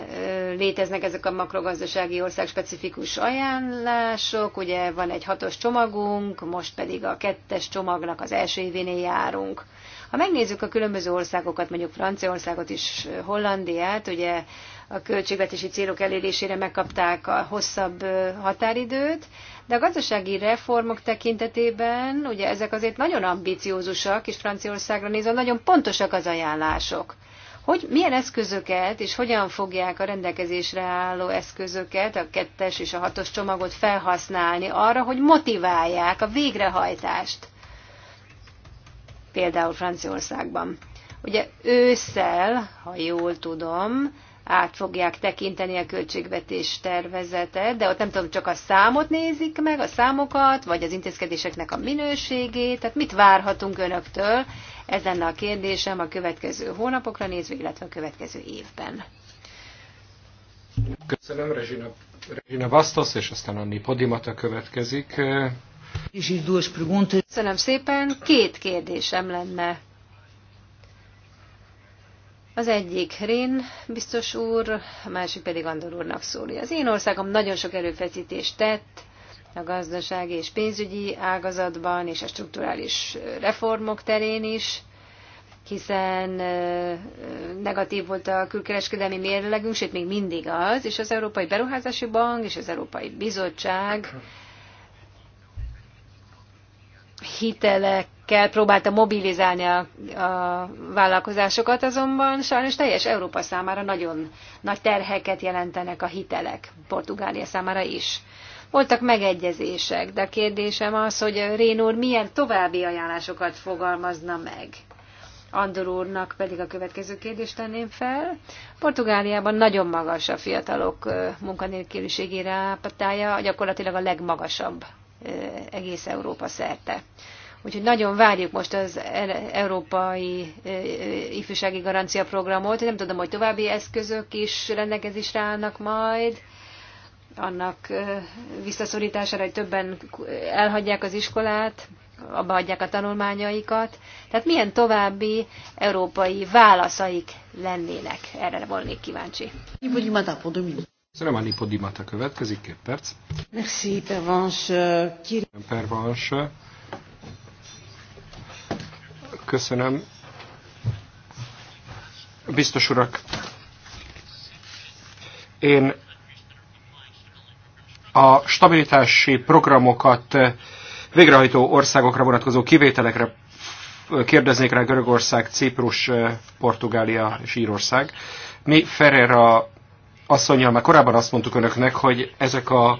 léteznek ezek a makrogazdasági országspecifikus ajánlások, ugye van egy hatos csomagunk, most pedig a kettes csomagnak az első événél járunk. Ha megnézzük a különböző országokat, mondjuk Franciaországot is, Hollandiát, ugye a költségvetési célok elérésére megkapták a hosszabb határidőt, de a gazdasági reformok tekintetében, ugye ezek azért nagyon ambiciózusak, és Franciaországra nézve nagyon pontosak az ajánlások. Hogy milyen eszközöket és hogyan fogják a rendelkezésre álló eszközöket, a kettes és a hatos csomagot felhasználni arra, hogy motiválják a végrehajtást? Például Franciaországban. Ugye ősszel, ha jól tudom, át fogják tekinteni a költségvetés tervezetet, de ott nem tudom, csak a számot nézik meg, a számokat, vagy az intézkedéseknek a minőségét, tehát mit várhatunk önöktől? Ez lenne a kérdésem a következő hónapokra nézve, illetve a következő évben. Köszönöm, Regina, Regina Bastos, és aztán Anni Podimata következik. Köszönöm szépen. Két kérdésem lenne az egyik Rén biztos úr, a másik pedig Andor úrnak szólja. Az én országom nagyon sok erőfeszítést tett a gazdasági és pénzügyi ágazatban és a strukturális reformok terén is, hiszen negatív volt a külkereskedelmi mérlegünk, sőt még mindig az, és az Európai Beruházási Bank és az Európai Bizottság hitelekkel próbálta mobilizálni a, a vállalkozásokat, azonban sajnos teljes Európa számára nagyon nagy terheket jelentenek a hitelek, Portugália számára is. Voltak megegyezések, de a kérdésem az, hogy Rén úr milyen további ajánlásokat fogalmazna meg. Andor úrnak pedig a következő kérdést tenném fel. Portugáliában nagyon magas a fiatalok munkanélküliségére ápatája, gyakorlatilag a legmagasabb egész Európa szerte. Úgyhogy nagyon várjuk most az Európai Ifjúsági Garancia Programot. Nem tudom, hogy további eszközök is rendelkezésre állnak majd annak visszaszorítására, hogy többen elhagyják az iskolát, abba hagyják a tanulmányaikat. Tehát milyen további európai válaszaik lennének? Erre volnék kíváncsi. Köszönöm Anni Podimata következik, két perc. Merci, Köszönöm, Pervanche. Köszönöm. Biztos urak, én a stabilitási programokat végrehajtó országokra vonatkozó kivételekre kérdeznék rá Görögország, Ciprus, Portugália és Írország. Mi Ferreira asszonyjal már korábban azt mondtuk önöknek, hogy ezek a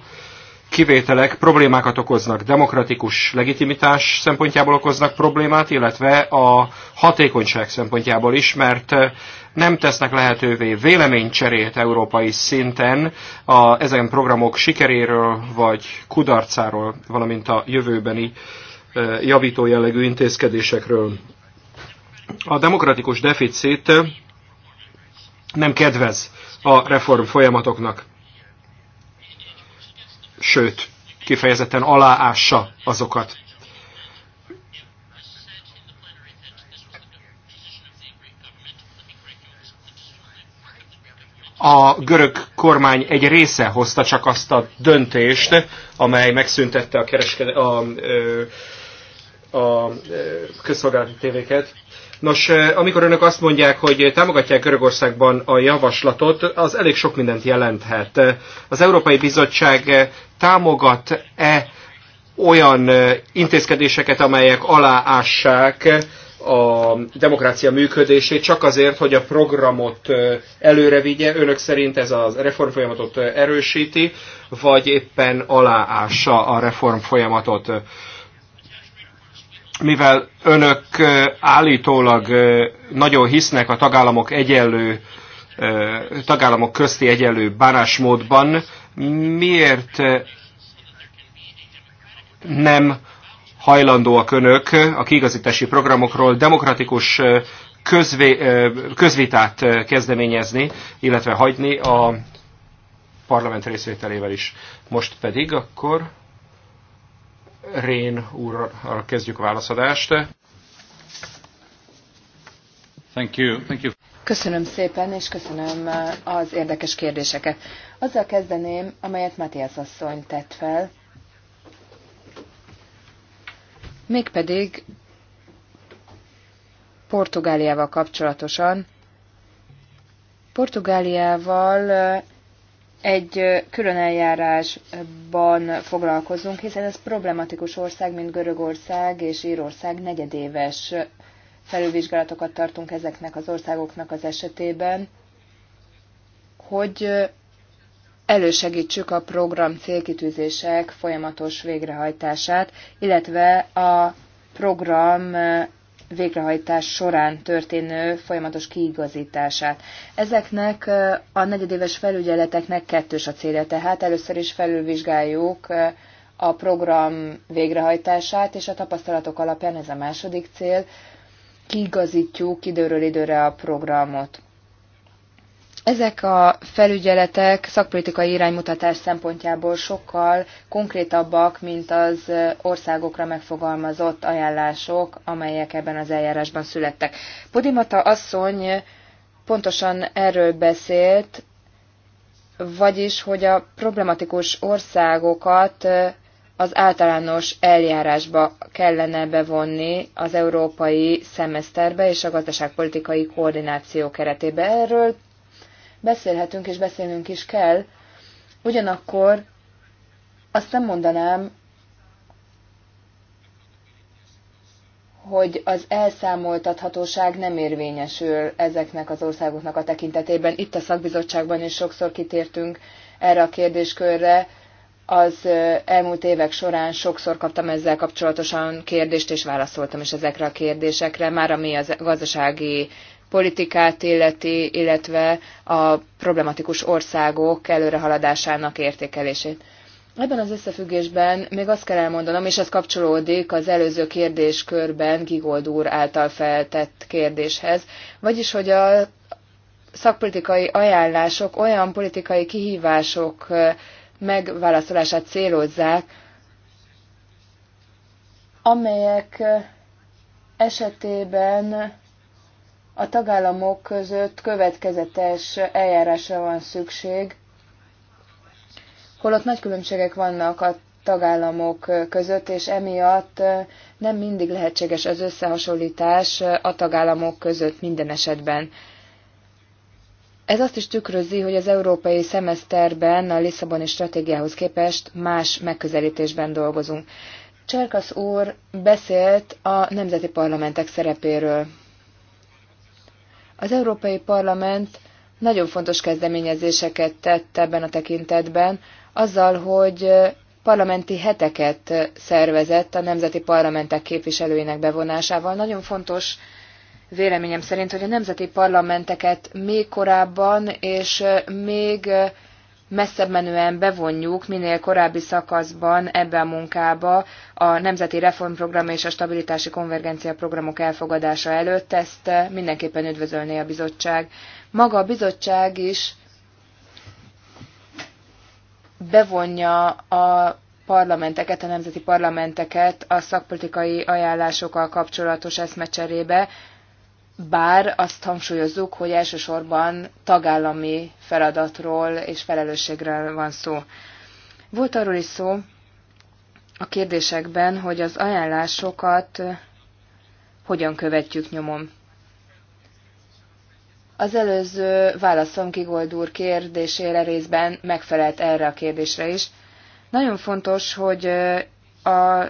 kivételek problémákat okoznak, demokratikus legitimitás szempontjából okoznak problémát, illetve a hatékonyság szempontjából is, mert nem tesznek lehetővé véleménycserét európai szinten a, ezen programok sikeréről vagy kudarcáról, valamint a jövőbeni javító jellegű intézkedésekről. A demokratikus deficit nem kedvez a reform folyamatoknak, sőt, kifejezetten aláássa azokat. A görög kormány egy része hozta csak azt a döntést, amely megszüntette a, kereskede, a, a, a közszolgálati tévéket, Nos, eh, amikor önök azt mondják, hogy támogatják Görögországban a javaslatot, az elég sok mindent jelenthet. Az Európai Bizottság eh, támogat-e olyan eh, intézkedéseket, amelyek aláássák a demokrácia működését, csak azért, hogy a programot előre vigye. Önök szerint ez a reformfolyamatot erősíti, vagy éppen aláássa a reformfolyamatot. folyamatot mivel önök állítólag nagyon hisznek a tagállamok egyenlő, tagállamok közti egyenlő bánásmódban, miért nem hajlandóak önök a kiigazítási programokról demokratikus közvé, közvitát kezdeményezni, illetve hagyni a parlament részvételével is. Most pedig akkor Rén úrral kezdjük a válaszadást. Thank you. Thank you. Köszönöm szépen, és köszönöm uh, az érdekes kérdéseket. Azzal kezdeném, amelyet Matthias asszony tett fel, mégpedig Portugáliával kapcsolatosan. Portugáliával uh, egy külön eljárásban foglalkozunk, hiszen ez problematikus ország, mint Görögország és Írország negyedéves felülvizsgálatokat tartunk ezeknek az országoknak az esetében, hogy elősegítsük a program célkitűzések folyamatos végrehajtását, illetve a program végrehajtás során történő folyamatos kiigazítását. Ezeknek a negyedéves felügyeleteknek kettős a célja, tehát először is felülvizsgáljuk a program végrehajtását, és a tapasztalatok alapján ez a második cél, kiigazítjuk időről időre a programot. Ezek a felügyeletek szakpolitikai iránymutatás szempontjából sokkal konkrétabbak, mint az országokra megfogalmazott ajánlások, amelyek ebben az eljárásban születtek. Podimata asszony pontosan erről beszélt, vagyis, hogy a problematikus országokat az általános eljárásba kellene bevonni az európai szemeszterbe és a gazdaságpolitikai koordináció keretébe. Erről beszélhetünk és beszélnünk is kell. Ugyanakkor azt nem mondanám, hogy az elszámoltathatóság nem érvényesül ezeknek az országoknak a tekintetében. Itt a szakbizottságban is sokszor kitértünk erre a kérdéskörre. Az elmúlt évek során sokszor kaptam ezzel kapcsolatosan kérdést, és válaszoltam is ezekre a kérdésekre, már ami az gazdasági politikát illeti, illetve a problematikus országok előrehaladásának értékelését. Ebben az összefüggésben még azt kell elmondanom, és ez kapcsolódik az előző kérdéskörben Gigold úr által feltett kérdéshez, vagyis hogy a szakpolitikai ajánlások olyan politikai kihívások megválaszolását célozzák, amelyek esetében a tagállamok között következetes eljárásra van szükség, holott nagy különbségek vannak a tagállamok között, és emiatt nem mindig lehetséges az összehasonlítás a tagállamok között minden esetben. Ez azt is tükrözi, hogy az európai szemeszterben a Lisszaboni stratégiához képest más megközelítésben dolgozunk. Cserkasz úr beszélt a nemzeti parlamentek szerepéről. Az Európai Parlament nagyon fontos kezdeményezéseket tett ebben a tekintetben, azzal, hogy parlamenti heteket szervezett a nemzeti parlamentek képviselőinek bevonásával. Nagyon fontos véleményem szerint, hogy a nemzeti parlamenteket még korábban és még messzebb menően bevonjuk minél korábbi szakaszban ebbe a munkába a Nemzeti Reformprogram és a Stabilitási Konvergencia Programok elfogadása előtt. Ezt mindenképpen üdvözölné a bizottság. Maga a bizottság is bevonja a parlamenteket, a nemzeti parlamenteket a szakpolitikai ajánlásokkal kapcsolatos eszmecserébe, bár azt hangsúlyozzuk, hogy elsősorban tagállami feladatról és felelősségről van szó. Volt arról is szó a kérdésekben, hogy az ajánlásokat hogyan követjük nyomon. Az előző válaszom Gigold úr kérdésére részben megfelelt erre a kérdésre is. Nagyon fontos, hogy a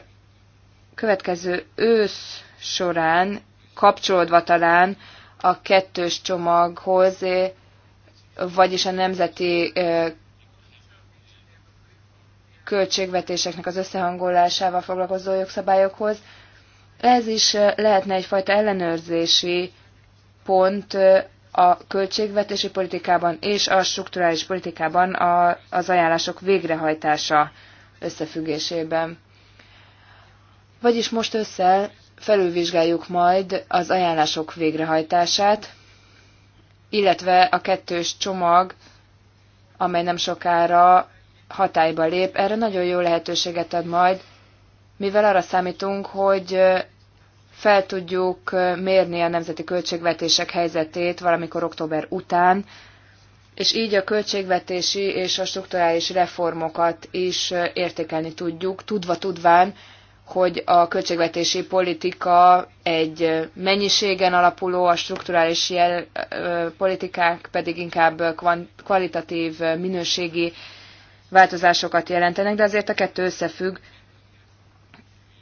következő ősz során kapcsolódva talán a kettős csomaghoz, eh, vagyis a nemzeti eh, költségvetéseknek az összehangolásával foglalkozó jogszabályokhoz. Ez is eh, lehetne egyfajta ellenőrzési pont a költségvetési politikában és a strukturális politikában a, az ajánlások végrehajtása összefüggésében. Vagyis most össze felülvizsgáljuk majd az ajánlások végrehajtását, illetve a kettős csomag, amely nem sokára hatályba lép, erre nagyon jó lehetőséget ad majd, mivel arra számítunk, hogy fel tudjuk mérni a nemzeti költségvetések helyzetét valamikor október után, és így a költségvetési és a strukturális reformokat is értékelni tudjuk, tudva-tudván, hogy a költségvetési politika egy mennyiségen alapuló, a strukturális jel, politikák pedig inkább kvalitatív, minőségi változásokat jelentenek, de azért a kettő összefügg.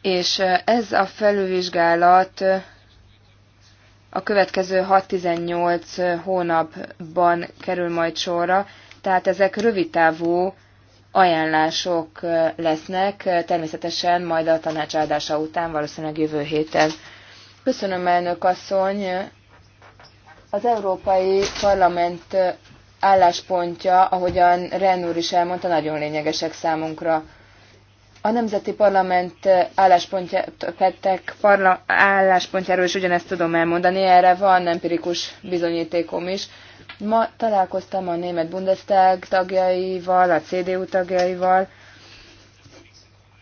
És ez a felülvizsgálat a következő 6-18 hónapban kerül majd sorra, tehát ezek rövidtávú ajánlások lesznek, természetesen majd a tanácsádása után, valószínűleg jövő héten. Köszönöm, elnök asszony! Az Európai Parlament álláspontja, ahogyan Ren úr is elmondta, nagyon lényegesek számunkra. A Nemzeti Parlament álláspontja, pettek, parla, álláspontjáról is ugyanezt tudom elmondani, erre van empirikus bizonyítékom is. Ma találkoztam a német Bundestag tagjaival, a CDU tagjaival,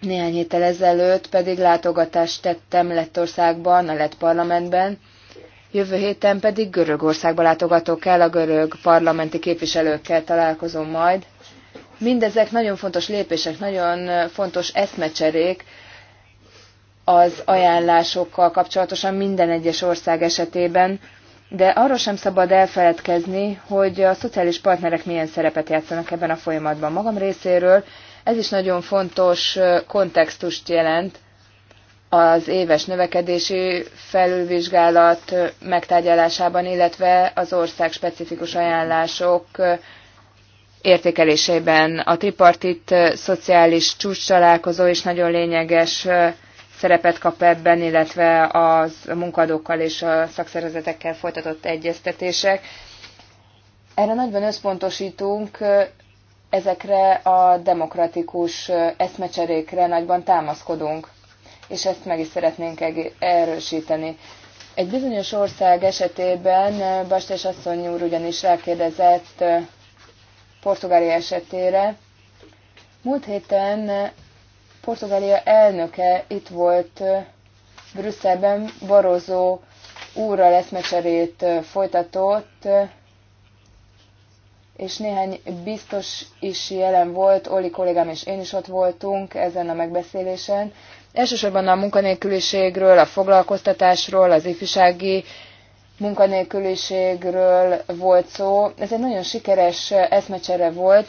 néhány héttel ezelőtt pedig látogatást tettem Lettországban, a Lett parlamentben, jövő héten pedig Görögországba látogatok el, a görög parlamenti képviselőkkel találkozom majd. Mindezek nagyon fontos lépések, nagyon fontos eszmecserék az ajánlásokkal kapcsolatosan minden egyes ország esetében, de arról sem szabad elfeledkezni, hogy a szociális partnerek milyen szerepet játszanak ebben a folyamatban magam részéről. Ez is nagyon fontos kontextust jelent az éves növekedési felülvizsgálat megtárgyalásában, illetve az ország specifikus ajánlások értékelésében. A tripartit szociális csúcs találkozó is nagyon lényeges szerepet kap ebben, illetve az munkadókkal és a szakszervezetekkel folytatott egyeztetések. Erre nagyban összpontosítunk, ezekre a demokratikus eszmecserékre nagyban támaszkodunk, és ezt meg is szeretnénk erősíteni. Egy bizonyos ország esetében Bastes asszony úr ugyanis rákérdezett Portugália esetére. Múlt héten Portugália elnöke itt volt Brüsszelben, Barozó úrral mecserét folytatott, és néhány biztos is jelen volt, Oli kollégám és én is ott voltunk ezen a megbeszélésen. Elsősorban a munkanélküliségről, a foglalkoztatásról, az ifjúsági munkanélküliségről volt szó. Ez egy nagyon sikeres eszmecsere volt,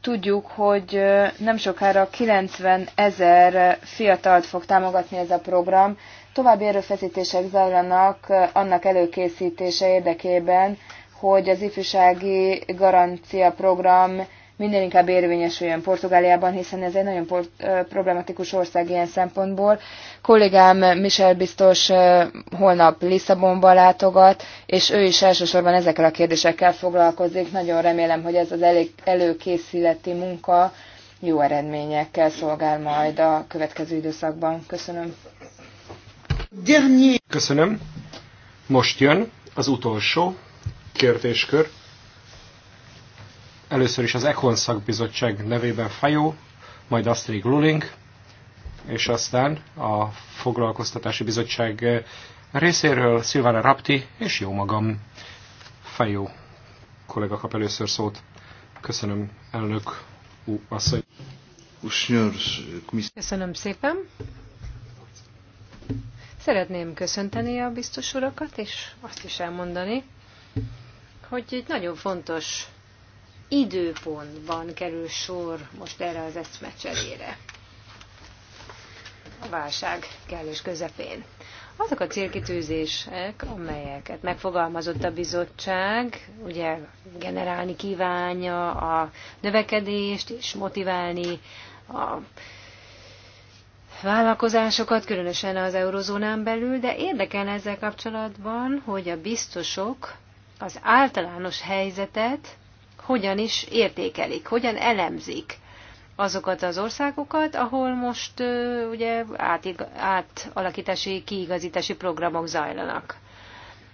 Tudjuk, hogy nem sokára 90 ezer fiatalt fog támogatni ez a program. További erőfeszítések zajlanak annak előkészítése érdekében, hogy az ifjúsági garancia program minden inkább érvényesüljön Portugáliában, hiszen ez egy nagyon problematikus ország ilyen szempontból. Kollégám Michel biztos holnap Lisszabonba látogat, és ő is elsősorban ezekkel a kérdésekkel foglalkozik. Nagyon remélem, hogy ez az elég előkészületi munka jó eredményekkel szolgál majd a következő időszakban. Köszönöm. Köszönöm. Most jön az utolsó kérdéskör. Először is az Econ szakbizottság nevében Fajó, majd Astrid Luling, és aztán a foglalkoztatási bizottság részéről Szilvána Rapti és jó magam. Fajó kollega kap először szót. Köszönöm, elnök ú, asszony. Köszönöm szépen. Szeretném köszönteni a biztos urakat, és azt is elmondani, hogy egy nagyon fontos időpontban kerül sor most erre az eszmecserére a válság kellős közepén. Azok a célkitűzések, amelyeket megfogalmazott a bizottság, ugye generálni kívánja a növekedést és motiválni a vállalkozásokat, különösen az eurozónán belül, de érdekel ezzel kapcsolatban, hogy a biztosok az általános helyzetet hogyan is értékelik, hogyan elemzik azokat az országokat, ahol most ugye átalakítási, kiigazítási programok zajlanak.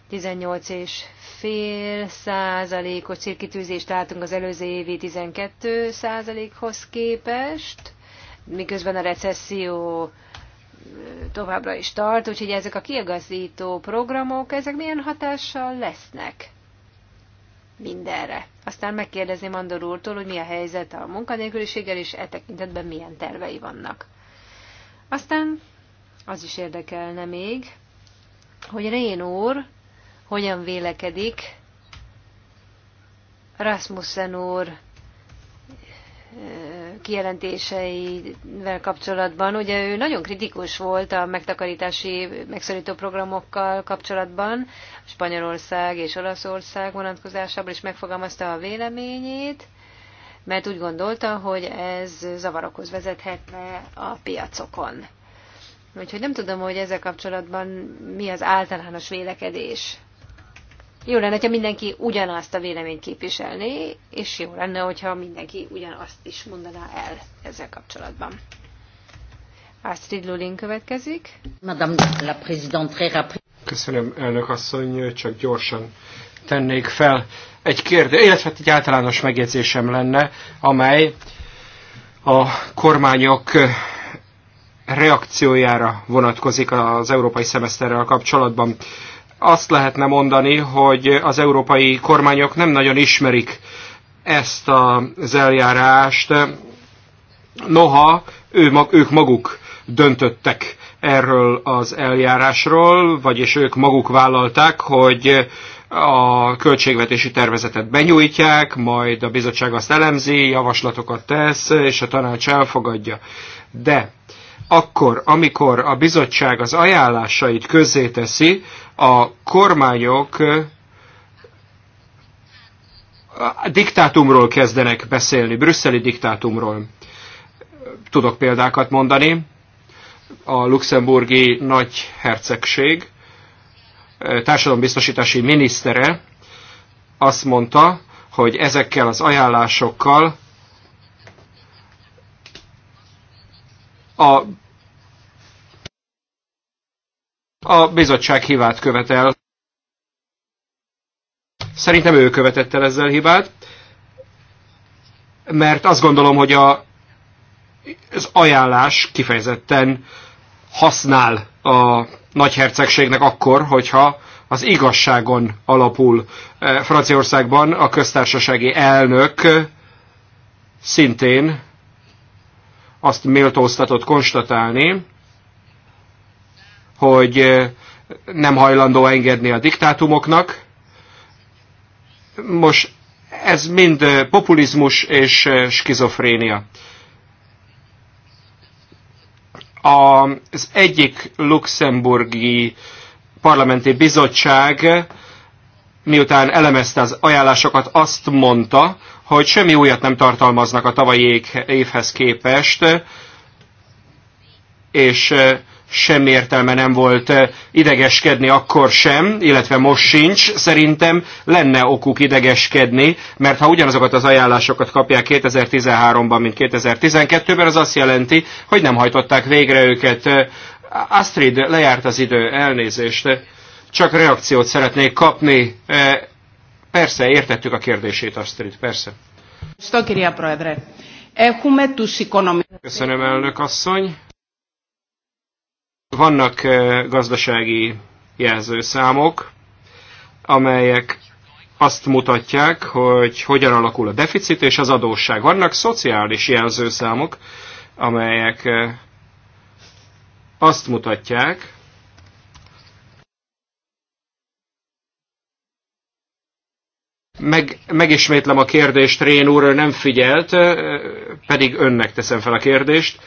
18 és fél százalékos célkitűzést látunk az előző évi 12 százalékhoz képest, miközben a recesszió továbbra is tart, úgyhogy ezek a kiegazító programok, ezek milyen hatással lesznek mindenre. Aztán megkérdezném Mandor úrtól, hogy mi a helyzet a munkanélküliséggel, és e tekintetben milyen tervei vannak. Aztán az is érdekelne még, hogy Rén úr hogyan vélekedik Rasmussen úr kijelentéseivel kapcsolatban. Ugye ő nagyon kritikus volt a megtakarítási megszorító programokkal kapcsolatban, Spanyolország és Olaszország vonatkozásában is megfogalmazta a véleményét, mert úgy gondolta, hogy ez zavarokhoz vezethetne a piacokon. Úgyhogy nem tudom, hogy ezzel kapcsolatban mi az általános vélekedés. Jó lenne, ha mindenki ugyanazt a véleményt képviselné, és jó lenne, hogyha mindenki ugyanazt is mondaná el ezzel kapcsolatban. Astrid Lulin következik. Madame la Présidente, Köszönöm, elnök asszony, csak gyorsan tennék fel egy kérdést. illetve egy általános megjegyzésem lenne, amely a kormányok reakciójára vonatkozik az európai szemeszterrel kapcsolatban azt lehetne mondani, hogy az európai kormányok nem nagyon ismerik ezt az eljárást, noha ő, ők maguk döntöttek erről az eljárásról, vagyis ők maguk vállalták, hogy a költségvetési tervezetet benyújtják, majd a bizottság azt elemzi, javaslatokat tesz, és a tanács elfogadja. De akkor, amikor a bizottság az ajánlásait közzéteszi, a kormányok a diktátumról kezdenek beszélni, brüsszeli diktátumról. Tudok példákat mondani. A luxemburgi nagyhercegség társadalombiztosítási minisztere azt mondta, hogy ezekkel az ajánlásokkal a a bizottság hibát követel. Szerintem ő követett el ezzel hibát, mert azt gondolom, hogy a, az ajánlás kifejezetten használ a nagyhercegségnek akkor, hogyha az igazságon alapul. E, Franciaországban a köztársasági elnök szintén azt méltóztatott konstatálni, hogy eh, nem hajlandó engedni a diktátumoknak. Most ez mind eh, populizmus és eh, skizofrénia. Az egyik luxemburgi parlamenti bizottság, miután elemezte az ajánlásokat, azt mondta, hogy semmi újat nem tartalmaznak a tavalyi évhez képest, és semmi értelme nem volt eh, idegeskedni akkor sem, illetve most sincs. Szerintem lenne okuk idegeskedni, mert ha ugyanazokat az ajánlásokat kapják 2013-ban, mint 2012-ben, az azt jelenti, hogy nem hajtották végre őket. Eh, Astrid, lejárt az idő, elnézést. Csak reakciót szeretnék kapni. Eh, persze, értettük a kérdését, Astrid, persze. Köszönöm, elnök asszony. Vannak gazdasági jelzőszámok, amelyek azt mutatják, hogy hogyan alakul a deficit és az adósság. Vannak szociális jelzőszámok, amelyek azt mutatják, Meg, megismétlem a kérdést, Rén úr, nem figyelt, pedig önnek teszem fel a kérdést.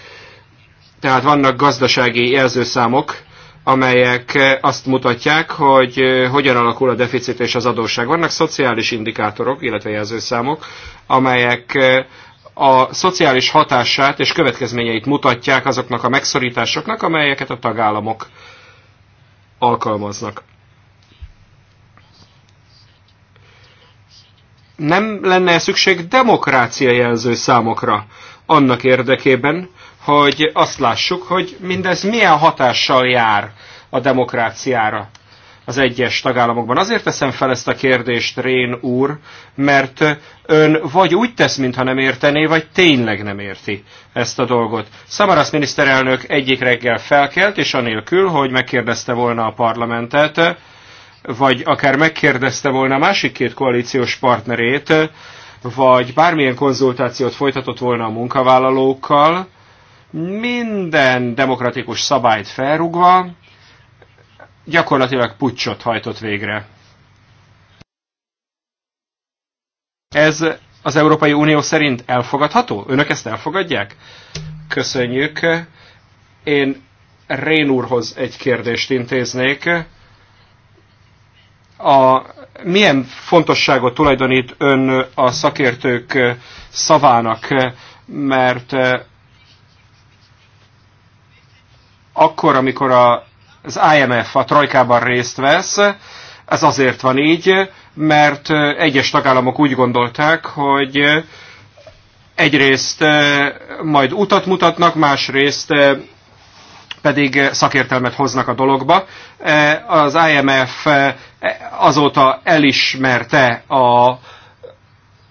Tehát vannak gazdasági jelzőszámok, amelyek eh, azt mutatják, hogy eh, hogyan alakul a deficit és az adósság. Vannak szociális indikátorok, illetve jelzőszámok, amelyek eh, a szociális hatását és következményeit mutatják azoknak a megszorításoknak, amelyeket a tagállamok alkalmaznak. Nem lenne szükség demokrácia jelző számokra annak érdekében, hogy azt lássuk, hogy mindez milyen hatással jár a demokráciára az egyes tagállamokban. Azért teszem fel ezt a kérdést, Rén úr, mert ön vagy úgy tesz, mintha nem értené, vagy tényleg nem érti ezt a dolgot. Samaras miniszterelnök egyik reggel felkelt, és anélkül, hogy megkérdezte volna a parlamentet, vagy akár megkérdezte volna a másik két koalíciós partnerét, vagy bármilyen konzultációt folytatott volna a munkavállalókkal, minden demokratikus szabályt felrugva, gyakorlatilag pucsot hajtott végre. Ez az Európai Unió szerint elfogadható? Önök ezt elfogadják? Köszönjük. Én Rén úrhoz egy kérdést intéznék. A, milyen fontosságot tulajdonít ön a szakértők szavának, mert akkor, amikor a, az IMF a trojkában részt vesz, ez azért van így, mert eh, egyes tagállamok úgy gondolták, hogy eh, egyrészt eh, majd utat mutatnak, másrészt pedig szakértelmet hoznak a dologba. Az IMF azóta elismerte a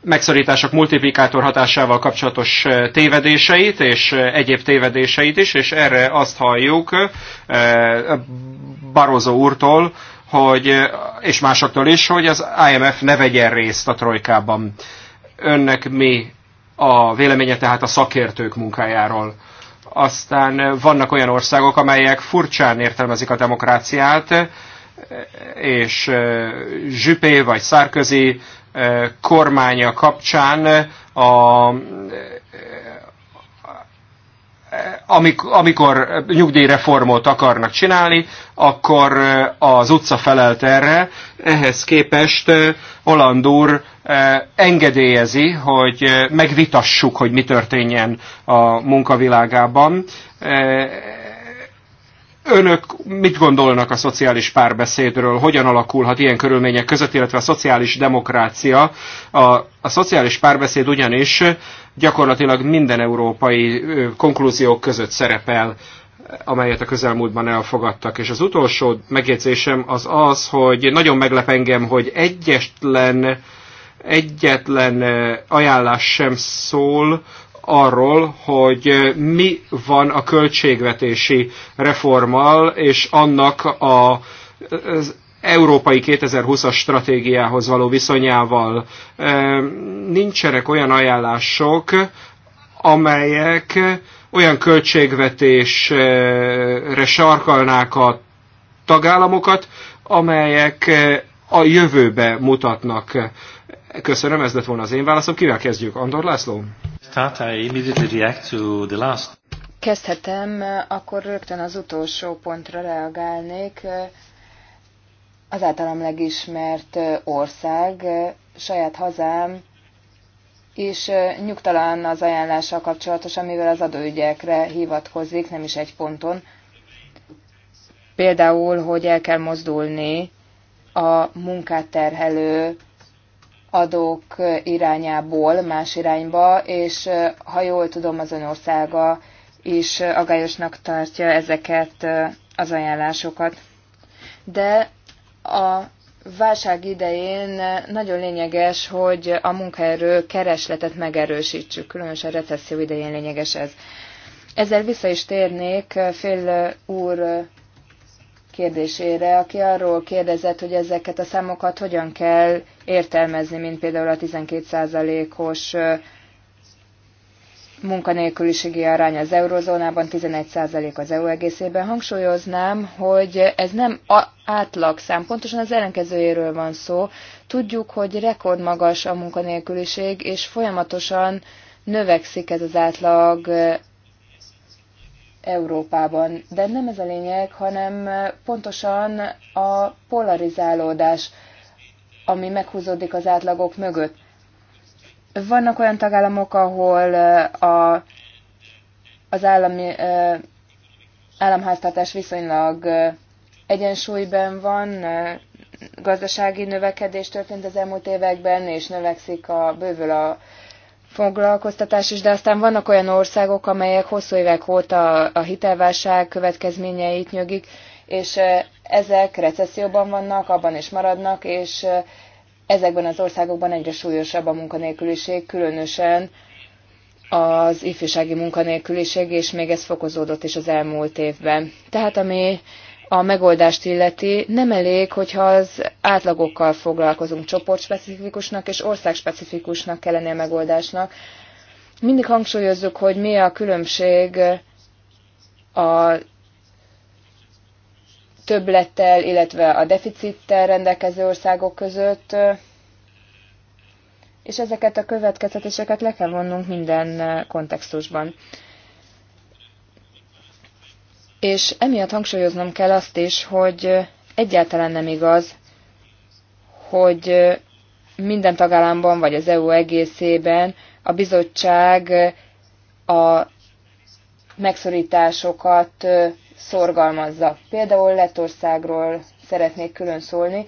megszorítások multiplikátor hatásával kapcsolatos tévedéseit és egyéb tévedéseit is, és erre azt halljuk Barozó úrtól, hogy, és másoktól is, hogy az IMF ne vegyen részt a trojkában. Önnek mi a véleménye tehát a szakértők munkájáról? Aztán vannak olyan országok, amelyek furcsán értelmezik a demokráciát, és Zsüpé vagy Szárközi kormánya kapcsán a amikor nyugdíjreformot akarnak csinálni, akkor az utca felelt erre. Ehhez képest Holland úr engedélyezi, hogy megvitassuk, hogy mi történjen a munkavilágában önök mit gondolnak a szociális párbeszédről, hogyan alakulhat ilyen körülmények között, illetve a szociális demokrácia. A, a szociális párbeszéd ugyanis gyakorlatilag minden európai konklúziók között szerepel, amelyet a közelmúltban elfogadtak. És az utolsó megjegyzésem az az, hogy nagyon meglep engem, hogy egyetlen egyetlen ajánlás sem szól arról, hogy eh, mi van a költségvetési reformmal, és annak a, az európai 2020-as stratégiához való viszonyával. Eh, nincsenek olyan ajánlások, amelyek olyan költségvetésre sarkalnák a tagállamokat, amelyek eh, a jövőbe mutatnak. Köszönöm, ez lett volna az én válaszom. Kivel kezdjük? Andor László? start, I immediately react to the last. Kezdhetem, akkor rögtön az utolsó pontra reagálnék. Az általam legismert ország, saját hazám, és nyugtalan az ajánlással kapcsolatos, amivel az adóügyekre hivatkozik, nem is egy ponton. Például, hogy el kell mozdulni a munkát terhelő adók irányából más irányba, és ha jól tudom, az önországa is agályosnak tartja ezeket az ajánlásokat. De a válság idején nagyon lényeges, hogy a munkaerő keresletet megerősítsük, különösen recesszió idején lényeges ez. Ezzel vissza is térnék fél úr kérdésére, aki arról kérdezett, hogy ezeket a számokat hogyan kell értelmezni, mint például a 12%-os munkanélküliségi arány az eurozónában, 11% az EU egészében. Hangsúlyoznám, hogy ez nem átlagszám, pontosan az ellenkezőjéről van szó. Tudjuk, hogy rekordmagas a munkanélküliség, és folyamatosan növekszik ez az átlag Európában. De nem ez a lényeg, hanem pontosan a polarizálódás ami meghúzódik az átlagok mögött. Vannak olyan tagállamok, ahol a, az állami, államháztartás viszonylag egyensúlyban van, gazdasági növekedés történt az elmúlt években, és növekszik a bővül a foglalkoztatás is, de aztán vannak olyan országok, amelyek hosszú évek óta a hitelválság következményeit nyögik, és ezek recesszióban vannak, abban is maradnak, és ezekben az országokban egyre súlyosabb a munkanélküliség, különösen az ifjúsági munkanélküliség, és még ez fokozódott is az elmúlt évben. Tehát ami a megoldást illeti, nem elég, hogyha az átlagokkal foglalkozunk, csoportspecifikusnak és országspecifikusnak kellene a megoldásnak. Mindig hangsúlyozzuk, hogy mi a különbség a többlettel, illetve a deficittel rendelkező országok között, és ezeket a következtetéseket le kell vonnunk minden kontextusban és emiatt hangsúlyoznom kell azt is, hogy egyáltalán nem igaz, hogy minden tagállamban, vagy az EU egészében a bizottság a megszorításokat szorgalmazza. Például Lettországról szeretnék külön szólni.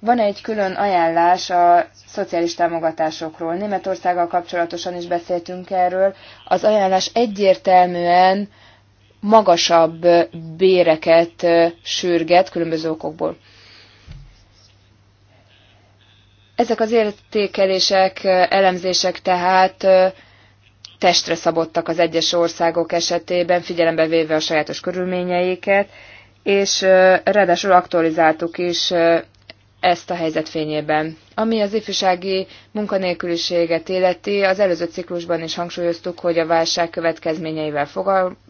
Van egy külön ajánlás a szociális támogatásokról. Németországgal kapcsolatosan is beszéltünk erről. Az ajánlás egyértelműen magasabb béreket sürget különböző okokból. Ezek az értékelések, elemzések tehát testre szabottak az egyes országok esetében, figyelembe véve a sajátos körülményeiket, és ráadásul aktualizáltuk is ezt a helyzet fényében. Ami az ifjúsági munkanélküliséget illeti, az előző ciklusban is hangsúlyoztuk, hogy a válság következményeivel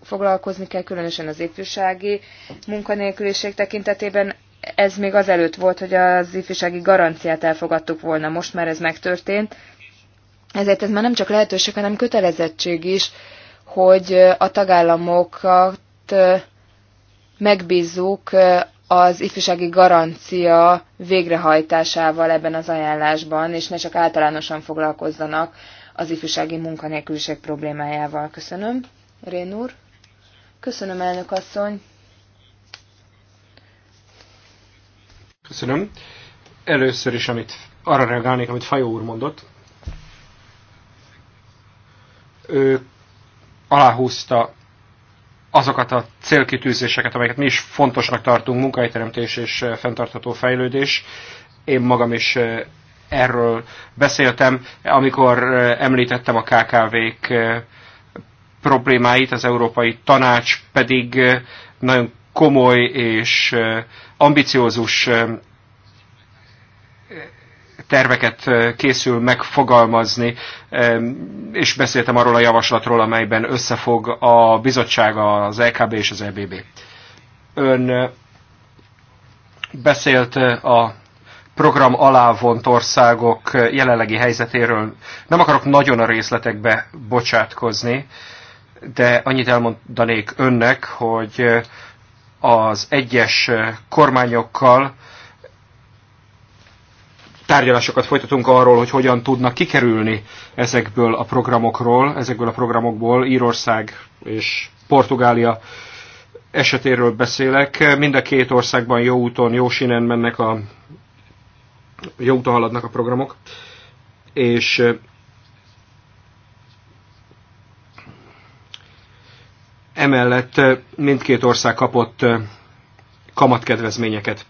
foglalkozni kell, különösen az ifjúsági munkanélküliség tekintetében. Ez még azelőtt volt, hogy az ifjúsági garanciát elfogadtuk volna, most már ez megtörtént. Ezért ez már nem csak lehetőség, hanem kötelezettség is, hogy a tagállamokat megbízzuk az ifjúsági garancia végrehajtásával ebben az ajánlásban, és ne csak általánosan foglalkozzanak az ifjúsági munkanélküliség problémájával. Köszönöm, Rén úr. Köszönöm, elnök asszony. Köszönöm. Először is, amit arra reagálnék, amit Fajó úr mondott. Ő aláhúzta azokat a célkitűzéseket, amelyeket mi is fontosnak tartunk, munkahelyteremtés és eh, fenntartható fejlődés. Én magam is eh, erről beszéltem, amikor eh, említettem a KKV-k problémáit, az Európai Tanács pedig nagyon komoly és ambiciózus terveket készül megfogalmazni, és beszéltem arról a javaslatról, amelyben összefog a bizottság, az LKB e és az EBB. Ön beszélt a program alávont országok jelenlegi helyzetéről. Nem akarok nagyon a részletekbe bocsátkozni, de annyit elmondanék önnek, hogy az egyes kormányokkal tárgyalásokat folytatunk arról, hogy hogyan tudnak kikerülni ezekből a programokról, ezekből a programokból Írország és Portugália esetéről beszélek. Mind a két országban jó úton, jó sinen mennek a jó úton haladnak a programok, és emellett mindkét ország kapott kamatkedvezményeket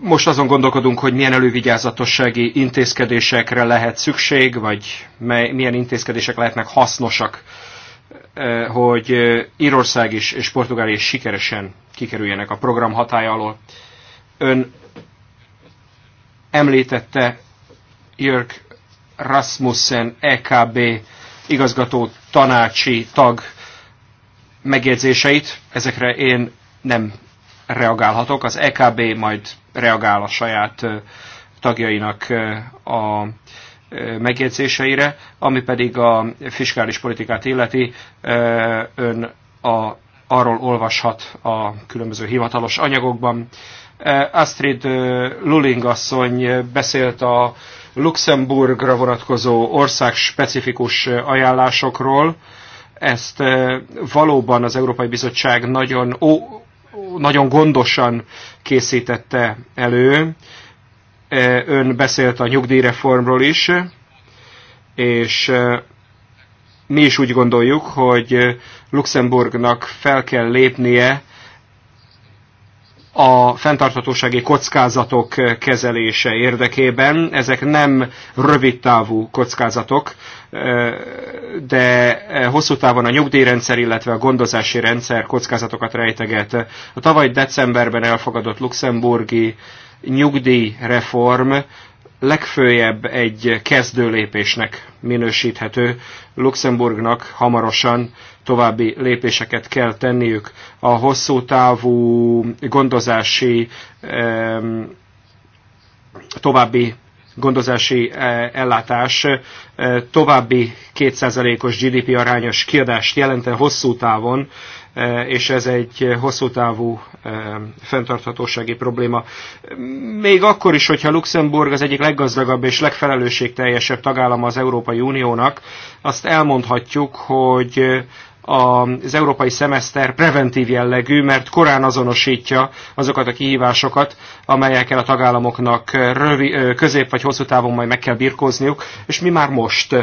most azon gondolkodunk, hogy milyen elővigyázatossági intézkedésekre lehet szükség, vagy mely, milyen intézkedések lehetnek hasznosak, eh, hogy eh, Írország is és Portugália is sikeresen kikerüljenek a program hatája alól. Ön említette Jörg Rasmussen EKB igazgató tanácsi tag megjegyzéseit, ezekre én nem reagálhatok, az EKB majd reagál a saját tagjainak a megjegyzéseire, ami pedig a fiskális politikát illeti, ön a, arról olvashat a különböző hivatalos anyagokban. Astrid Luling asszony beszélt a Luxemburgra vonatkozó ország specifikus ajánlásokról. Ezt valóban az Európai Bizottság nagyon nagyon gondosan készítette elő. E, ön beszélt a nyugdíjreformról is, és e, mi is úgy gondoljuk, hogy Luxemburgnak fel kell lépnie a fenntarthatósági kockázatok kezelése érdekében. Ezek nem rövidtávú kockázatok, de hosszú távon a nyugdíjrendszer, illetve a gondozási rendszer kockázatokat rejteget. A tavaly decemberben elfogadott luxemburgi nyugdíjreform legfőjebb egy kezdő lépésnek minősíthető. Luxemburgnak hamarosan további lépéseket kell tenniük. A hosszú távú gondozási további gondozási e, ellátás e, további 2%-os GDP arányos kiadást jelente hosszú távon, Eh, és ez egy eh, hosszú távú eh, fenntarthatósági probléma. Még akkor is, hogyha Luxemburg az egyik leggazdagabb és legfelelősségteljesebb tagállama az Európai Uniónak, azt elmondhatjuk, hogy az európai szemeszter preventív jellegű, mert korán azonosítja azokat a kihívásokat, amelyekkel a tagállamoknak rövi, közép vagy hosszú távon majd meg kell birkózniuk, és mi már most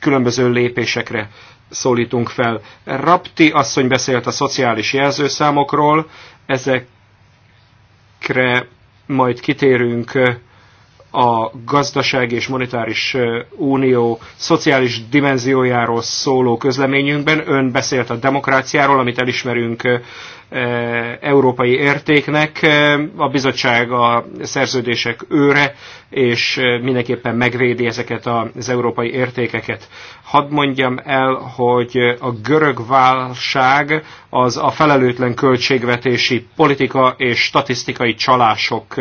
különböző lépésekre szólítunk fel. Rapti asszony beszélt a szociális jelzőszámokról, ezekre majd kitérünk a gazdaság és monetáris unió szociális dimenziójáról szóló közleményünkben. Ön beszélt a demokráciáról, amit elismerünk E, európai értéknek. E, a bizottság a szerződések őre, és mindenképpen megvédi ezeket az európai értékeket. Hadd mondjam el, hogy a görög válság az a felelőtlen költségvetési politika és statisztikai csalások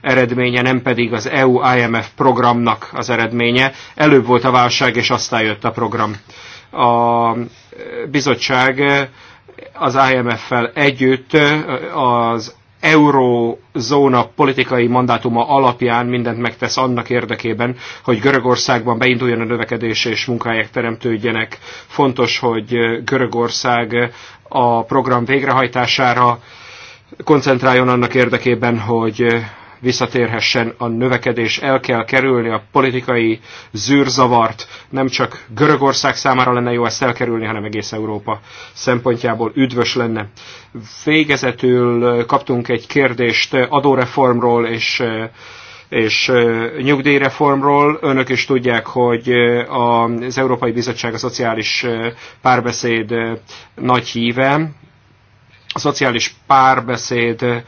eredménye, nem pedig az EU-IMF programnak az eredménye. Előbb volt a válság, és aztán jött a program. A bizottság az IMF-fel együtt az eurózóna politikai mandátuma alapján mindent megtesz annak érdekében, hogy Görögországban beinduljon a növekedés és munkahelyek teremtődjenek. Fontos, hogy Görögország a program végrehajtására koncentráljon annak érdekében, hogy visszatérhessen a növekedés. El kell kerülni a politikai zűrzavart. Nem csak Görögország számára lenne jó ezt elkerülni, hanem egész Európa szempontjából üdvös lenne. Végezetül kaptunk egy kérdést adóreformról és és nyugdíjreformról. Önök is tudják, hogy az Európai Bizottság a szociális párbeszéd nagy híve. A szociális párbeszéd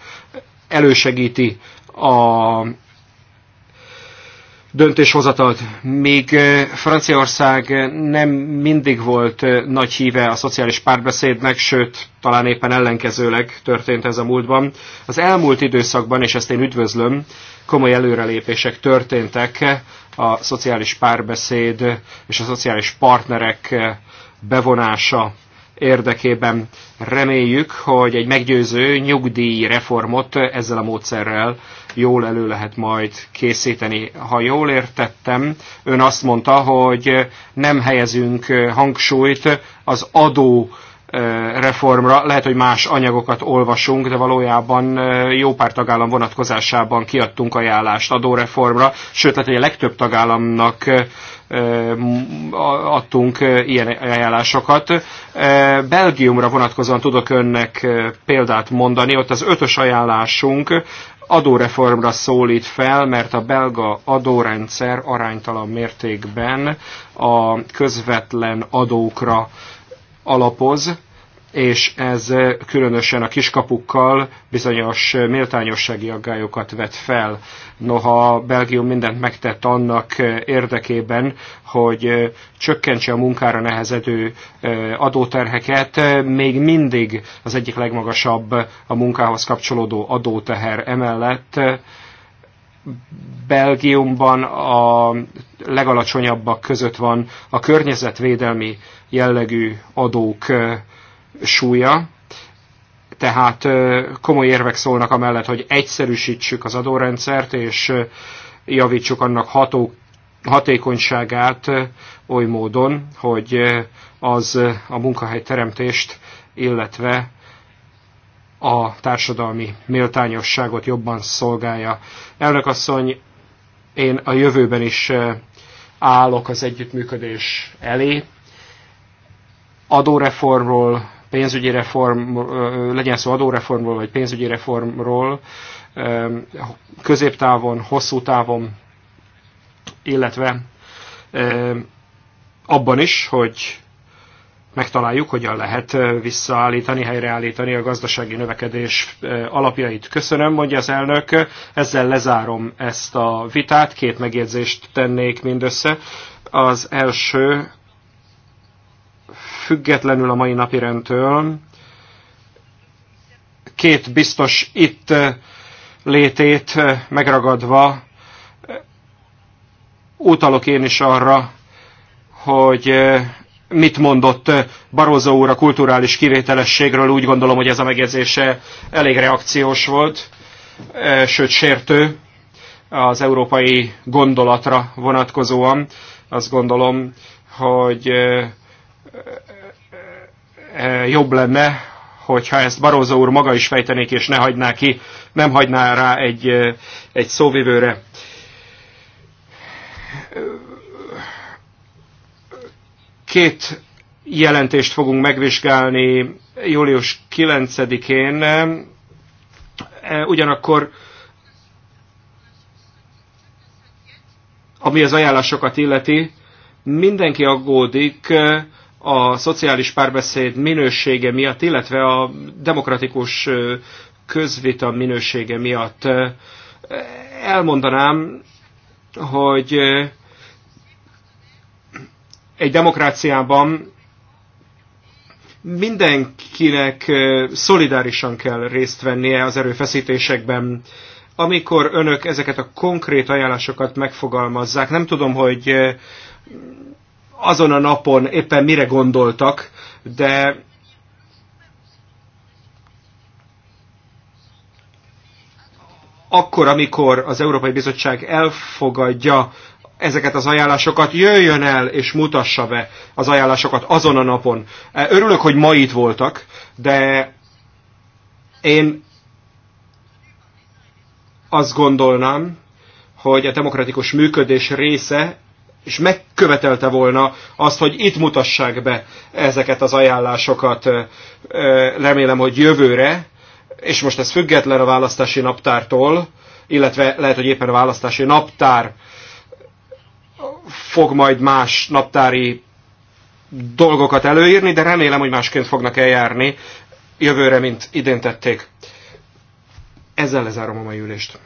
elősegíti a döntéshozatalt. Még Franciaország nem mindig volt nagy híve a szociális párbeszédnek, sőt, talán éppen ellenkezőleg történt ez a múltban. Az elmúlt időszakban, és ezt én üdvözlöm, komoly előrelépések történtek a szociális párbeszéd és a szociális partnerek bevonása érdekében. Reméljük, hogy egy meggyőző nyugdíj reformot ezzel a módszerrel jól elő lehet majd készíteni. Ha jól értettem, ön azt mondta, hogy nem helyezünk hangsúlyt az adó eh, reformra. Lehet, hogy más anyagokat olvasunk, de valójában eh, jó pár tagállam vonatkozásában kiadtunk ajánlást adóreformra, sőt, lehet, hogy a legtöbb tagállamnak eh, adtunk ilyen ajánlásokat. Belgiumra vonatkozóan tudok önnek példát mondani, ott az ötös ajánlásunk adóreformra szólít fel, mert a belga adórendszer aránytalan mértékben a közvetlen adókra alapoz, és ez eh, különösen a kiskapukkal bizonyos eh, méltányossági aggályokat vet fel. Noha Belgium mindent megtett annak eh, érdekében, hogy csökkentse a munkára nehezedő adóterheket, még mindig az egyik legmagasabb a munkához kapcsolódó adóteher emellett. Belgiumban a legalacsonyabbak között van a környezetvédelmi jellegű adók súlya, tehát komoly érvek szólnak amellett, hogy egyszerűsítsük az adórendszert, és javítsuk annak ható, hatékonyságát oly módon, hogy az a munkahely teremtést, illetve a társadalmi méltányosságot jobban szolgálja. Elnök asszony, én a jövőben is állok az együttműködés elé. Adóreformról, pénzügyi reform, legyen szó adóreformról vagy pénzügyi reformról, középtávon, hosszú távon, illetve abban is, hogy megtaláljuk, hogyan lehet visszaállítani, helyreállítani a gazdasági növekedés alapjait. Köszönöm, mondja az elnök. Ezzel lezárom ezt a vitát. Két megjegyzést tennék mindössze. Az első függetlenül a mai napirendtől két biztos itt eh, létét eh, megragadva eh, utalok én is arra, hogy mit mondott Barózó úr a kulturális kivételességről. Úgy gondolom, hogy ez a megjegyzése elég reakciós volt, sőt sértő az európai gondolatra vonatkozóan. Azt gondolom, hogy Eh, jobb lenne, hogyha ezt Barózó úr maga is fejtenék, és ne hagyná ki, nem hagyná rá egy, eh, egy szóvivőre. Két jelentést fogunk megvizsgálni július 9-én, eh, ugyanakkor ami az ajánlásokat illeti, mindenki aggódik a szociális párbeszéd minősége miatt, illetve a demokratikus közvita minősége miatt elmondanám, hogy egy demokráciában mindenkinek szolidárisan kell részt vennie az erőfeszítésekben. Amikor önök ezeket a konkrét ajánlásokat megfogalmazzák, nem tudom, hogy azon a napon éppen mire gondoltak, de akkor, amikor az Európai Bizottság elfogadja ezeket az ajánlásokat, jöjjön el és mutassa be az ajánlásokat azon a napon. E, örülök, hogy ma itt voltak, de én azt gondolnám, hogy a demokratikus működés része és megkövetelte volna azt, hogy itt mutassák be ezeket az ajánlásokat, remélem, hogy jövőre, és most ez független a választási naptártól, illetve lehet, hogy éppen a választási naptár fog majd más naptári dolgokat előírni, de remélem, hogy másként fognak eljárni jövőre, mint idén tették. Ezzel lezárom a mai ülést.